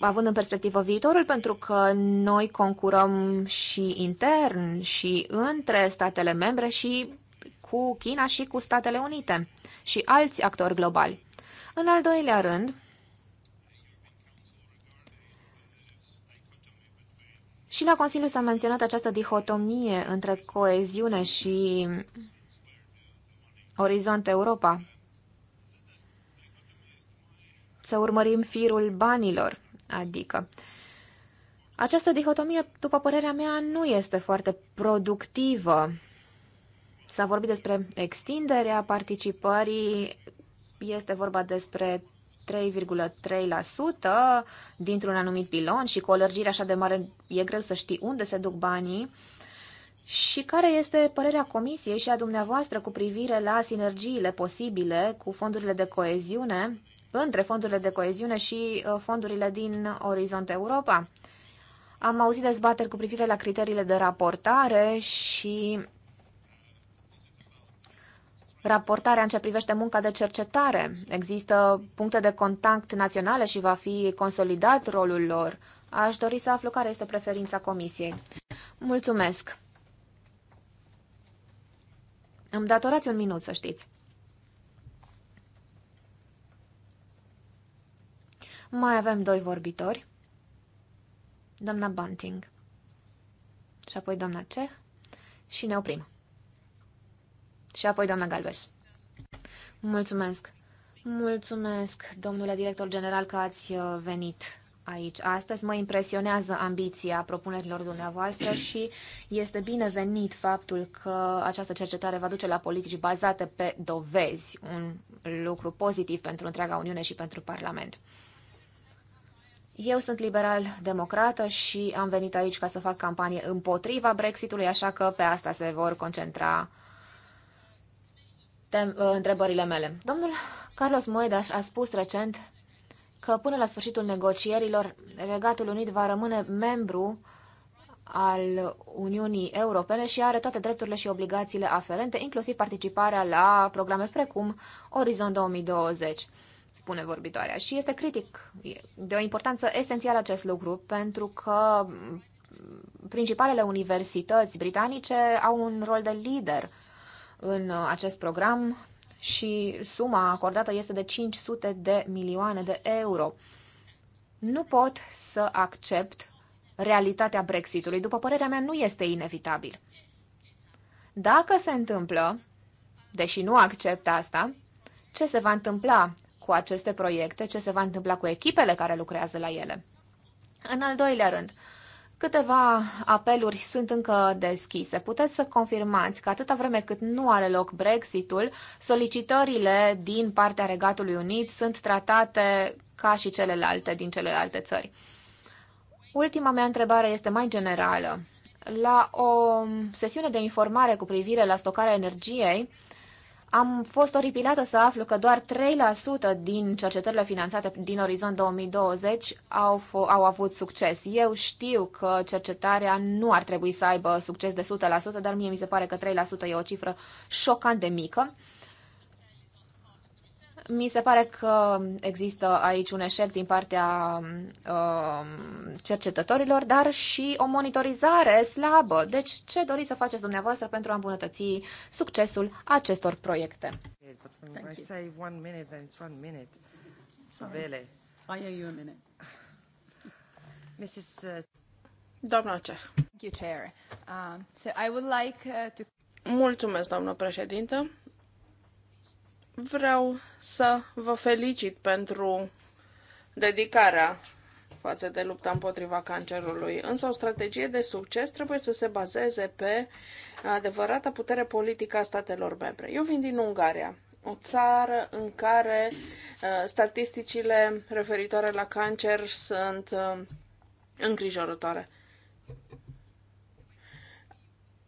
având în perspectivă viitorul, pentru că noi concurăm și intern și între statele membre și cu China și cu Statele Unite și alți actori globali. În al doilea rând, și la Consiliu s-a menționat această dihotomie între coeziune și Orizont Europa să urmărim firul banilor, adică. Această dihotomie, după părerea mea, nu este foarte productivă. S-a vorbit despre extinderea participării, este vorba despre 3,3% dintr-un anumit pilon și cu o lărgire așa de mare e greu să știi unde se duc banii. Și care este părerea Comisiei și a dumneavoastră cu privire la sinergiile posibile cu fondurile de coeziune între fondurile de coeziune și uh, fondurile din Orizont Europa. Am auzit dezbateri cu privire la criteriile de raportare și raportarea în ce privește munca de cercetare. Există puncte de contact naționale și va fi consolidat rolul lor. Aș dori să aflu care este preferința comisiei. Mulțumesc! Îmi datorați un minut, să știți. Mai avem doi vorbitori. Doamna Bunting și apoi doamna Ceh și ne oprim. Și apoi doamna Galvez. Mulțumesc! Mulțumesc, domnule director general, că ați uh, venit aici astăzi. Mă impresionează ambiția propunerilor dumneavoastră și este binevenit faptul că această cercetare va duce la politici bazate pe dovezi, un lucru pozitiv pentru întreaga Uniune și pentru Parlament. Eu sunt liberal-democrată și am venit aici ca să fac campanie împotriva Brexitului, așa că pe asta se vor concentra uh, întrebările mele. Domnul Carlos Moedas a spus recent că până la sfârșitul negocierilor, Regatul Unit va rămâne membru al Uniunii Europene și are toate drepturile și obligațiile aferente, inclusiv participarea la programe precum Orizont 2020 spune vorbitoarea. Și este critic, de o importanță esențială acest lucru, pentru că principalele universități britanice au un rol de lider în acest program și suma acordată este de 500 de milioane de euro. Nu pot să accept realitatea Brexitului. După părerea mea, nu este inevitabil. Dacă se întâmplă, deși nu accept asta, ce se va întâmpla cu aceste proiecte, ce se va întâmpla cu echipele care lucrează la ele. În al doilea rând, câteva apeluri sunt încă deschise. Puteți să confirmați că atâta vreme cât nu are loc Brexitul, solicitările din partea Regatului Unit sunt tratate ca și celelalte din celelalte țări. Ultima mea întrebare este mai generală. La o sesiune de informare cu privire la stocarea energiei, am fost oripilată să aflu că doar 3% din cercetările finanțate din Orizont 2020 au, au avut succes. Eu știu că cercetarea nu ar trebui să aibă succes de 100%, dar mie mi se pare că 3% e o cifră șocant de mică. Mi se pare că există aici un eșec din partea uh, cercetătorilor, dar și o monitorizare slabă. Deci, ce doriți să faceți dumneavoastră pentru a îmbunătăți succesul acestor proiecte? Doamna Ce. Um, uh, Mulțumesc, doamnă președintă. Vreau să vă felicit pentru dedicarea față de lupta împotriva cancerului. Însă o strategie de succes trebuie să se bazeze pe adevărata putere politică a statelor membre. Eu vin din Ungaria, o țară în care uh, statisticile referitoare la cancer sunt uh, îngrijorătoare.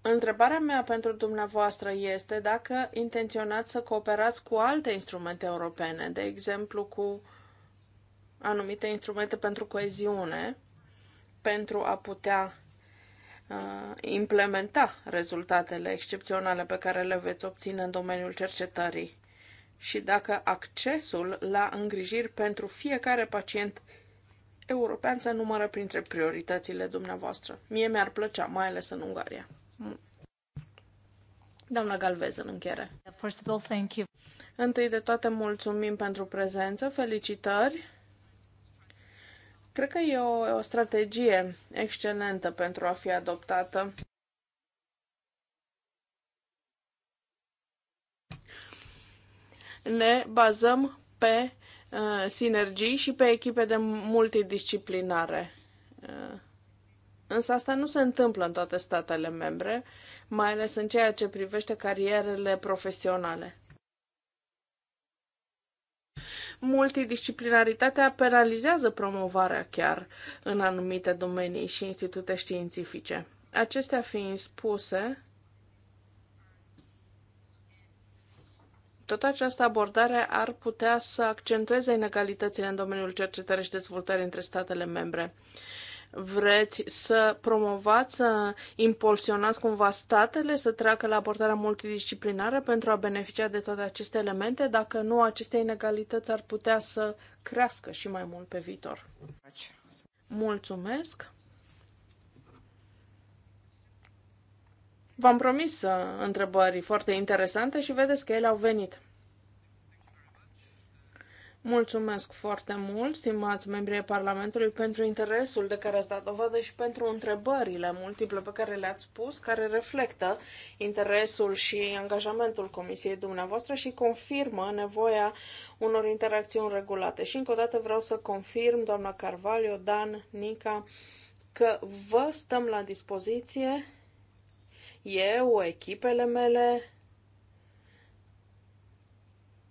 Întrebarea mea pentru dumneavoastră este dacă intenționați să cooperați cu alte instrumente europene, de exemplu cu anumite instrumente pentru coeziune, pentru a putea uh, implementa rezultatele excepționale pe care le veți obține în domeniul cercetării și dacă accesul la îngrijiri pentru fiecare pacient european se numără printre prioritățile dumneavoastră. Mie mi-ar plăcea, mai ales în Ungaria. Doamna Galvez, în încheiere. First of all, thank you. Întâi de toate, mulțumim pentru prezență, felicitări. Cred că e o, o strategie excelentă pentru a fi adoptată. Ne bazăm pe uh, sinergii și pe echipe de multidisciplinare. Uh, Însă asta nu se întâmplă în toate statele membre, mai ales în ceea ce privește carierele profesionale. Multidisciplinaritatea penalizează promovarea chiar în anumite domenii și institute științifice. Acestea fiind spuse, Tot această abordare ar putea să accentueze inegalitățile în domeniul cercetării și dezvoltării între statele membre. Vreți să promovați, să impulsionați cumva statele să treacă la abordarea multidisciplinară pentru a beneficia de toate aceste elemente? Dacă nu, aceste inegalități ar putea să crească și mai mult pe viitor. Mulțumesc! V-am promis uh, întrebări foarte interesante și vedeți că ele au venit. Mulțumesc foarte mult, stimați membrii Parlamentului, pentru interesul de care ați dat dovadă și pentru întrebările multiple pe care le-ați pus, care reflectă interesul și angajamentul Comisiei dumneavoastră și confirmă nevoia unor interacțiuni regulate. Și încă o dată vreau să confirm, doamna Carvalho, Dan, Nica, că vă stăm la dispoziție, eu, echipele mele,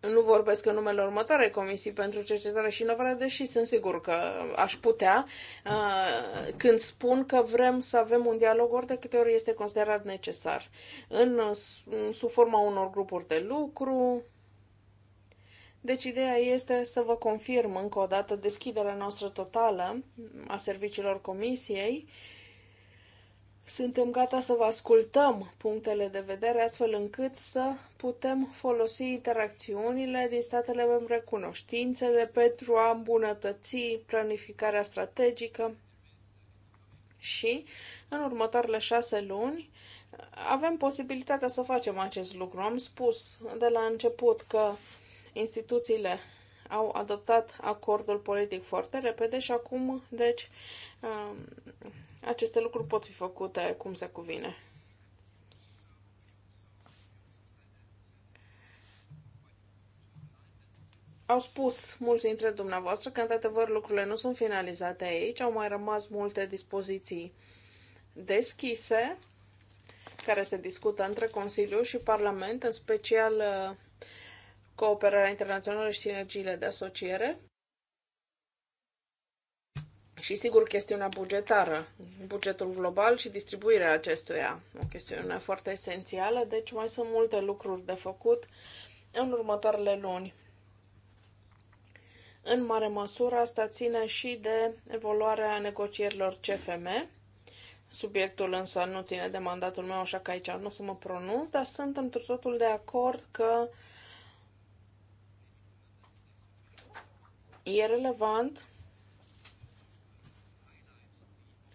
nu vorbesc în numele următoarei comisii pentru cercetare și inovare, deși sunt sigur că aș putea, uh, când spun că vrem să avem un dialog ori de câte ori este considerat necesar, în, sub forma unor grupuri de lucru. Deci ideea este să vă confirm încă o dată deschiderea noastră totală a serviciilor comisiei suntem gata să vă ascultăm punctele de vedere astfel încât să putem folosi interacțiunile din statele membre, cunoștințele pentru a îmbunătăți planificarea strategică și în următoarele șase luni avem posibilitatea să facem acest lucru. Am spus de la început că instituțiile au adoptat acordul politic foarte repede și acum, deci, um, aceste lucruri pot fi făcute cum se cuvine. Au spus mulți dintre dumneavoastră că, într-adevăr, lucrurile nu sunt finalizate aici, au mai rămas multe dispoziții deschise care se discută între Consiliu și Parlament, în special uh, cooperarea internațională și sinergiile de asociere. Și sigur, chestiunea bugetară, bugetul global și distribuirea acestuia, o chestiune foarte esențială, deci mai sunt multe lucruri de făcut în următoarele luni. În mare măsură, asta ține și de evoluarea negocierilor CFM. Subiectul însă nu ține de mandatul meu, așa că aici nu o să mă pronunț, dar sunt într totul de acord că uh, E relevant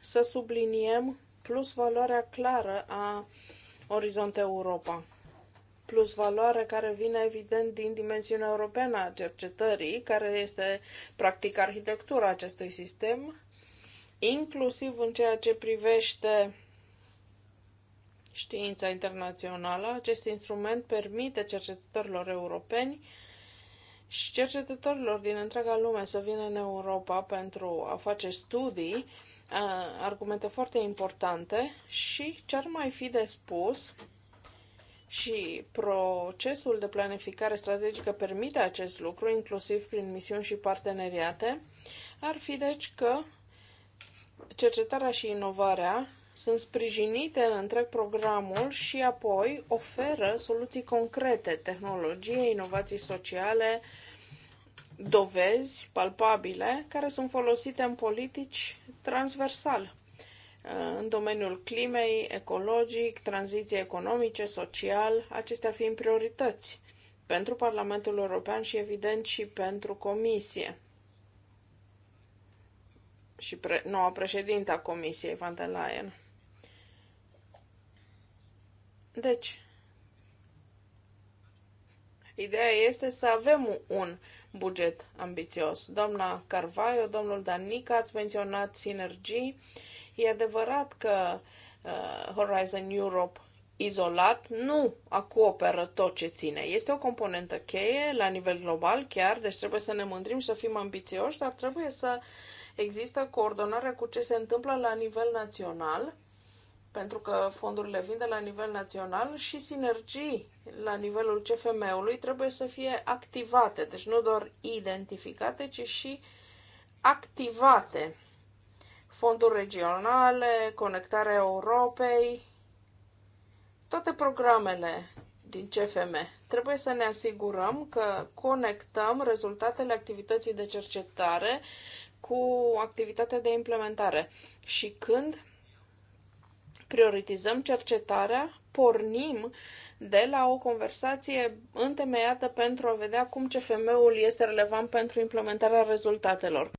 să subliniem plus valoarea clară a Orizont Europa. Plus valoare care vine evident din dimensiunea europeană a cercetării, care este practic arhitectura acestui sistem, inclusiv în ceea ce privește știința internațională. Acest instrument permite cercetătorilor europeni și cercetătorilor din întreaga lume să vină în Europa pentru a face studii, argumente foarte importante și ce ar mai fi de spus și procesul de planificare strategică permite acest lucru, inclusiv prin misiuni și parteneriate, ar fi deci că cercetarea și inovarea sunt sprijinite în întreg programul și apoi oferă soluții concrete, tehnologie, inovații sociale, dovezi palpabile care sunt folosite în politici transversal uh, în domeniul climei, ecologic, tranziție economice, social, acestea fiind priorități pentru Parlamentul European și evident și pentru Comisie și pre- noua președintă a Comisiei, Van der Leyen. Deci, ideea este să avem un buget ambițios. Doamna Carvaio, domnul Danica, ați menționat sinergii. E adevărat că uh, Horizon Europe izolat nu acoperă tot ce ține. Este o componentă cheie la nivel global chiar, deci trebuie să ne mândrim și să fim ambițioși, dar trebuie să există coordonare cu ce se întâmplă la nivel național pentru că fondurile vin de la nivel național și sinergii la nivelul CFM-ului trebuie să fie activate, deci nu doar identificate, ci și activate. Fonduri regionale, conectarea Europei, toate programele din CFM. Trebuie să ne asigurăm că conectăm rezultatele activității de cercetare cu activitatea de implementare. Și când prioritizăm cercetarea, pornim de la o conversație întemeiată pentru a vedea cum CFM-ul este relevant pentru implementarea rezultatelor.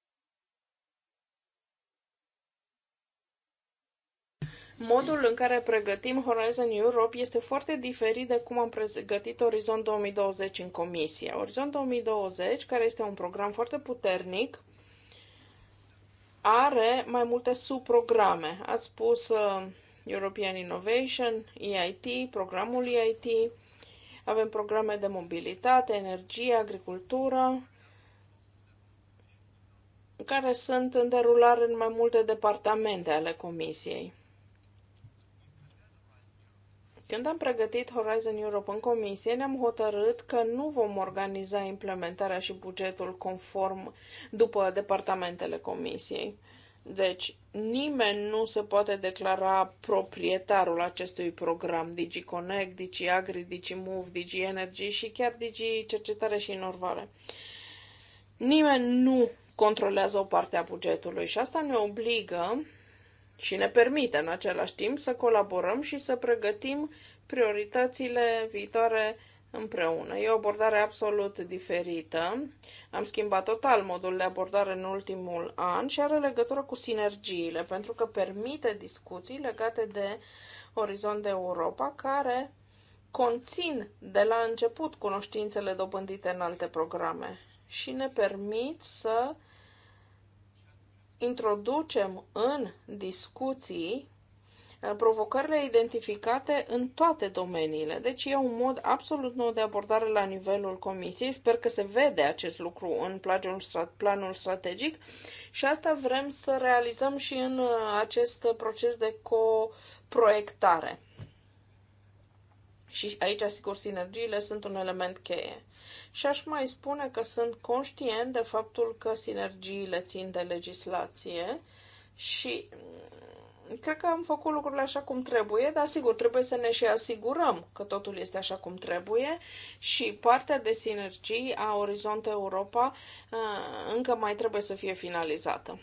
Modul în care pregătim Horizon Europe este foarte diferit de cum am pregătit Orizont 2020 în comisie. Orizont 2020, care este un program foarte puternic, are mai multe subprograme. Ați spus uh, European Innovation, EIT, programul EIT, avem programe de mobilitate, energie, agricultură, care sunt în derulare în mai multe departamente ale Comisiei. Când am pregătit Horizon Europe în comisie, ne-am hotărât că nu vom organiza implementarea și bugetul conform după departamentele comisiei. Deci, nimeni nu se poate declara proprietarul acestui program DigiConnect, DigiAgri, DigiMove, DigiEnergy și chiar Digicercetare și Inorvale. Nimeni nu controlează o parte a bugetului și asta ne obligă și ne permite în același timp să colaborăm și să pregătim prioritățile viitoare împreună. E o abordare absolut diferită. Am schimbat total modul de abordare în ultimul an și are legătură cu sinergiile, pentru că permite discuții legate de Orizont de Europa, care conțin de la început cunoștințele dobândite în alte programe și ne permit să introducem în discuții Uh, provocările identificate în toate domeniile. Deci e un mod absolut nou de abordare la nivelul comisiei. Sper că se vede acest lucru în planul, strategic și asta vrem să realizăm și în uh, acest proces de coproiectare. Și aici, sigur, sinergiile sunt un element cheie. Și aș mai spune că sunt conștient de faptul că sinergiile țin de legislație și cred că am făcut lucrurile așa cum trebuie, dar sigur, trebuie să ne și asigurăm că totul este așa cum trebuie și partea de sinergii a Orizont Europa uh, încă mai trebuie să fie finalizată.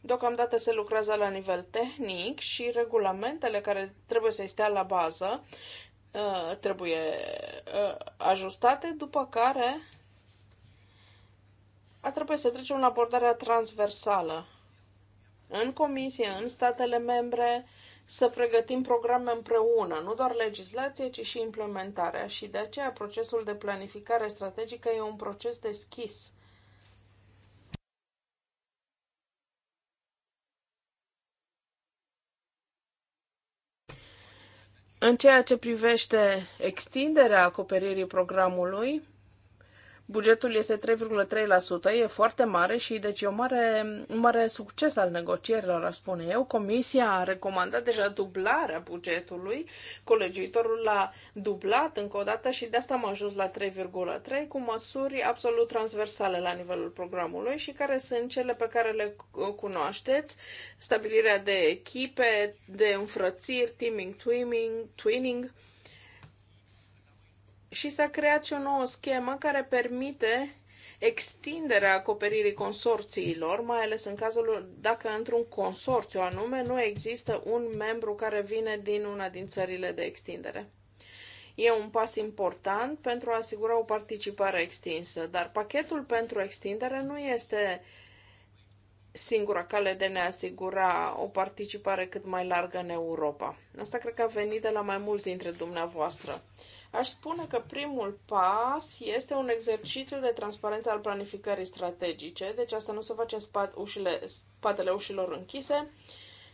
Deocamdată se lucrează la nivel tehnic și regulamentele care trebuie să stea la bază uh, trebuie uh, ajustate, după care a trebuit să trecem la abordarea transversală în comisie, în statele membre, să pregătim programe împreună, nu doar legislație, ci și implementarea. Și de aceea procesul de planificare strategică e un proces deschis. În ceea ce privește extinderea acoperirii programului, Bugetul este 3,3%, e foarte mare și deci e o mare, un mare succes al negocierilor, aș spune eu. Comisia a recomandat deja dublarea bugetului, colegiuitorul l-a dublat încă o dată și de asta am ajuns la 3,3 cu măsuri absolut transversale la nivelul programului și care sunt cele pe care le cunoașteți, stabilirea de echipe, de înfrățiri, teaming, twinning, twinning și s-a creat și o nouă schemă care permite extinderea acoperirii consorțiilor, mai ales în cazul dacă într-un consorțiu anume nu există un membru care vine din una din țările de extindere. E un pas important pentru a asigura o participare extinsă, dar pachetul pentru extindere nu este singura cale de a ne asigura o participare cât mai largă în Europa. Asta cred că a venit de la mai mulți dintre dumneavoastră. Uh, Aș spune că primul pas este un exercițiu de transparență al planificării strategice, deci asta nu se face în spate, ușile, spatele ușilor închise.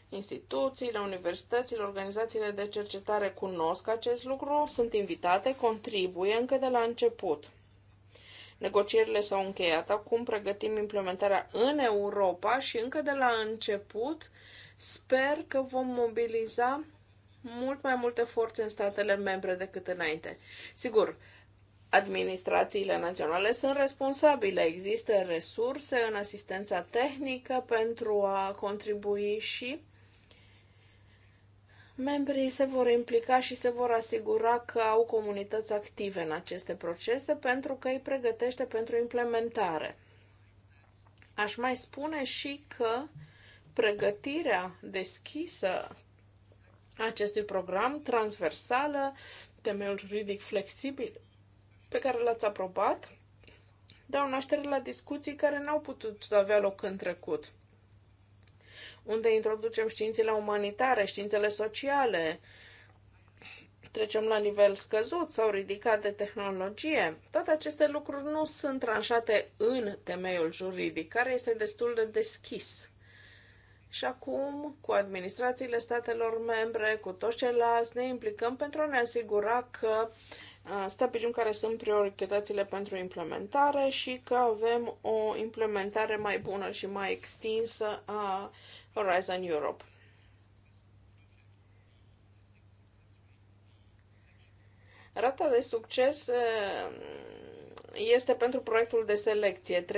Instituțiile, universitățile, organizațiile de cercetare cunosc acest lucru, sunt invitate, contribuie încă de la început. Negocierile s-au încheiat, acum pregătim implementarea în Europa și încă de la început sper că vom mobiliza mult mai multe forțe în statele membre decât înainte. Sigur, administrațiile naționale sunt responsabile, există resurse în asistența tehnică pentru a contribui și membrii se vor implica și se vor asigura că au comunități active în aceste procese pentru că îi pregătește pentru implementare. Aș mai spune și că pregătirea deschisă acestui program transversală, temeiul juridic flexibil pe care l-ați aprobat, dau naștere la discuții care n-au putut avea loc în trecut, unde introducem științele umanitare, științele sociale, trecem la nivel scăzut sau ridicat de tehnologie. Toate aceste lucruri nu sunt tranșate în temeiul juridic, care este destul de deschis și acum, cu administrațiile statelor membre, cu toți ceilalți, ne implicăm pentru a ne asigura că stabilim care sunt prioritățile pentru implementare și că avem o implementare mai bună și mai extinsă a Horizon Europe. Rata de succes este pentru proiectul de selecție. 3,3%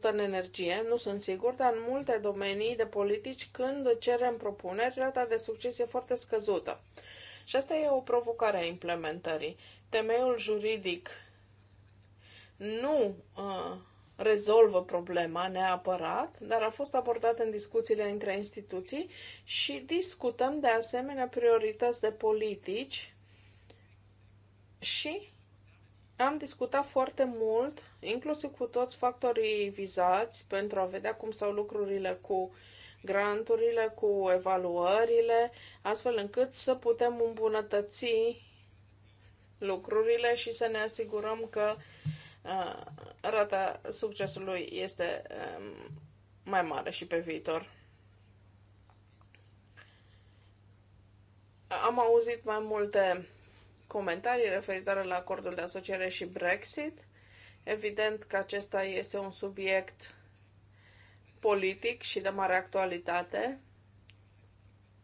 în energie, nu sunt sigur, dar în multe domenii de politici, când cerem propuneri, rata de succes e foarte scăzută. Și asta e o provocare a implementării. Temeiul juridic nu uh, rezolvă problema neapărat, dar a fost abordat în discuțiile între instituții și discutăm de asemenea priorități de politici și am discutat foarte mult, inclusiv cu toți factorii vizați, pentru a vedea cum stau lucrurile cu granturile, cu evaluările, astfel încât să putem îmbunătăți lucrurile și să ne asigurăm că uh, rata succesului este uh, mai mare și pe viitor. Am auzit mai multe comentarii referitoare la acordul de asociere și Brexit. Evident că acesta este un subiect politic și de mare actualitate.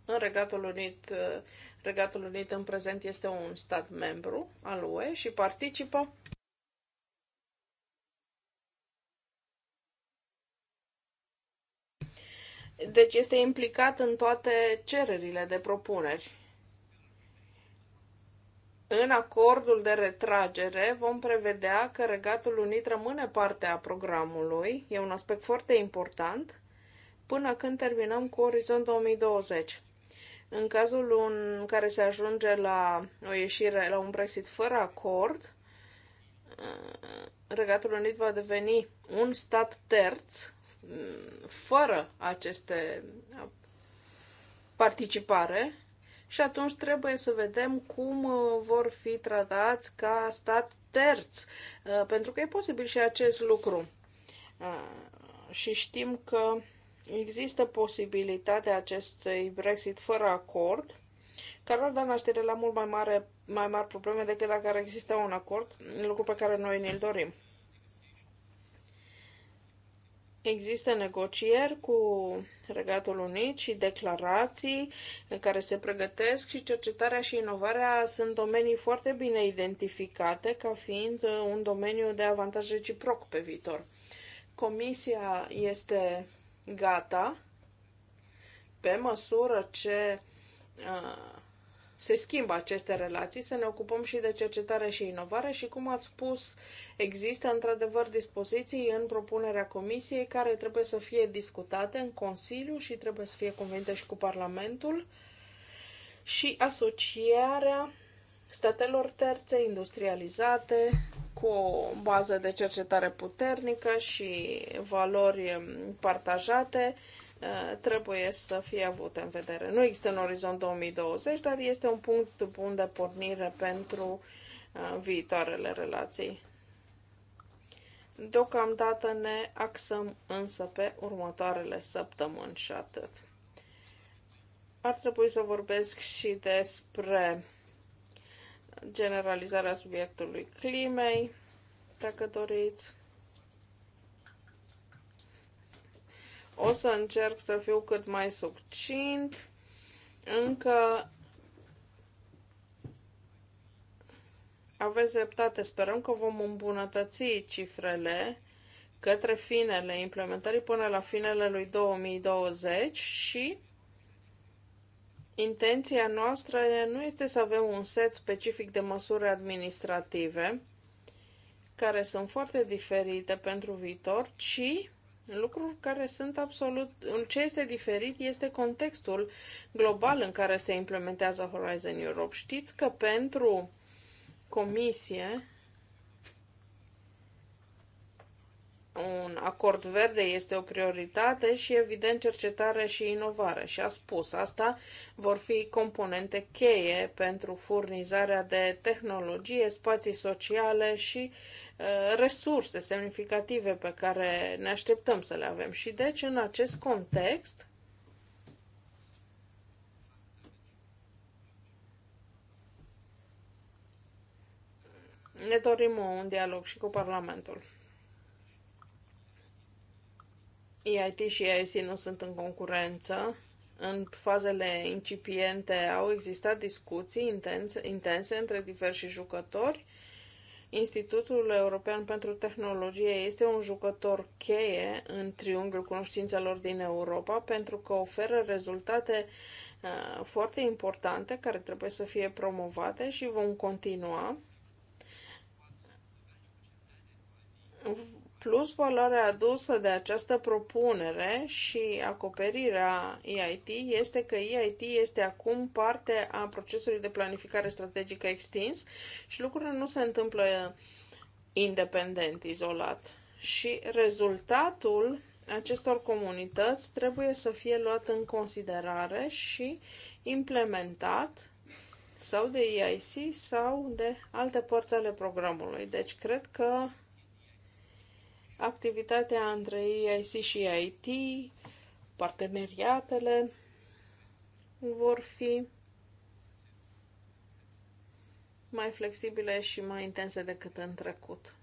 În Regatul Unit, Regatul Unit în prezent este un stat membru al UE și participă Deci este implicat în toate cererile de propuneri în acordul de retragere vom prevedea că Regatul Unit rămâne parte a programului, e un aspect foarte important, până când terminăm cu Orizont 2020. În cazul în care se ajunge la o ieșire, la un Brexit fără acord, uh, Regatul Unit va deveni un stat terț mm, fără aceste uh, participare și atunci trebuie să vedem cum uh, vor fi tratați ca stat terț, uh, pentru că e posibil și acest lucru. Uh, și știm că există posibilitatea acestui Brexit fără acord, care ar da naștere la mult mai, mare, mai mari probleme decât dacă ar exista un acord, lucru pe care noi ne-l dorim. Există negocieri cu Regatul Unit și declarații în care se pregătesc și cercetarea și inovarea sunt domenii foarte bine identificate ca fiind un domeniu de avantaj reciproc pe viitor. Comisia este gata pe măsură ce uh, se schimbă aceste relații, să ne ocupăm și de cercetare și inovare și, cum ați spus, există într-adevăr dispoziții în propunerea Comisiei care trebuie să fie discutate în Consiliu și trebuie să fie convenite și cu Parlamentul și asocierea statelor terțe industrializate cu o bază de cercetare puternică și valori partajate Uh, trebuie să fie avut în vedere. Nu există un orizont 2020, dar este un punct bun de pornire pentru uh, viitoarele relații. Deocamdată ne axăm însă pe următoarele săptămâni și atât. Ar trebui să vorbesc și despre generalizarea subiectului climei, dacă doriți. O să încerc să fiu cât mai succint. Încă aveți dreptate. Sperăm că vom îmbunătăți cifrele către finele implementării până la finele lui 2020 și intenția noastră nu este să avem un set specific de măsuri administrative care sunt foarte diferite pentru viitor, ci Lucruri care sunt absolut... Ce este diferit este contextul global în care se implementează Horizon Europe. Știți că pentru comisie un acord verde este o prioritate și, evident, cercetare și inovare. Și a spus, asta vor fi componente cheie pentru furnizarea de tehnologie, spații sociale și uh, resurse semnificative pe care ne așteptăm să le avem. Și deci, în acest context, ne dorim un dialog și cu Parlamentul. EIT și EIC nu sunt în concurență. În fazele incipiente au existat discuții intense, intense între diversi jucători. Institutul European pentru Tehnologie este un jucător cheie în triunghiul cunoștințelor din Europa pentru că oferă rezultate uh, foarte importante care trebuie să fie promovate și vom continua Plus valoarea adusă de această propunere și acoperirea EIT este că EIT este acum parte a procesului de planificare strategică extins și lucrurile nu se întâmplă independent, izolat. Și rezultatul acestor comunități trebuie să fie luat în considerare și implementat sau de EIC sau de alte părți ale programului. Deci cred că activitatea între EIC și IT, parteneriatele vor fi mai flexibile și mai intense decât în trecut.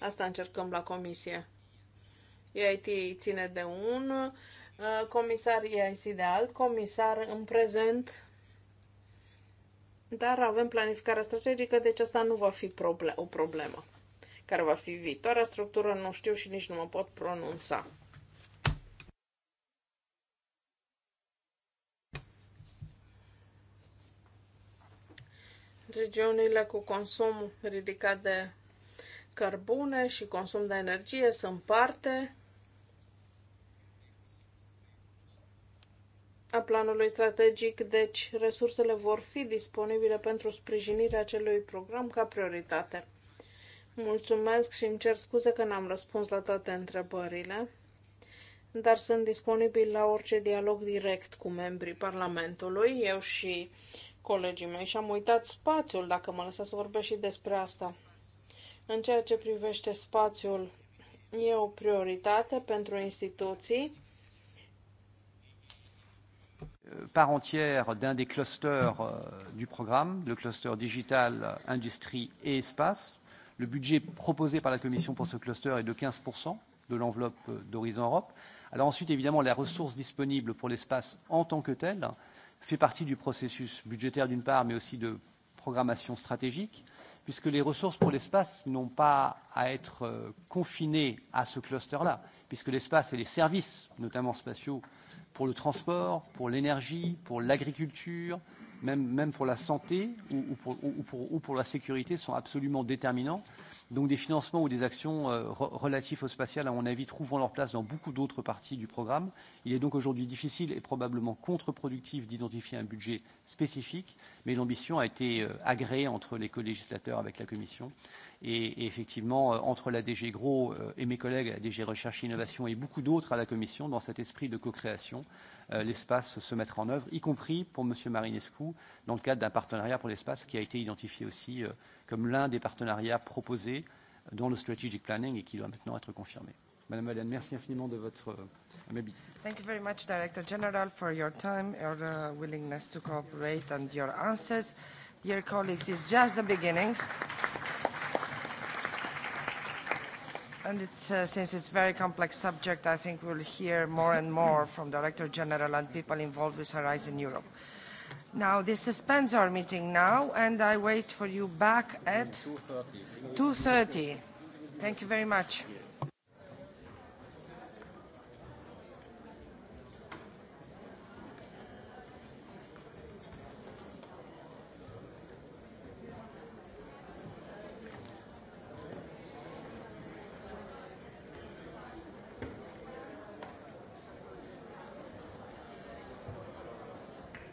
Asta încercăm la comisie. EIT ține de un uh, comisar, EIC de alt comisar în prezent, dar avem planificarea strategică, deci asta nu va fi proble- o problemă care va fi viitoarea structură, nu știu și nici nu mă pot pronunța. Regiunile cu consum ridicat de cărbune și consum de energie sunt parte a planului strategic, deci resursele vor fi disponibile pentru sprijinirea acelui program ca prioritate. Mulțumesc și îmi cer scuze că n-am răspuns la toate întrebările, dar sunt disponibil la orice dialog direct cu membrii Parlamentului, eu și colegii mei, și am uitat spațiul, dacă mă lăsați să vorbesc și despre asta. În ceea ce privește spațiul, e o prioritate pentru instituții. Par entière d'un des clusters euh, du programme, le cluster digital, industrie et espace. Le budget proposé par la Commission pour ce cluster est de 15% de l'enveloppe euh, d'Horizon Europe. Alors ensuite, évidemment, la ressource disponible pour l'espace en tant que telle fait partie du processus budgétaire d'une part, mais aussi de programmation stratégique, puisque les ressources pour l'espace n'ont pas à être euh, confinées à ce cluster-là, puisque l'espace et les services, notamment spatiaux, pour le transport, pour l'énergie, pour l'agriculture, euh, même, même pour la santé ou, ou, pour, ou, pour, ou pour la sécurité, sont absolument déterminants. Donc des financements ou des actions euh, relatifs au spatial, à mon avis, trouveront leur place dans beaucoup d'autres parties du programme. Il est donc aujourd'hui difficile et probablement contre-productif d'identifier un budget spécifique, mais l'ambition a été euh, agréée entre les co-législateurs avec la Commission. Et, et effectivement, euh, entre la DG Gros euh, et mes collègues à la DG Recherche et Innovation et beaucoup d'autres à la Commission, dans cet esprit de co-création, euh, l'espace se mettre en œuvre, y compris pour M. Marinescu, dans le cadre d'un partenariat pour l'espace qui a été identifié aussi euh, comme l'un des partenariats proposés dans le strategic planning et qui doit maintenant être confirmé. Madame Madeleine, merci infiniment de votre euh, amabilité. Thank you very much, Director General, for your time, your uh, willingness to cooperate and your answers. Dear colleagues, it's just the beginning. And it's, uh, since it's a very complex subject, I think we'll hear more and more from Director General and people involved with Horizon Europe. Now, this suspends our meeting now, and I wait for you back at 2.30. 2.30. Thank you very much.